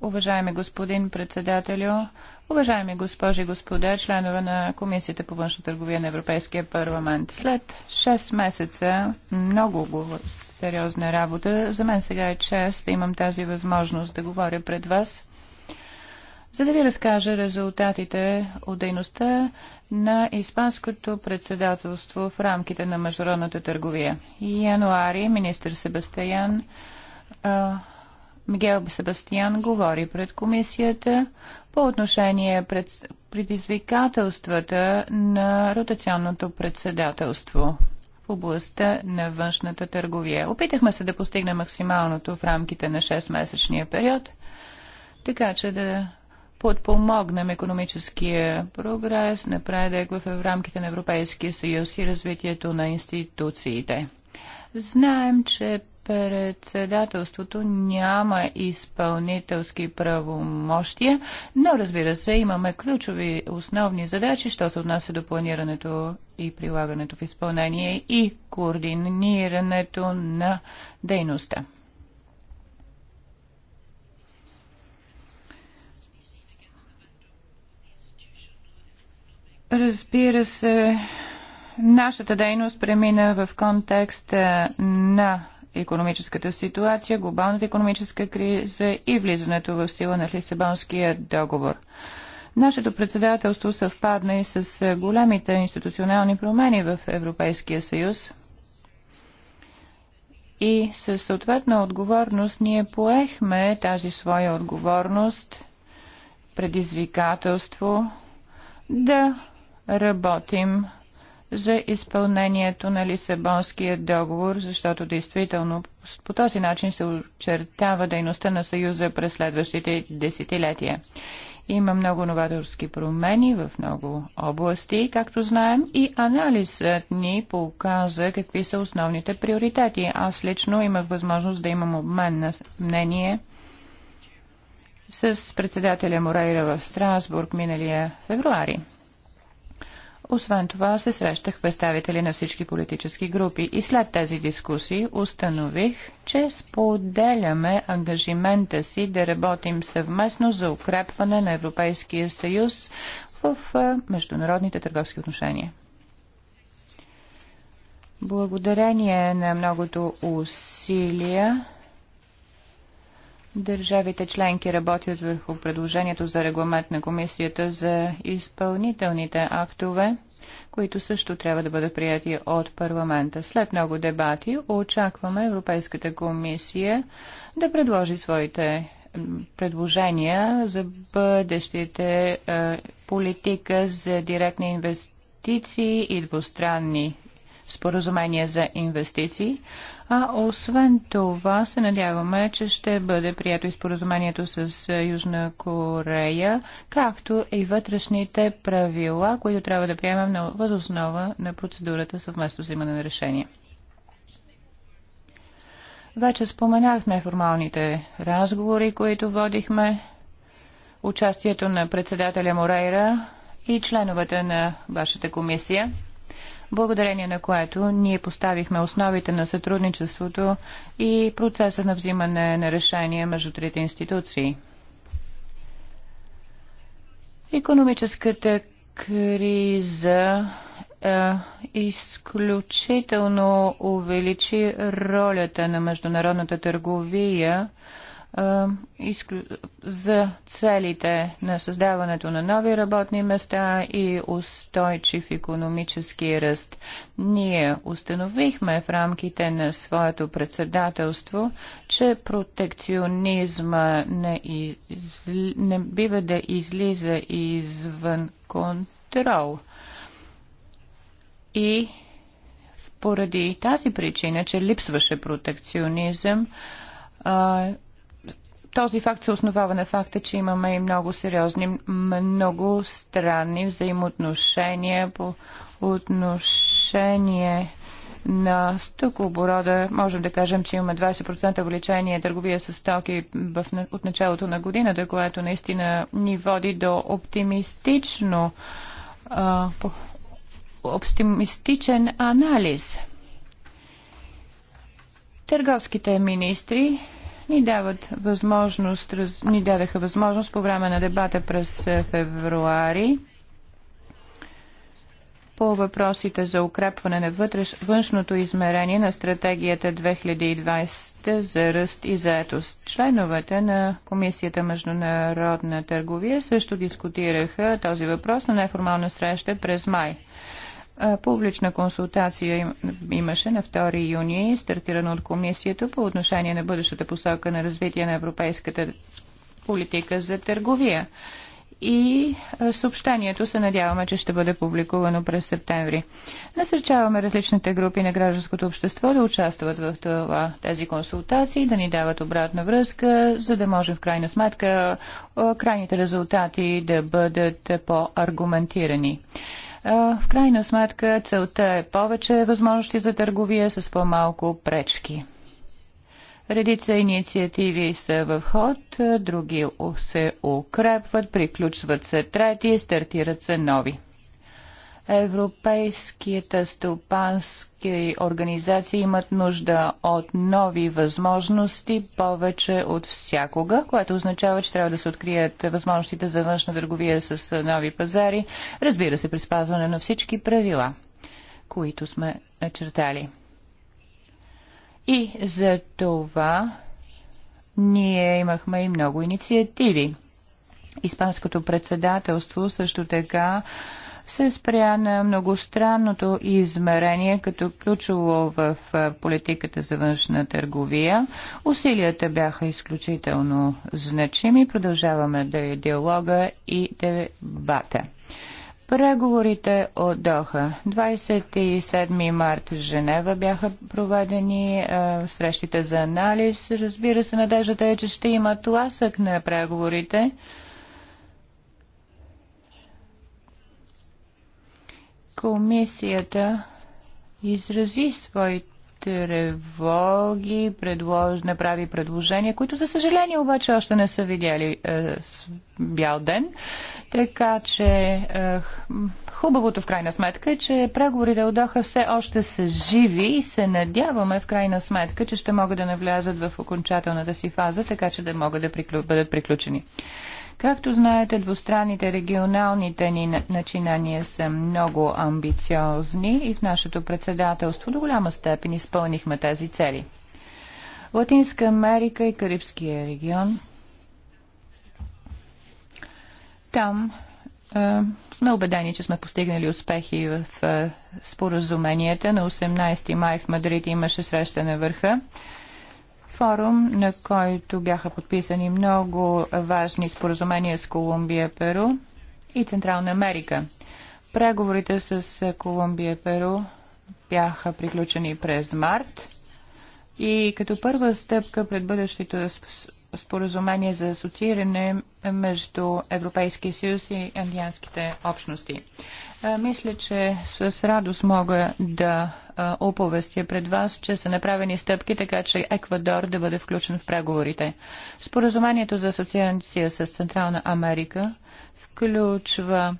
Уважаеми господин председателю, уважаеми госпожи и господа, членове на Комисията по външна търговия на Европейския парламент. След 6 месеца много сериозна работа, за мен сега е чест да имам тази възможност да говоря пред вас за да ви разкажа резултатите от дейността на Испанското председателство в рамките на международната търговия. Януари министр Себастиян а, Мигел Себастиян говори пред комисията по отношение пред предизвикателствата на ротационното председателство в областта на външната търговия. Опитахме се да постигнем максималното в рамките на 6-месечния период, така че да подпомогнем економическия прогрес, напредък в рамките на Европейския съюз и развитието на институциите. Знаем, че председателството няма изпълнителски правомощия, но разбира се, имаме ключови основни задачи, що се отнася до планирането и прилагането в изпълнение и координирането на дейността. Разбира се, нашата дейност премина в контекста е, на економическата ситуация, глобалната економическа криза и влизането в сила на Лисабонския договор. Нашето председателство съвпадна и с е, големите институционални промени в Европейския съюз. И със съответна отговорност ние поехме тази своя отговорност, предизвикателство да работим за изпълнението на Лисабонския договор, защото действително по този начин се очертава дейността на Съюза през следващите десетилетия. Има много новаторски промени в много области, както знаем, и анализът ни показа какви са основните приоритети. Аз лично имах възможност да имам обмен на мнение с председателя Морейра в Страсбург миналия февруари. Освен това, се срещах представители на всички политически групи и след тези дискусии установих, че споделяме ангажимента си да работим съвместно за укрепване на Европейския съюз в международните търговски отношения. Благодарение на многото усилия, Държавите членки работят върху предложението за регламент на комисията за изпълнителните актове, които също трябва да бъдат прияти от парламента. След много дебати очакваме Европейската комисия да предложи своите предложения за бъдещите е, политика за директни инвестиции и двустранни споразумение за инвестиции. А освен това се надяваме, че ще бъде прието и споразумението с Южна Корея, както и вътрешните правила, които трябва да приемем на възоснова на процедурата съвместно взимане на решение. Вече споменах неформалните разговори, които водихме, участието на председателя Морейра и членовете на вашата комисия благодарение на което ние поставихме основите на сътрудничеството и процеса на взимане на решения между трите институции. Економическата криза е, изключително увеличи ролята на международната търговия за целите на създаването на нови работни места и устойчив економически ръст. Ние установихме в рамките на своето председателство, че протекционизма не, из... не бива да излиза извън контрол. И поради тази причина, че липсваше протекционизъм, този факт се основава на факта, че имаме и много сериозни, много странни взаимоотношения по отношение на оборода. Можем да кажем, че имаме 20% увеличение търговия с стоки в, от началото на годината, което наистина ни води до оптимистично оптимистичен анализ. Търговските министри ни дават възможност, раз, ни дадаха възможност по време на дебата през е, февруари по въпросите за укрепване на вътреш, външното измерение на стратегията 2020 за ръст и заетост. Членовете на Комисията международна търговия също дискутираха този въпрос на неформална среща през май. Публична консултация имаше на 2 юни, стартирана от комисията по отношение на бъдещата посока на развитие на европейската политика за търговия. И съобщението се надяваме, че ще бъде публикувано през септември. Насърчаваме различните групи на гражданското общество да участват в това, тези консултации, да ни дават обратна връзка, за да може в крайна сметка крайните резултати да бъдат по-аргументирани. В крайна сметка целта е повече възможности за търговия с по-малко пречки. Редица инициативи са в ход, други се укрепват, приключват се трети, стартират се нови. Европейските стопански организации имат нужда от нови възможности повече от всякога, което означава, че трябва да се открият възможностите за външна търговия с нови пазари, разбира се, при спазване на всички правила, които сме начертали. И за това ние имахме и много инициативи. Испанското председателство също така се спря на многостранното измерение като ключово в политиката за външна търговия. Усилията бяха изключително значими. Продължаваме да е диалога и дебата. Преговорите от Доха. 27 март в Женева бяха проведени е, срещите за анализ. Разбира се, надеждата е, че ще има тласък на преговорите. Комисията изрази своите револги, предлож... направи предложения, които за съжаление обаче още не са видяли е, с бял ден. Така че е, хубавото в крайна сметка е, че преговорите от Доха все още са живи и се надяваме в крайна сметка, че ще могат да навлязат в окончателната си фаза, така че да могат да приклю... бъдат приключени. Както знаете, двустранните регионалните ни начинания са много амбициозни и в нашето председателство до голяма степен изпълнихме тези цели. Латинска Америка и Карибския регион. Там е, сме убедени, че сме постигнали успехи в е, споразуменията. На 18 май в Мадрид имаше среща на върха форум, на който бяха подписани много важни споразумения с Колумбия, Перу и Централна Америка. Преговорите с Колумбия, Перу бяха приключени през март. И като първа стъпка пред бъдещето споразумение за асоцииране между Европейския съюз и индианските общности. Мисля, че с радост мога да оповестя пред вас, че са направени стъпки, така че Еквадор да бъде включен в преговорите. Споразумението за асоциация с Централна Америка включва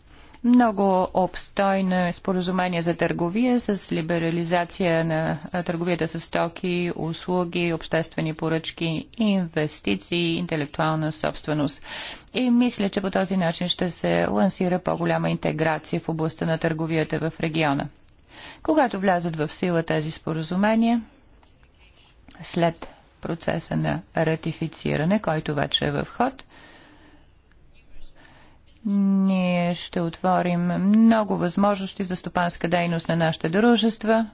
много обстойно е споразумение за търговия с либерализация на търговията с стоки, услуги, обществени поръчки, инвестиции, интелектуална собственост. И мисля, че по този начин ще се лансира по-голяма интеграция в областта на търговията в региона. Когато влязат в сила тези споразумения, след процеса на ратифициране, който вече е в ход – ние ще отворим много възможности за стопанска дейност на нашите дружества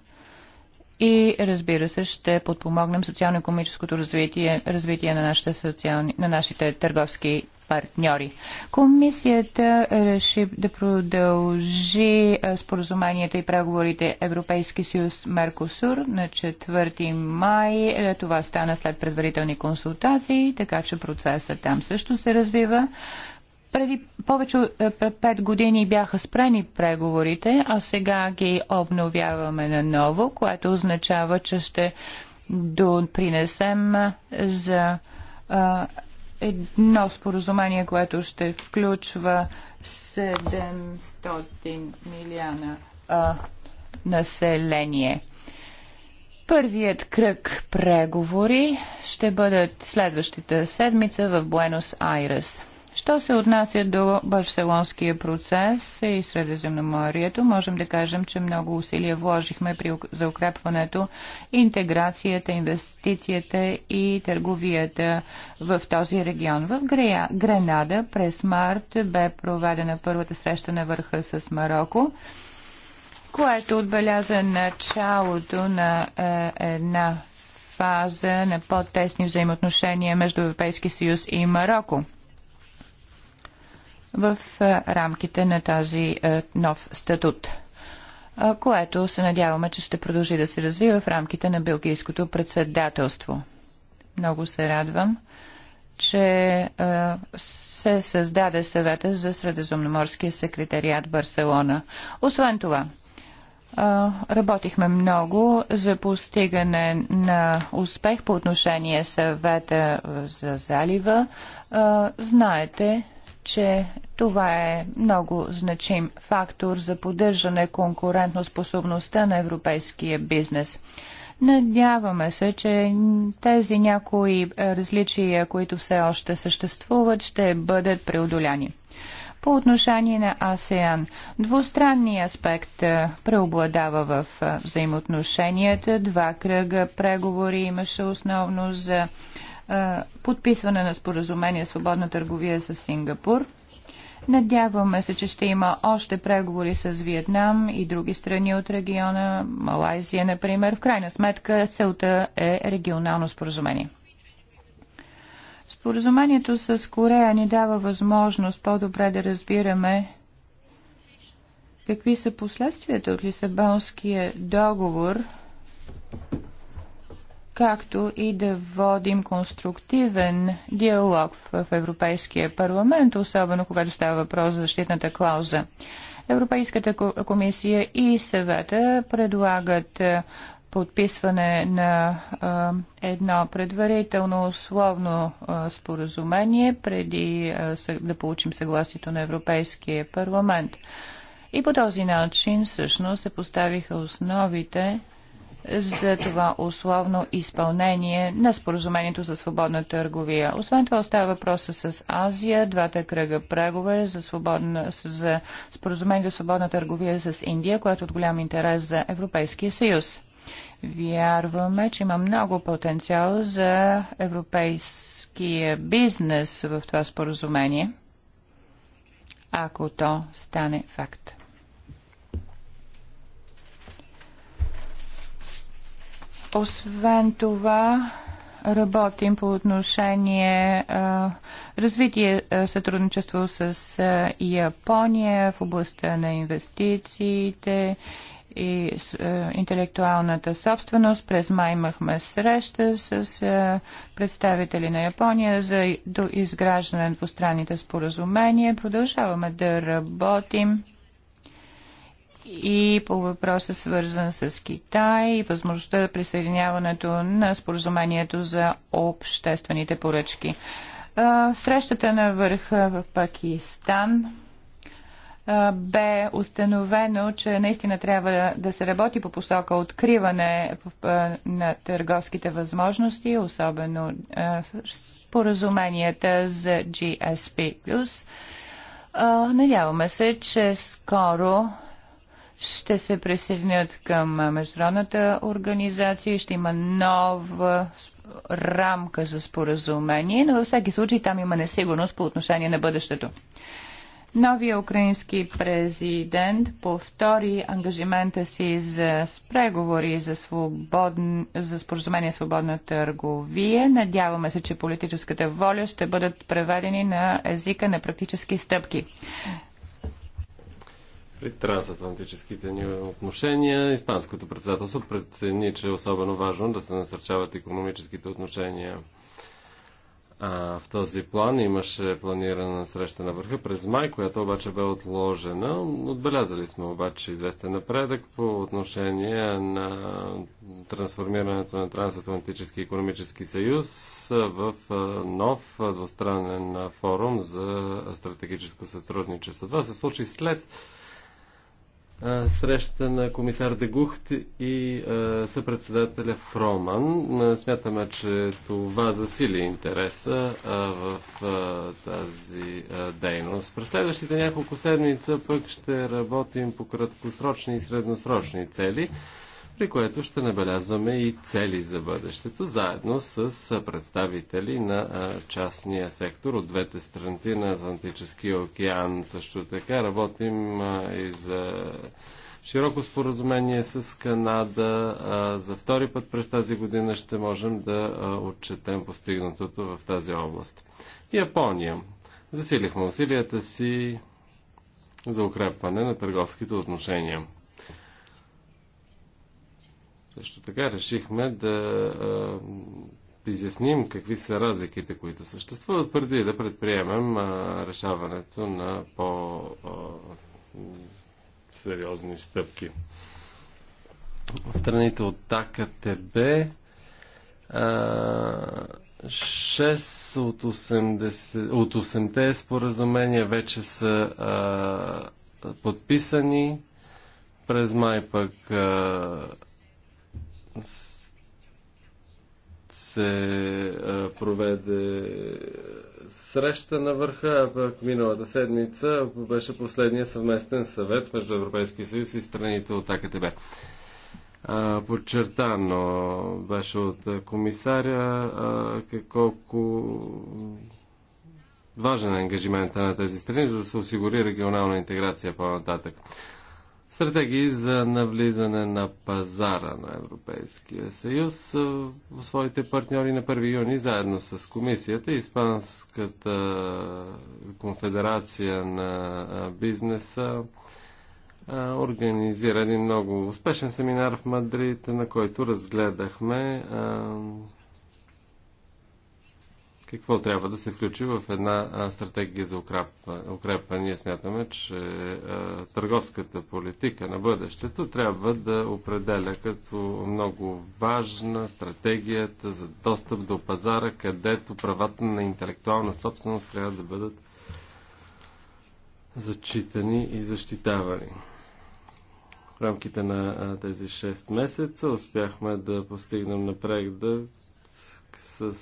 и разбира се ще подпомогнем социално-економическото развитие, развитие на, нашите социални, на нашите търговски партньори. Комисията реши да продължи споразуменията и преговорите Европейски съюз Меркосур на 4 май. Е, това стана след предварителни консултации, така че процесът там също се развива. Преди повече е, пет години бяха спрени преговорите, а сега ги обновяваме наново, което означава, че ще допринесем е, за а, е, едно споразумение, което ще включва 700 милиона а, население. Първият кръг преговори ще бъдат следващата седмица в Буенос Айрес. Що се отнася до барселонския процес и Средиземноморието, можем да кажем, че много усилия вложихме при, за укрепването, интеграцията, инвестицията и търговията в този регион. В Грея, Гренада през март бе проведена първата среща на върха с Марокко което отбеляза началото на е, една фаза на по-тесни взаимоотношения между Европейски съюз и Марокко в е, рамките на този е, нов статут е, което се надяваме, че ще продължи да се развива в рамките на Белгийското председателство. Много се радвам, че се създаде съвета за Средиземноморския секретариат Барселона. Освен това, работихме много за постигане на успех по отношение съвета за залива. Знаете, че това е много значим фактор за поддържане конкурентоспособността на европейския бизнес. Надяваме се, че тези някои е, различия, които все още съществуват, ще бъдат преодоляни. По отношение на АСЕАН, двустранният аспект е, преобладава в е, взаимоотношенията. Два кръга преговори имаше основно за подписване на споразумение свободна търговия с Сингапур. Надяваме се, че ще има още преговори с Виетнам и други страни от региона, Малайзия, например. В крайна сметка целта е регионално споразумение. Споразумението с Корея ни дава възможност по-добре да разбираме какви са последствията от Лисабонския договор – както и да водим конструктивен диалог в Европейския парламент, особено когато става въпрос за защитната клауза. Европейската комисия и съвета предлагат е, подписване на а, е, едно предварително условно а, е, споразумение преди а, съ, да получим съгласието на Европейския парламент. И по този начин всъщност се поставиха основите за това условно изпълнение на споразумението за свободна търговия. Освен това остава въпроса с Азия, двата кръга преговори за, свободна, за споразумение за свободна търговия с Индия, което е от голям интерес за Европейския съюз. Вярваме, че има много потенциал за европейския бизнес в това споразумение, ако то стане факт. Освен това, работим по отношение а, развитие а, сътрудничество с а, Япония в областта на инвестициите и интелектуалната собственост. През май имахме среща с представители на Япония за изграждане на двустранните споразумения. Продължаваме да работим и по въпроса свързан с Китай и възможността за присъединяването на споразумението за обществените поръчки. Срещата на върха в Пакистан бе установено, че наистина трябва да се работи по посока откриване на търговските възможности, особено споразуменията за GSP+. Надяваме се, че скоро ще се присъединят към международната организация и ще има нова рамка за споразумение, но във всеки случай там има несигурност по отношение на бъдещето. Новия украински президент повтори ангажимента си за преговори за, свободн... за споразумение свободна търговия. Надяваме се, че политическата воля ще бъдат преведени на езика на практически стъпки. При трансатлантическите ни отношения, Испанското председателство прецени, че е особено важно да се насърчават економическите отношения а, в този план имаше планирана среща на върха през май, която обаче бе отложена. Отбелязали сме обаче известен напредък по отношение на трансформирането на Трансатлантически економически съюз в нов двустранен форум за стратегическо сътрудничество. Това се случи след среща на комисар Дегухт и съпредседателя Фроман. Смятаме, че това засили интереса в тази дейност. През следващите няколко седмица пък ще работим по краткосрочни и средносрочни цели при което ще набелязваме и цели за бъдещето, заедно с представители на частния сектор от двете страни на Атлантическия океан. Също така работим и за широко споразумение с Канада. За втори път през тази година ще можем да отчетем постигнатото в тази област. Япония. Засилихме усилията си за укрепване на търговските отношения. Също така решихме да а, изясним какви са разликите, които съществуват, преди да предприемем а, решаването на по-сериозни стъпки. Страните от АКТБ. ТБ. 6 от от 8-те споразумения вече са а, подписани. През май пък а, се проведе среща на върха. Пък миналата седмица беше последния съвместен съвет между Европейския съюз и страните от АКТБ. Подчертано беше от комисаря колко важен е ангажимента на тези страни, за да се осигури регионална интеграция по-нататък стратегии за навлизане на пазара на Европейския съюз. в Своите партньори на 1 юни, заедно с комисията, Испанската конфедерация на бизнеса, организира един много успешен семинар в Мадрид, на който разгледахме какво трябва да се включи в една стратегия за укрепване. Ние смятаме, че търговската политика на бъдещето трябва да определя като много важна стратегията за достъп до пазара, където правата на интелектуална собственост трябва да бъдат зачитани и защитавани. В рамките на тези 6 месеца успяхме да постигнем напрегда с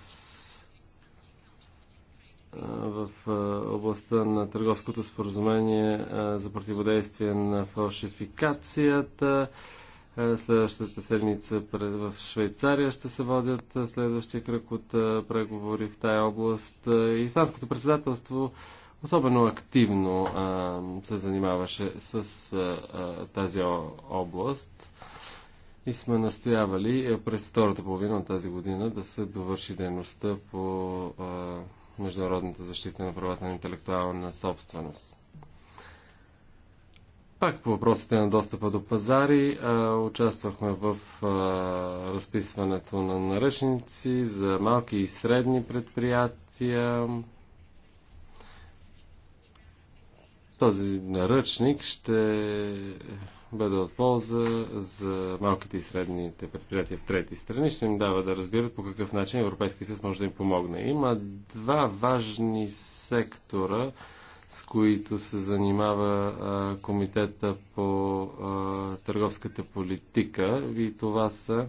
в областта на търговското споразумение за противодействие на фалшификацията. Следващата седмица в Швейцария ще се водят следващия кръг от преговори в тая област. Испанското председателство особено активно се занимаваше с тази област и сме настоявали през втората половина от тази година да се довърши дейността по международната защита на правата на интелектуална собственост. Пак по въпросите на достъпа до пазари а, участвахме в а, разписването на наръчници за малки и средни предприятия. Този наръчник ще бъде от полза за малките и средните предприятия в трети страни. Ще им дава да разбират по какъв начин Европейския съюз може да им помогне. Има два важни сектора, с които се занимава а, Комитета по а, търговската политика и това са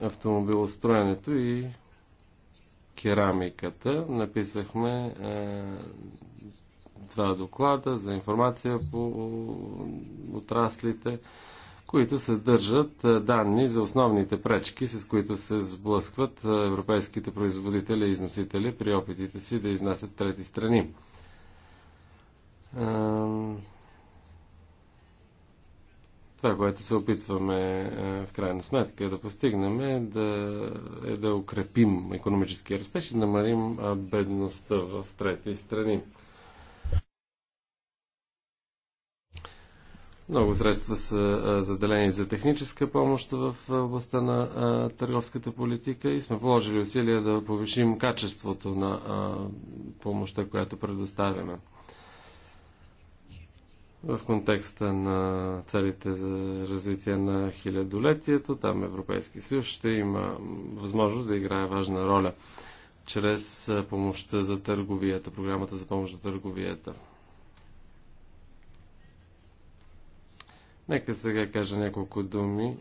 автомобилостроенето и керамиката. Написахме а, два е доклада за информация по отраслите, които съдържат е, данни за основните пречки, с които се сблъскват е, европейските производители и износители при опитите си да изнасят трети страни. Това, което се опитваме в крайна сметка да постигнем е да, е да укрепим економическия растеж и да намалим бедността в трети страни. Много средства са заделени за техническа помощ в областта на търговската политика и сме положили усилия да повишим качеството на помощта, която предоставяме. В контекста на целите за развитие на хилядолетието, там Европейски съюз ще има възможност да играе важна роля чрез помощта за търговията, програмата за помощ за търговията. Нека сега кажа няколко думи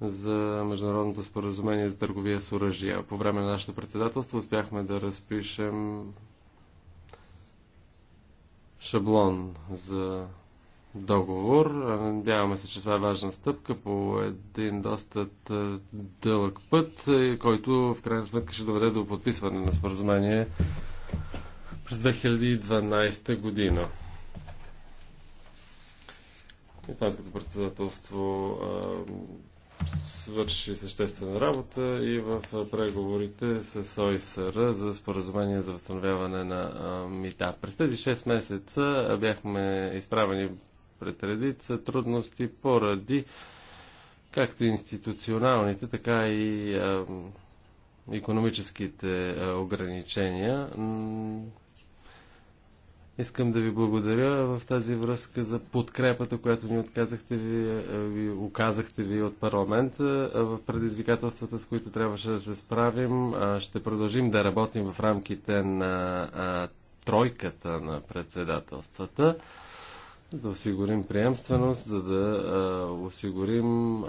за Международното споразумение за търговия с оръжия. По време на нашето председателство успяхме да разпишем шаблон за договор. Надяваме се, че това е важна стъпка по един доста дълъг път, който в крайна сметка ще доведе до подписване на споразумение през 2012 година. Испанското председателство свърши съществена работа и в преговорите с ОИСР за споразумение за възстановяване на мита. През тези 6 месеца бяхме изправени пред редица трудности поради както институционалните, така и економическите ограничения Искам да ви благодаря в тази връзка за подкрепата, която ни отказахте ви, е, ви оказахте ви от парламента е, в предизвикателствата, с които трябваше да се справим. Ще продължим да работим в рамките на тройката на председателствата, да осигурим приемственост, за да е, осигурим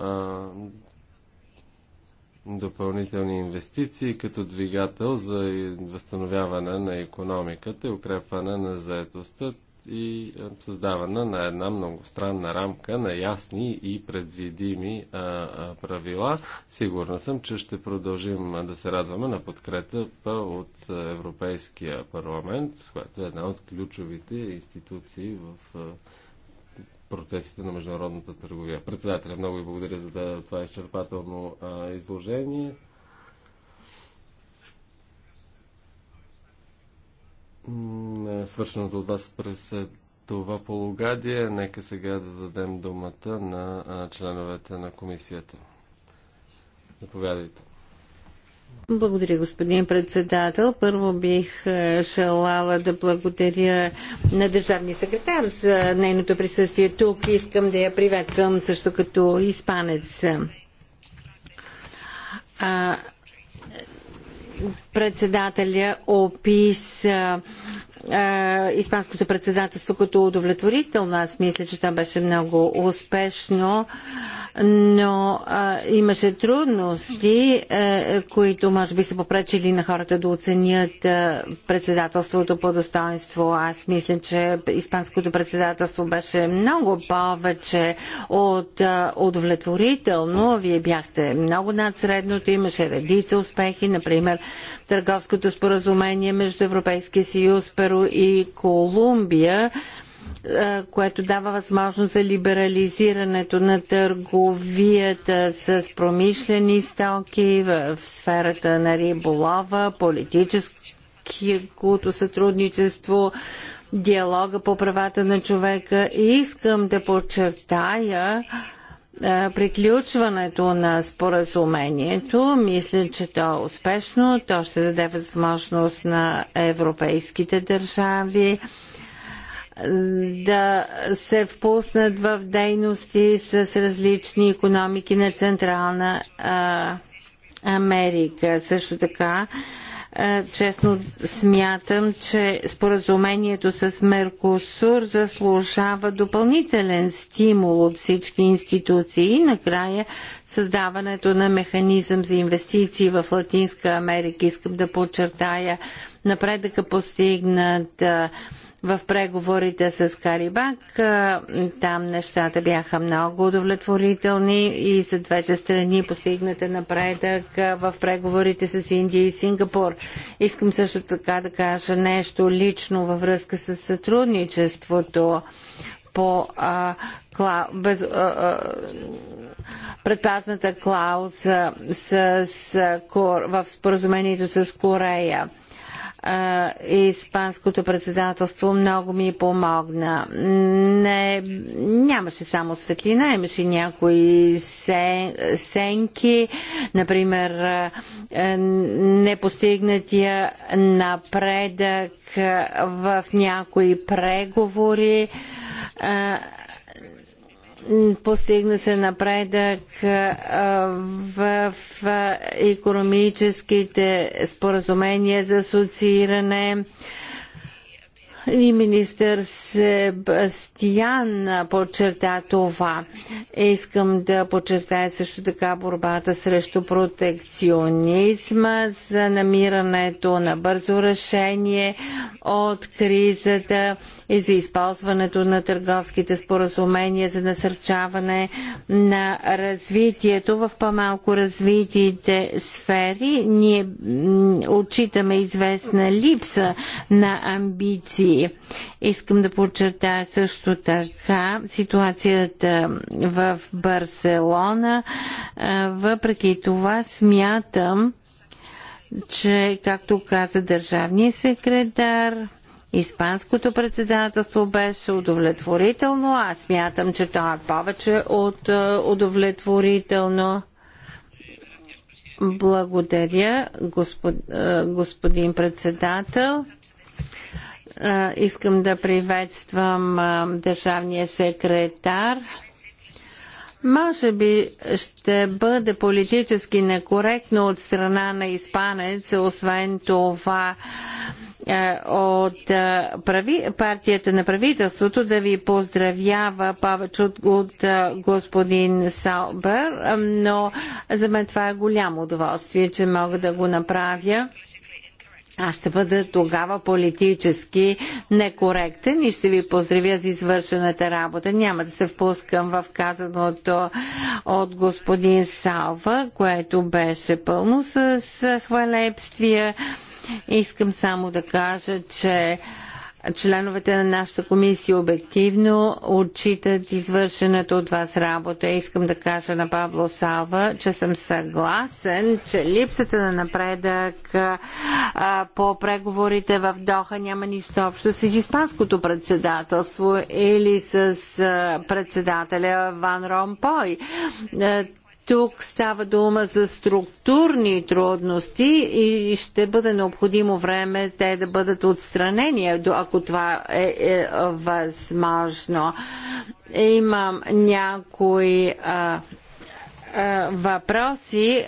допълнителни инвестиции като двигател за възстановяване на економиката и укрепване на заедостта и създаване на една многостранна рамка на ясни и предвидими а, а, правила. Сигурна съм, че ще продължим да се радваме на подкрета от Европейския парламент, която е една от ключовите институции в а, процесите на международната търговия. Председателя, много ви благодаря за това изчерпателно а, изложение. Е, свършеното от вас през е, това полугадие, нека сега да дадем думата на членовете на комисията. Заповядайте. Благодаря, господин председател. Първо бих е, желала да благодаря на държавния секретар за нейното присъствие тук. Искам да я приветствам също като испанец. председателя описа Испанското председателство като удовлетворително. Аз мисля, че то беше много успешно, но а, имаше трудности, а, които може би са попречили на хората да оценят а, председателството по достоинство. Аз мисля, че Испанското председателство беше много повече от а, удовлетворително. Вие бяхте много над средното, имаше редица успехи, например търговското споразумение между Европейския съюз, Перу Перу и Колумбия, е, което дава възможност за либерализирането на търговията с промишлени стоки в сферата на риболова, политическото сътрудничество, диалога по правата на човека. И искам да подчертая, приключването на споразумението. Мисля, че то е успешно. То ще даде възможност на европейските държави да се впуснат в дейности с различни економики на Централна Америка. Също така е, честно смятам, че споразумението с Меркосур заслужава допълнителен стимул от всички институции и накрая създаването на механизъм за инвестиции в Латинска Америка. Искам да подчертая напредъка постигнат е, в преговорите с Карибак. Там нещата бяха много удовлетворителни и за двете страни постигнате напредък в преговорите с Индия и Сингапур. Искам също така да кажа нещо лично във връзка с сътрудничеството по а, кла, без, а, а, предпазната клауза с, с, в споразумението с Корея испанското председателство много ми помогна. Не, нямаше само светлина, имаше някои сен, сенки, например е, непостигнатия напредък в някои преговори. Постигна се напредък в економическите споразумения за асоцииране, и министър Себастиян подчерта това. Искам да подчертая също така борбата срещу протекционизма за намирането на бързо решение от кризата и за използването на търговските споразумения за насърчаване на развитието в по-малко развитите сфери. Ние отчитаме известна липса на амбиции Сирия. Искам да подчертая също така ситуацията в Барселона. Въпреки това смятам, че, както каза държавния секретар, Испанското председателство беше удовлетворително. Аз смятам, че то е повече от удовлетворително. Благодаря, господин председател. Искам да приветствам държавния секретар. Може би ще бъде политически некоректно от страна на испанец, освен това е, от е, партията на правителството да ви поздравява повече от, от е, господин Салбер, но за мен това е голямо удоволствие, че мога да го направя аз ще бъда тогава политически некоректен и ще ви поздравя за извършената работа. Няма да се впускам в казаното от господин Салва, което беше пълно с хвалебствия. Искам само да кажа, че членовете на нашата комисия обективно отчитат извършената от вас работа. Искам да кажа на Пабло Салва, че съм съгласен, че липсата на напредък а, по преговорите в Доха няма нищо общо с испанското председателство или с а, председателя Ван Ромпой. А, тук става дума за структурни трудности и ще бъде необходимо време те да бъдат отстранени, ако това е, е възможно. Имам някои а, въпроси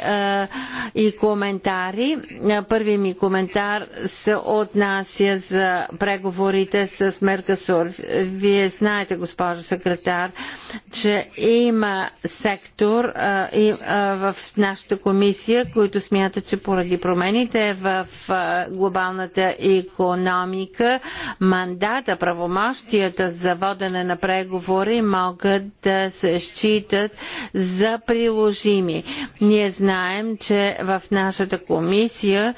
и коментари. Първи ми коментар се отнася за преговорите с Меркасур. Вие знаете, госпожо секретар, че има сектор в нашата комисия, които смятат, че поради промените в глобалната економика, мандата, правомощията за водене на преговори могат да се считат за приложение приложими. Ние знаем, че в нашата комисия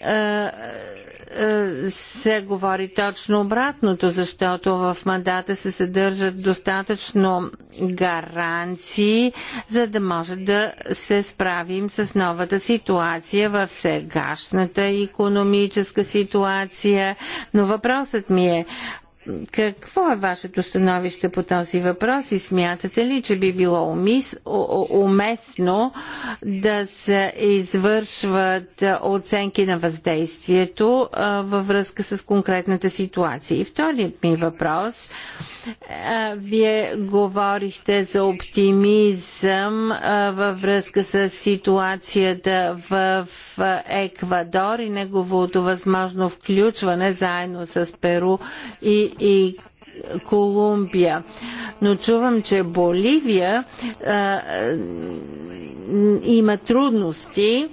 е, е, се говори точно обратното, защото в мандата се съдържат достатъчно гаранции, за да може да се справим с новата ситуация в сегашната економическа ситуация. Но въпросът ми е, какво е вашето становище по този въпрос и смятате ли, че би било умис, уместно да се извършват оценки на въздействието а, във връзка с конкретната ситуация? И вторият ми въпрос. А, вие говорихте за оптимизъм а, във връзка с ситуацията в Еквадор и неговото възможно включване заедно с Перу и и Колумбия. Но чувам, че Боливия а, има трудности.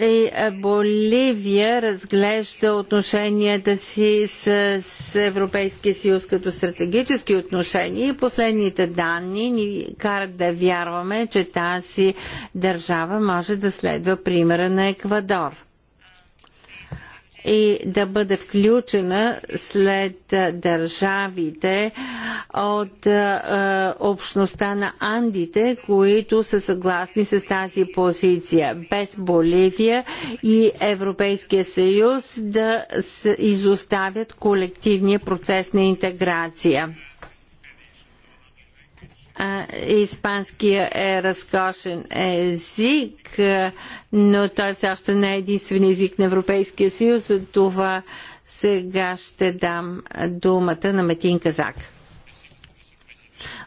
И Боливия разглежда отношенията си с, с Европейския съюз като стратегически отношения и последните данни ни карат да вярваме, че тази държава може да следва примера на Еквадор и да бъде включена след държавите от общността на Андите, които са съгласни с тази позиция. Без Боливия и Европейския съюз да изоставят колективния процес на интеграция. Испанския е разкошен език, но той все още не е единствен език на Европейския съюз, за това сега ще дам думата на Метин Казак.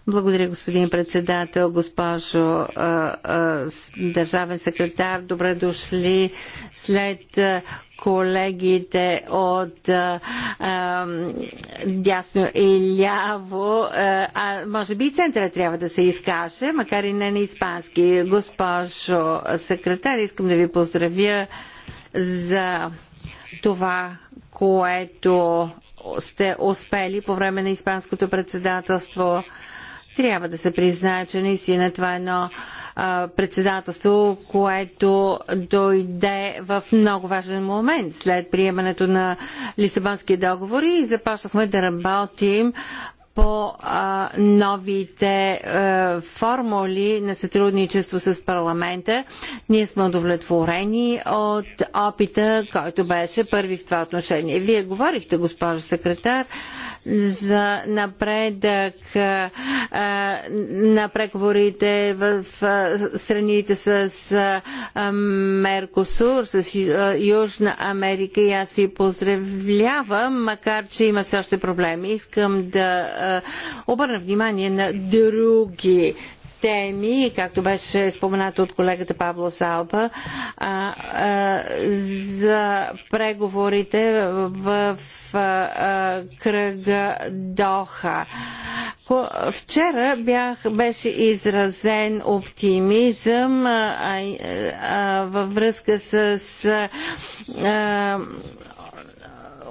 Благодаря, господин председател, госпожо а, а, държавен секретар. Добре дошли след колегите от а, а, дясно и ляво, а може би и центъра трябва да се изкаже, макар и не на испански. Госпожо секретар, искам да ви поздравя за това, което сте успели по време на испанското председателство трябва да се признае, че наистина това е едно председателство, което дойде в много важен момент след приемането на Лисабонския договор и започнахме да работим по а, новите а, формули на сътрудничество с парламента. Ние сме удовлетворени от опита, който беше първи в това отношение. Вие говорихте, госпожо секретар, за напредък на преговорите в страните с Меркосур, с Южна Америка и аз ви поздравлявам, макар че има все още проблеми. Искам да обърна внимание на други теми, както беше споменато от колегата Пабло Салба, за преговорите в кръга Доха. Вчера бях, беше изразен оптимизъм във връзка с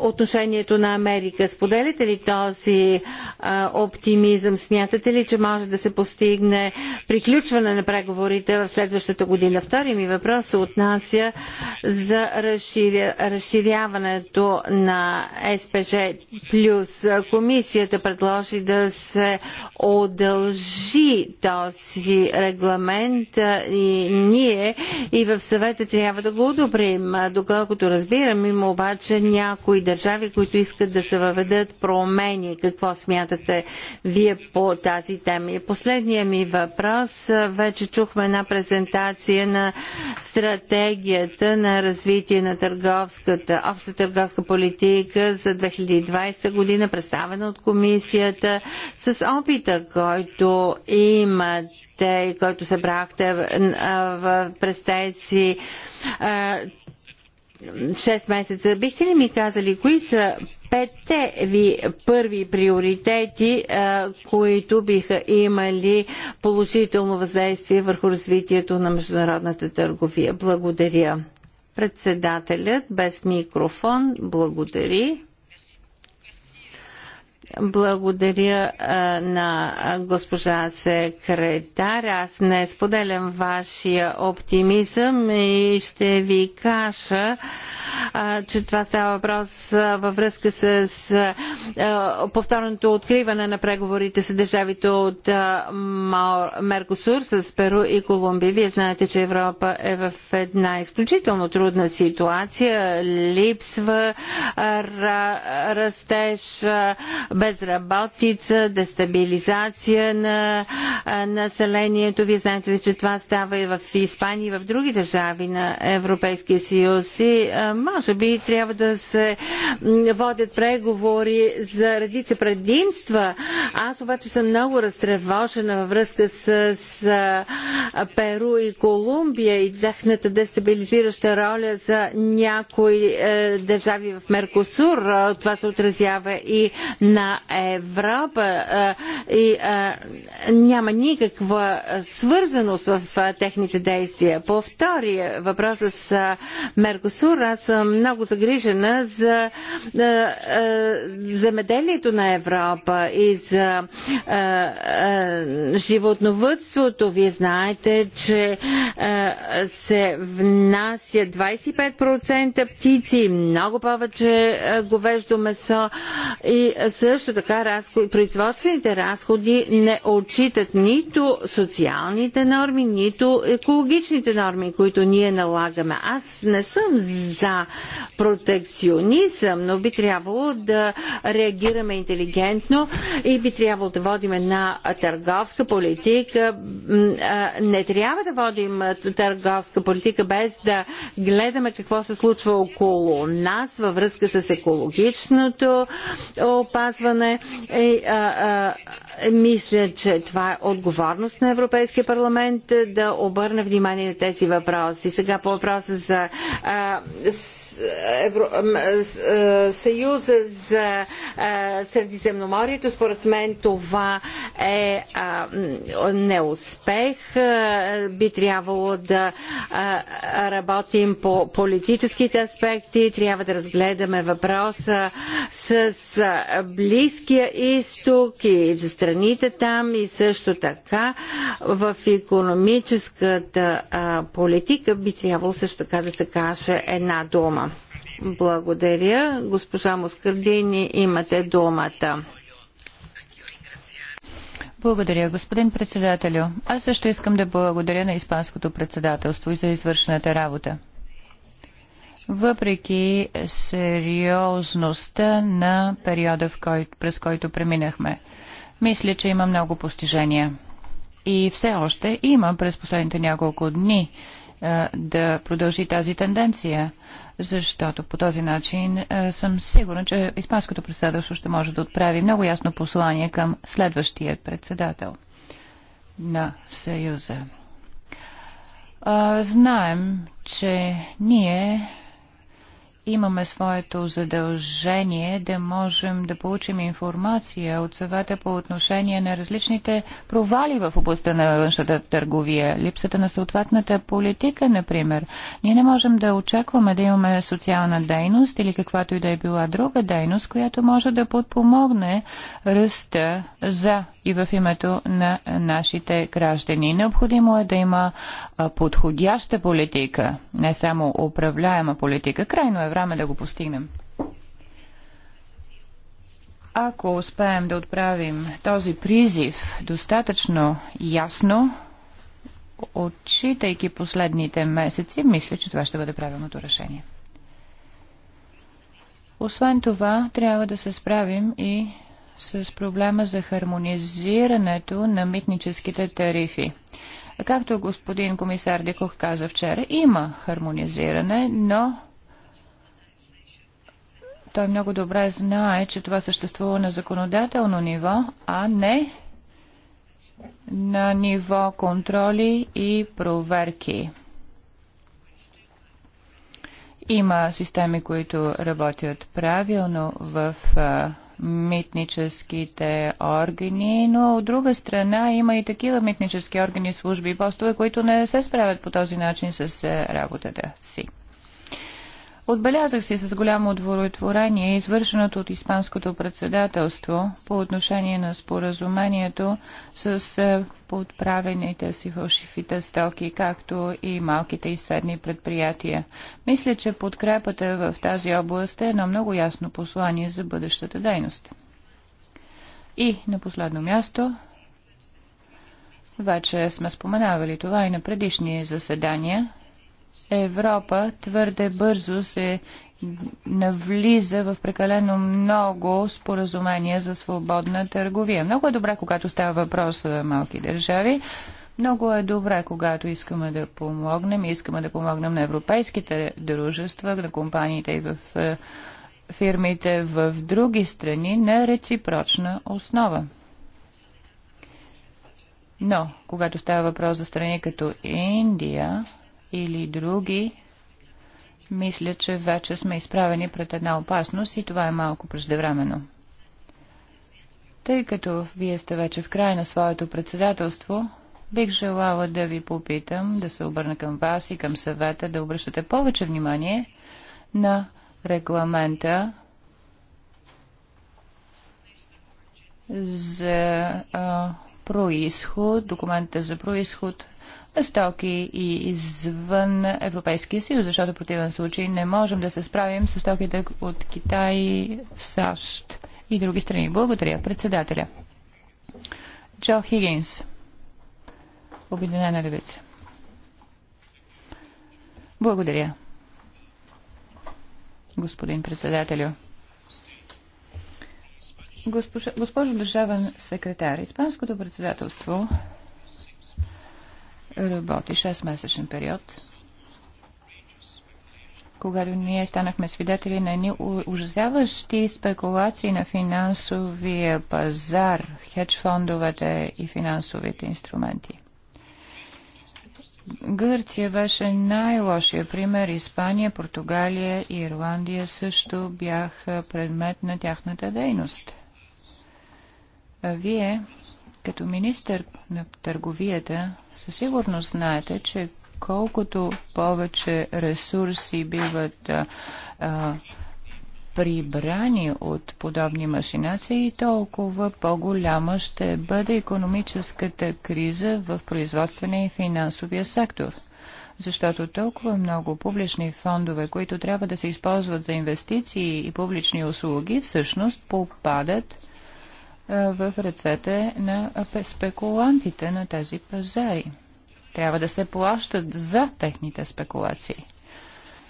отношението на Америка. Споделяте ли този а, оптимизъм? Смятате ли, че може да се постигне приключване на преговорите в следващата година? Втори ми въпрос се отнася за разширя, разширяването на СПЖ плюс. Комисията предложи да се удължи този регламент и ние и в съвета трябва да го одобрим. Доколкото разбирам, има обаче някои държави, които искат да се въведат промени. Какво смятате вие по тази тема? И последния ми въпрос. Вече чухме една презентация на стратегията на развитие на търговската, обща търговска политика за 2020 година, представена от комисията, с опита, който и който събрахте през тези 6 месеца. Бихте ли ми казали, кои са петте ви първи приоритети, които биха имали положително въздействие върху развитието на международната търговия? Благодаря. Председателят без микрофон благодари. Благодаря на госпожа секретар. Аз не споделям вашия оптимизъм и ще ви кажа, че това става въпрос във връзка с повторното откриване на преговорите с държавите от Меркосур, с Перу и Колумбия. Вие знаете, че Европа е в една изключително трудна ситуация. Липсва растеж, безработица, дестабилизация на населението. Вие знаете, че това става и в Испания, и в други държави на Европейския съюз. И може би трябва да се водят преговори за редица предимства. Аз обаче съм много разтревожена във връзка с, Перу и Колумбия и тяхната дестабилизираща роля за някои е, държави в Меркосур. Това се отразява и на Европа и няма никаква свързаност в техните действия. По втория въпрос с Меркосур, аз съм много загрижена за земеделието на Европа и за животновътството. Вие знаете, че се внася 25% птици, много повече говеждо месо и също също така разход, производствените разходи не отчитат нито социалните норми, нито екологичните норми, които ние налагаме. Аз не съм за протекционизъм, но би трябвало да реагираме интелигентно и би трябвало да водим една търговска политика. Не трябва да водим търговска политика без да гледаме какво се случва около нас във връзка с екологичното опазване изследване. И, а, а, мисля, че това е отговорност на Европейския парламент е, да обърне внимание на тези въпроси. Сега по въпроса за а, Евро... Съюза за Средиземноморието. Според мен това е неуспех. Би трябвало да работим по политическите аспекти. Трябва да разгледаме въпроса с Близкия изток и за страните там и също така в економическата политика би трябвало също така да се каже една дума. Благодаря. Госпожа Москърдини, имате думата. Благодаря, господин председателю. Аз също искам да благодаря на Испанското председателство и за извършената работа. Въпреки сериозността на периода, в кой, през който преминахме, мисля, че има много постижения. И все още има през последните няколко дни да продължи тази тенденция защото по този начин е, съм сигурна, че Испанското председателство ще може да отправи много ясно послание към следващия председател на Съюза. Знаем, че ние имаме своето задължение да можем да получим информация от съвета по отношение на различните провали в областта на външната търговия, липсата на съответната политика, например. Ние не можем да очакваме да имаме социална дейност или каквато и да е била друга дейност, която може да подпомогне ръста за и в името на нашите граждани. Необходимо е да има подходяща политика, не само управляема политика. Крайно е време да го постигнем. Ако успеем да отправим този призив достатъчно ясно, отчитайки последните месеци, мисля, че това ще бъде правилното решение. Освен това, трябва да се справим и с проблема за хармонизирането на митническите тарифи. Както господин комисар Дикох каза вчера, има хармонизиране, но той много добре знае, че това съществува на законодателно ниво, а не на ниво контроли и проверки. Има системи, които работят правилно в митническите органи, но от друга страна има и такива митнически органи, служби и постове, които не се справят по този начин с е, работата си. Отбелязах си с голямо удовлетворение извършеното от Испанското председателство по отношение на споразумението с е, подправените си фалшифите стоки, както и малките и средни предприятия. Мисля, че подкрепата в тази област е едно много ясно послание за бъдещата дейност. И на последно място, вече сме споменавали това и на предишни заседания – Европа твърде бързо се навлиза в прекалено много споразумения за свободна търговия. Много е добре, когато става въпрос за малки държави. Много е добре, когато искаме да помогнем и искаме да помогнем на европейските дружества, на компаниите и в е, фирмите в други страни на реципрочна основа. Но, когато става въпрос за страни като Индия, или други, мисля, че вече сме изправени пред една опасност и това е малко преждевременно. Тъй като вие сте вече в край на своето председателство, бих желала да ви попитам, да се обърна към вас и към съвета, да обръщате повече внимание на регламента за а, происход, документа за происход стоки и извън Европейския съюз, защото в противен случай не можем да се справим с стоките от Китай, САЩ и други страни. Благодаря. Председателя. Джо Хигинс. Обединена левица. Благодаря. Господин председателю. Госпожо, госпожо държавен секретар, Испанското председателство работи 6-месечен период, когато ние станахме свидетели на едни ужасяващи спекулации на финансовия пазар, хедж фондовете и финансовите инструменти. Гърция беше най-лошия пример. Испания, Португалия и Ирландия също бяха предмет на тяхната дейност. А вие, като министър на търговията, със сигурност знаете, че колкото повече ресурси биват а, прибрани от подобни машинации, толкова по-голяма ще бъде економическата криза в производствения и финансовия сектор. Защото толкова много публични фондове, които трябва да се използват за инвестиции и публични услуги, всъщност попадат в ръцете на спекулантите на тези пазари. Трябва да се плащат за техните спекулации.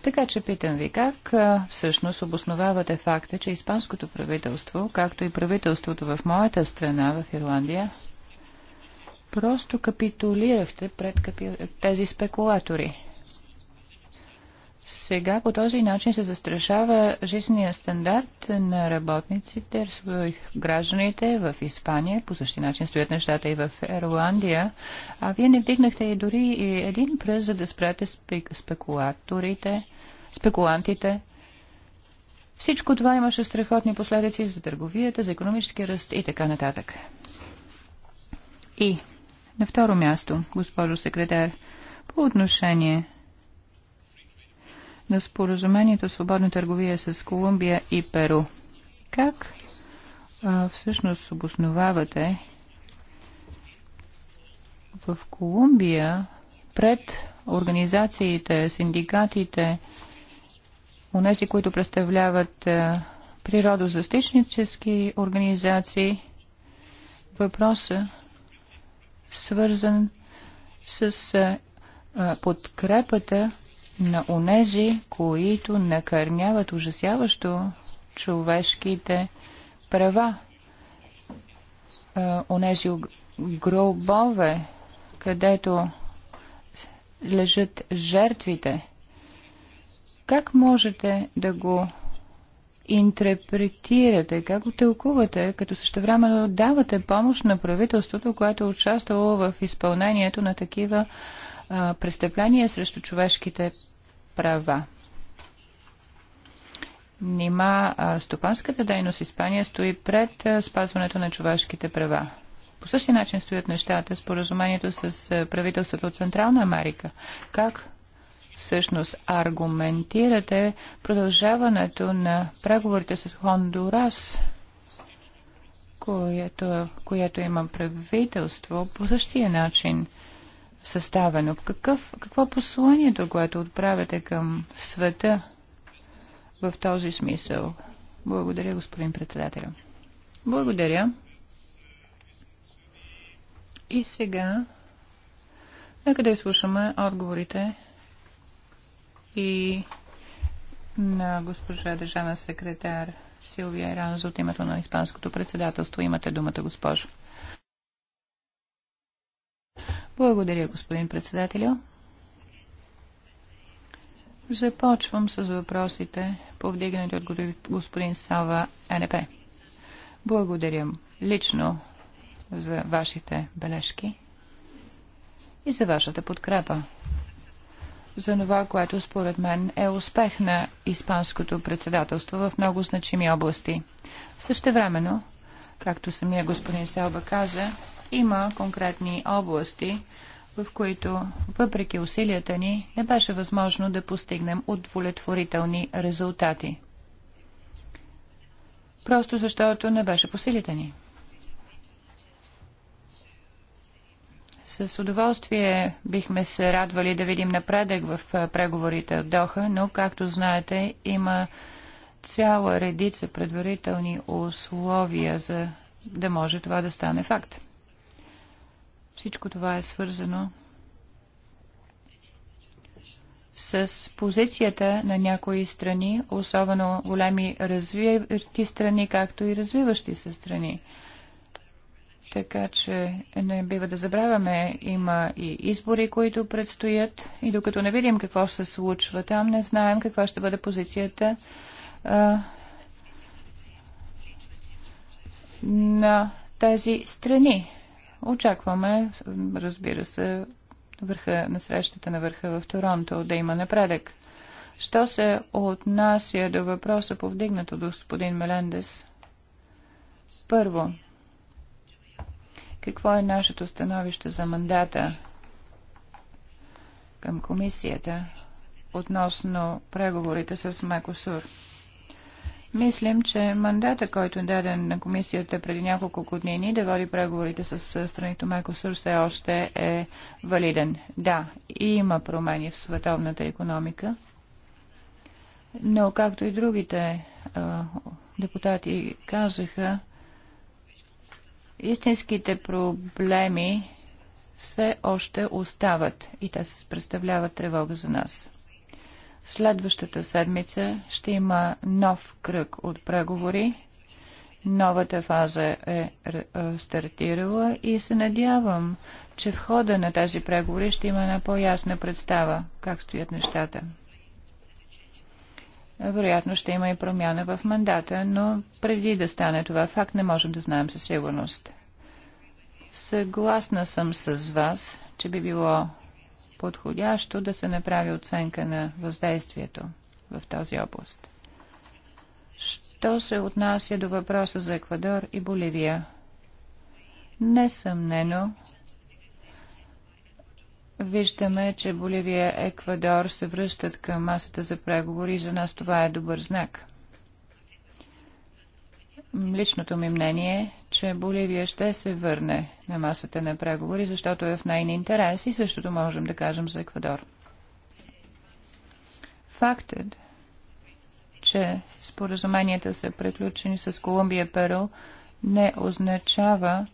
Така че питам ви как всъщност обосновавате факта, че испанското правителство, както и правителството в моята страна, в Ирландия, просто капитулирахте пред капи... тези спекулатори. Сега по този начин се застрашава жизнения стандарт на работниците, гражданите в Испания. По същия начин стоят нещата и в Ирландия. А вие не вдигнахте и дори и един пръст, за да спрете спекулаторите, спекулантите. Всичко това имаше страхотни последици за търговията, за економически ръст и така нататък. И на второ място, госпожо секретар, по отношение на споразумението свободна търговия с Колумбия и Перу. Как а, всъщност обосновавате в Колумбия пред организациите, синдикатите, унеси, които представляват природозастичнически организации, въпроса свързан с а, подкрепата на онези, които накърняват ужасяващо човешките права. Онези е, гробове, където лежат жертвите. Как можете да го интерпретирате, как го тълкувате, като същевременно давате помощ на правителството, което е участвало в изпълнението на такива а, престъпления срещу човешките права. Нима стопанската дейност Испания стои пред спазването на човешките права. По същия начин стоят нещата с поразумението с правителството от Централна Америка. Как всъщност аргументирате продължаването на преговорите с Хондурас, което, което има правителство по същия начин – съставено. Какъв, какво посланието, което отправяте към света в този смисъл? Благодаря, господин председател. Благодаря. И сега, нека да изслушаме отговорите и на госпожа държавна секретар Силвия Ранз от името на Испанското председателство. Имате думата, госпожо. Благодаря, господин председателю. Започвам с въпросите, повдигнати от господин Сава НП. Благодаря лично за вашите бележки и за вашата подкрепа за това, което според мен е успех на Испанското председателство в много значими области. времено, както самия господин Селба каза, има конкретни области, в които, въпреки усилията ни, не беше възможно да постигнем удовлетворителни резултати. Просто защото не беше по силите ни. С удоволствие бихме се радвали да видим напредък в преговорите от Доха, но, както знаете, има цяла редица предварителни условия за да може това да стане факт. Всичко това е свързано с позицията на някои страни, особено големи развиващи страни, както и развиващи се страни. Така че не бива да забравяме, има и избори, които предстоят и докато не видим какво се случва там, не знаем каква ще бъде позицията а, на тези страни. Очакваме, разбира се, върха, на срещата на върха в Торонто да има напредък. Що се отнася до въпроса повдигнато до господин Мелендес? Първо, какво е нашето становище за мандата към комисията относно преговорите с Мекосур? Мислим, че мандата, който е даден на комисията преди няколко години да води преговорите с страните Майкосур, все още е валиден. Да, има промени в световната економика, но както и другите а, депутати казаха, истинските проблеми все още остават и те представляват тревога за нас. Следващата седмица ще има нов кръг от преговори. Новата фаза е, е, е стартирала и се надявам, че в хода на тези преговори ще има една по-ясна представа как стоят нещата. Вероятно ще има и промяна в мандата, но преди да стане това факт не можем да знаем със сигурност. Съгласна съм с вас, че би било подходящо да се направи оценка на въздействието в този област. Що се отнася до въпроса за Еквадор и Боливия? Несъмнено, виждаме, че Боливия и Еквадор се връщат към масата за преговори и за нас това е добър знак. Личното ми мнение е, че Боливия ще се върне на масата на преговори, защото е в най интерес и същото можем да кажем за Еквадор. Фактът, е, че споразуменията са приключени с Колумбия Перу, не означава,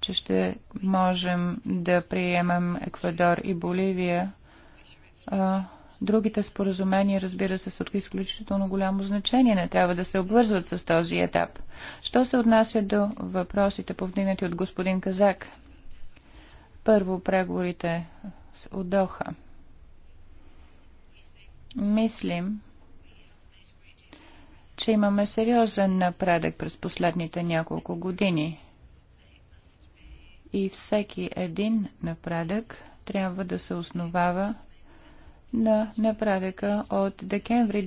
че ще можем да приемем Еквадор и Боливия Другите споразумения, разбира се, са от изключително голямо значение. Не трябва да се обвързват с този етап. Що се отнася до въпросите, повдигнати от господин Казак? Първо, преговорите с Удоха. Мислим, че имаме сериозен напредък през последните няколко години. И всеки един напредък трябва да се основава на напредъка от декември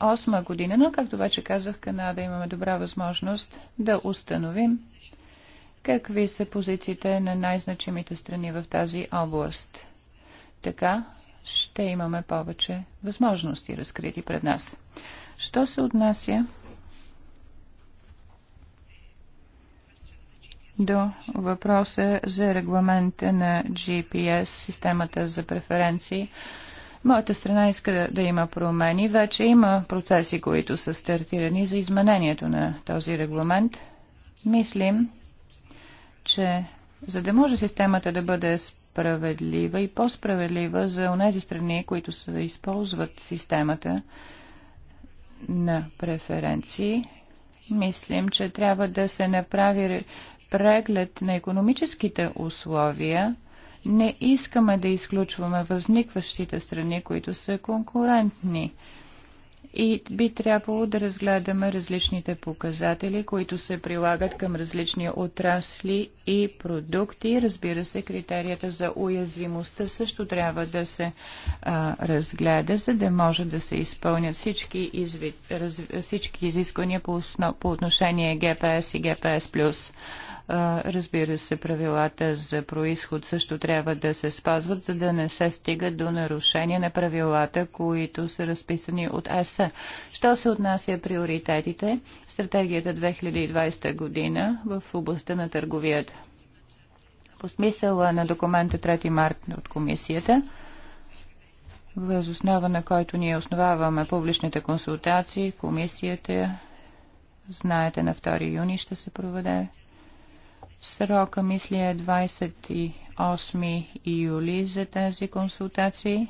2008 година, но както вече казах, Канада имаме добра възможност да установим какви са позициите на най-значимите страни в тази област. Така ще имаме повече възможности разкрити пред нас. Що се отнася до въпроса за регламента на GPS, системата за преференции. Моята страна иска да, да има промени. Вече има процеси, които са стартирани за изменението на този регламент. Мислим, че за да може системата да бъде справедлива и по-справедлива за онези страни, които да използват системата на преференции, мислим, че трябва да се направи преглед на економическите условия, не искаме да изключваме възникващите страни, които са конкурентни. И би трябвало да разгледаме различните показатели, които се прилагат към различни отрасли и продукти. Разбира се, критерията за уязвимостта също трябва да се а, разгледа, за да може да се изпълнят всички, изви... раз... всички изисквания по, основ... по отношение GPS и GPS+ Разбира се, правилата за происход също трябва да се спазват, за да не се стига до нарушение на правилата, които са разписани от ЕС. Що се отнася приоритетите? Стратегията 2020 година в областта на търговията. По смисъла на документа 3 март от комисията, възоснова на който ние основаваме публичните консултации, комисията, знаете, на 2 юни ще се проведе Срока, мисля, е 28 юли за тези консултации.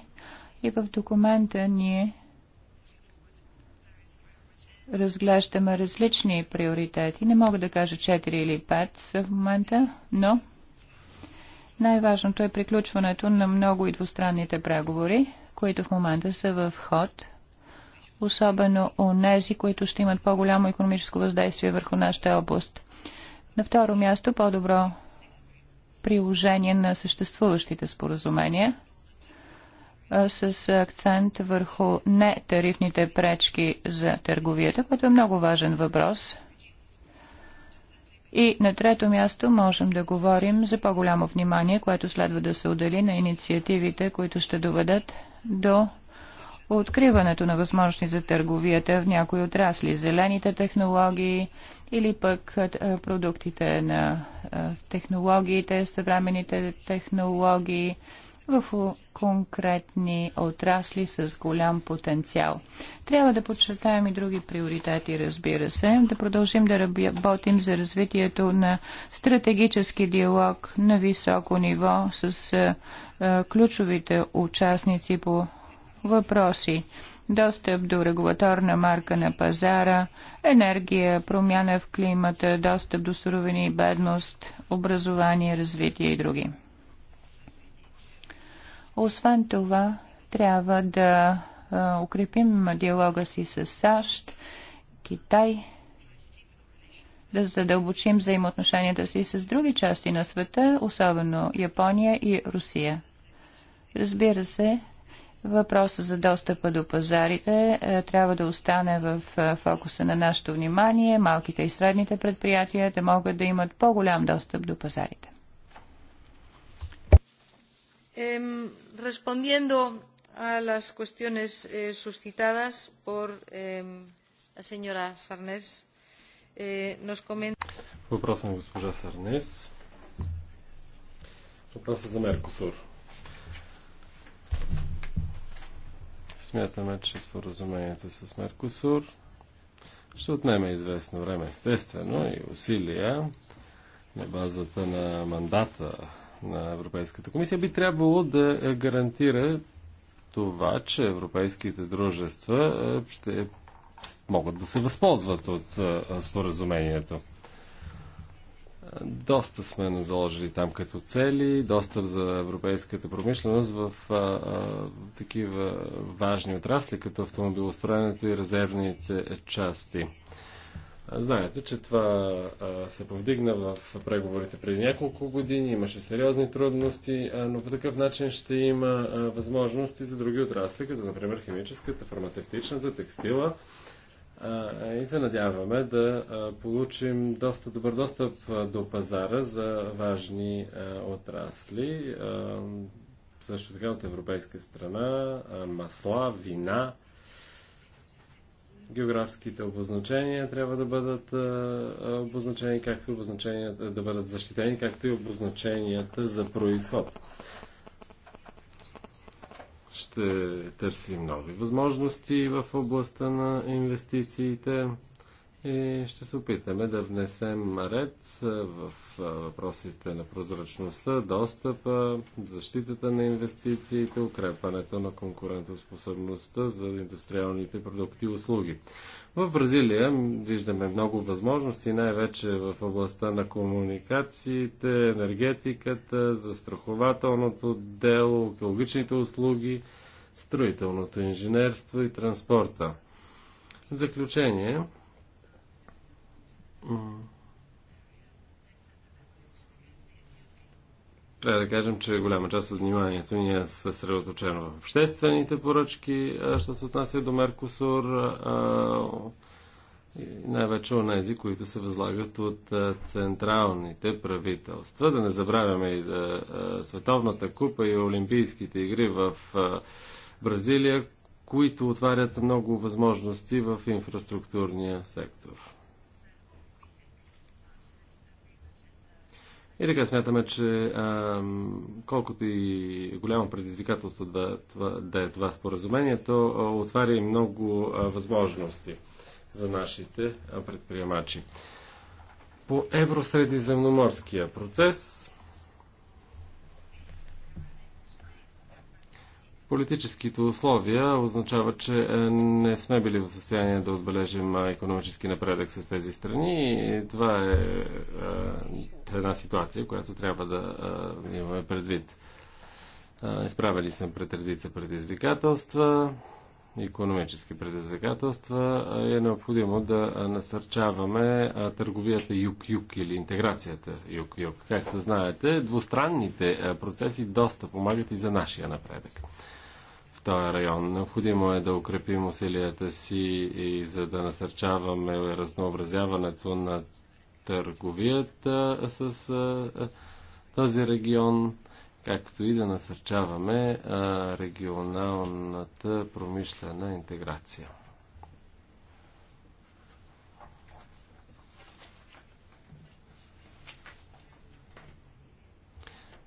И в документа ние разглеждаме различни приоритети. Не мога да кажа 4 или 5 са в момента, но най-важното е приключването на много и двустранните преговори, които в момента са в ход, особено у нези, които ще имат по-голямо економическо въздействие върху нашата област. На второ място, по-добро приложение на съществуващите споразумения с акцент върху нетарифните пречки за търговията, което е много важен въпрос. И на трето място можем да говорим за по-голямо внимание, което следва да се отдели на инициативите, които ще доведат до откриването на възможности за търговията в някои отрасли, зелените технологии или пък е, продуктите на е, технологиите, съвременните технологии в конкретни отрасли с голям потенциал. Трябва да подчертаем и други приоритети, разбира се, да продължим да работим за развитието на стратегически диалог на високо ниво с е, ключовите участници по въпроси. Достъп до регулаторна марка на пазара, енергия, промяна в климата, достъп до суровини и бедност, образование, развитие и други. Освен това, трябва да а, укрепим диалога си с САЩ, Китай, да задълбочим взаимоотношенията си с други части на света, особено Япония и Русия. Разбира се, Въпросът за достъпа до пазарите е, трябва да остане в е, фокуса на нашето внимание. Малките и средните предприятия да могат да имат по-голям достъп до пазарите. Респондиендо a las cuestiones eh, suscitadas por eh, la señora Sarnes, eh, nos comenta... Въпрос на госпожа Сарнес. Въпросът е за Меркосур. Смятаме, че споразумението с Меркосур ще отнеме известно време, естествено, и усилия на базата на мандата на Европейската комисия би трябвало да гарантира това, че европейските дружества е, ще могат да се възползват от е, споразумението. Доста сме заложили там като цели, достъп за европейската промишленост в а, а, такива важни отрасли, като автомобилостроенето и резервните части. Знаете, че това а, се повдигна в преговорите преди няколко години, имаше сериозни трудности, а, но по такъв начин ще има а, възможности за други отрасли, като например химическата, фармацевтичната, текстила и се надяваме да получим доста добър достъп до пазара за важни отрасли. Също така от европейска страна масла, вина. Географските обозначения трябва да бъдат обозначени, както обозначенията да бъдат защитени, както и обозначенията за происход. Ще търсим нови възможности в областта на инвестициите и ще се опитаме да внесем ред в въпросите на прозрачността, достъпа, защитата на инвестициите, укрепването на конкурентоспособността за индустриалните продукти и услуги. В Бразилия виждаме много възможности, най-вече в областта на комуникациите, енергетиката, застрахователното дело, екологичните услуги, строителното инженерство и транспорта. В заключение, Трябва да кажем, че голяма част от вниманието ни е съсредоточено в обществените поръчки, що се отнася до Меркосур, най-вече от тези, които се възлагат от централните правителства. Да не забравяме и за Световната купа и Олимпийските игри в Бразилия, които отварят много възможности в инфраструктурния сектор. И така смятаме, че а, колкото и голямо предизвикателство да, това, да е това споразумение, то а, отваря и много а, възможности за нашите а, предприемачи. По евросредиземноморския процес Политическите условия означава, че е, не сме били в състояние да отбележим економически напредък с тези страни и това е, е една ситуация, която трябва да е, имаме предвид. Изправили сме пред редица предизвикателства, економически предизвикателства е необходимо да насърчаваме търговията юг-юг или интеграцията юг-юг. Както знаете, двустранните процеси доста помагат и за нашия напредък този район. Необходимо е да укрепим усилията си и за да насърчаваме разнообразяването на търговията с този регион, както и да насърчаваме регионалната промишлена интеграция.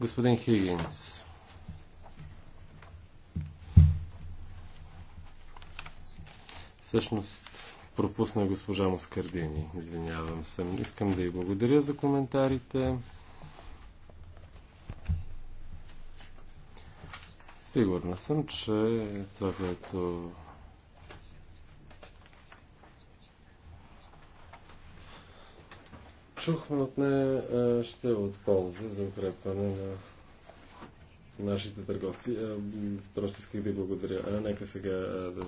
Господин Хигинс. Всъщност пропусна госпожа Москардини. Извинявам се. Искам да й благодаря за коментарите. Сигурна съм, че това, което чухме от нея, е, ще е от полза за укрепване на нашите търговци. Просто исках да благодаря. А, нека сега да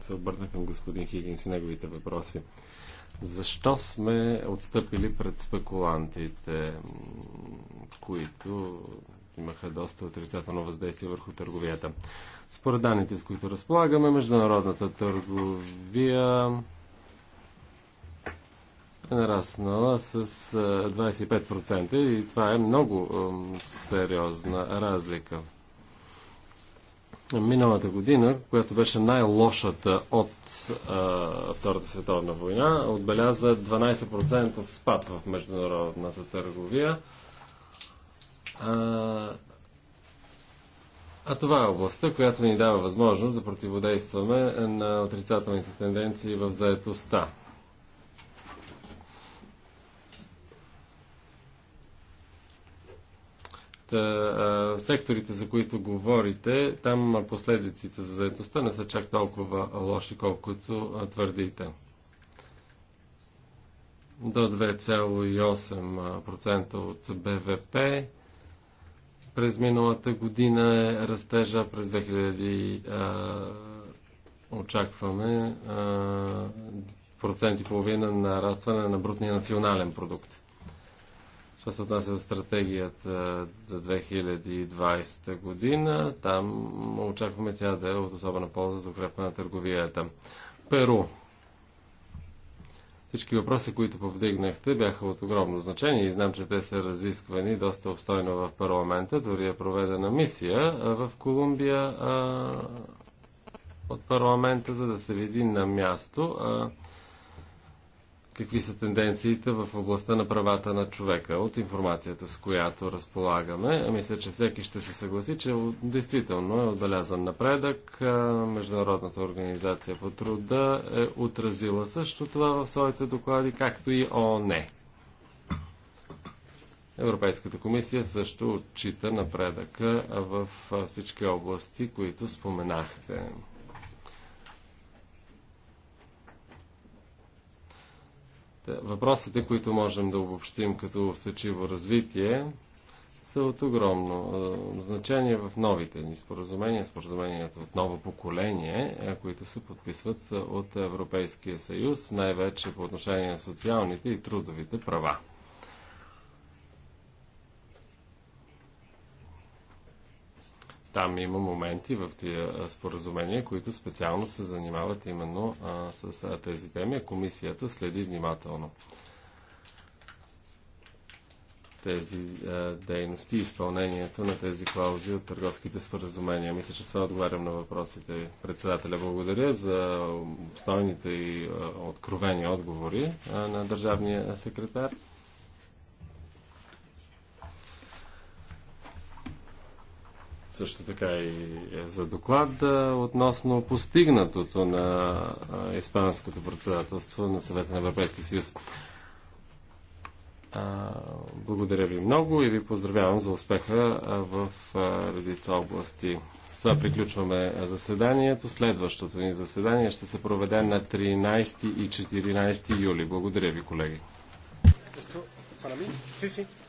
се обърна към господин Хигинс и неговите въпроси. Защо сме отстъпили пред спекулантите, които имаха доста отрицателно въздействие върху търговията? Според данните, с които разполагаме, международната търговия е нараснала с 25% е, и това е много сериозна разлика. Миналата година, която беше най-лошата от а, е, Втората световна война, отбеляза 12% спад в международната търговия. А, а това е областта, която ни дава възможност да противодействаме на отрицателните тенденции в заетостта. секторите, за които говорите, там последиците за заедността не са чак толкова лоши, колкото твърдите. До 2,8% от БВП през миналата година е растежа, през 2000 а, очакваме процент и половина нарастване на брутния национален продукт. Що се отнася за стратегията е, за 2020 година, там очакваме тя да е от особена полза за укрепване на търговията. Перу. Всички въпроси, които повдигнахте, бяха от огромно значение и знам, че те са разисквани доста обстойно в парламента. Дори е проведена мисия в Колумбия а, от парламента, за да се види на място а, какви са тенденциите в областта на правата на човека. От информацията, с която разполагаме, мисля, че всеки ще се съгласи, че действително е отбелязан напредък. Международната организация по труда е отразила също това в своите доклади, както и ООН. Европейската комисия също отчита напредъка в всички области, които споменахте. Въпросите, които можем да обобщим като устойчиво развитие, са от огромно значение в новите ни споразумения, споразуменията от ново поколение, които се подписват от Европейския съюз, най-вече по отношение на социалните и трудовите права. Там има моменти в тия споразумения, които специално се занимават именно а, с а, тези теми. Комисията следи внимателно тези а, дейности и изпълнението на тези клаузи от търговските споразумения. Мисля, че това отговарям на въпросите Председателя, благодаря за основните и а, откровени отговори а, на държавния секретар. също така и за доклада относно постигнатото на Испанското председателство на съвета на Европейския съюз. Благодаря ви много и ви поздравявам за успеха в редица области. С това приключваме заседанието. Следващото ни заседание ще се проведе на 13 и 14 юли. Благодаря ви, колеги. Para mí, sí, sí.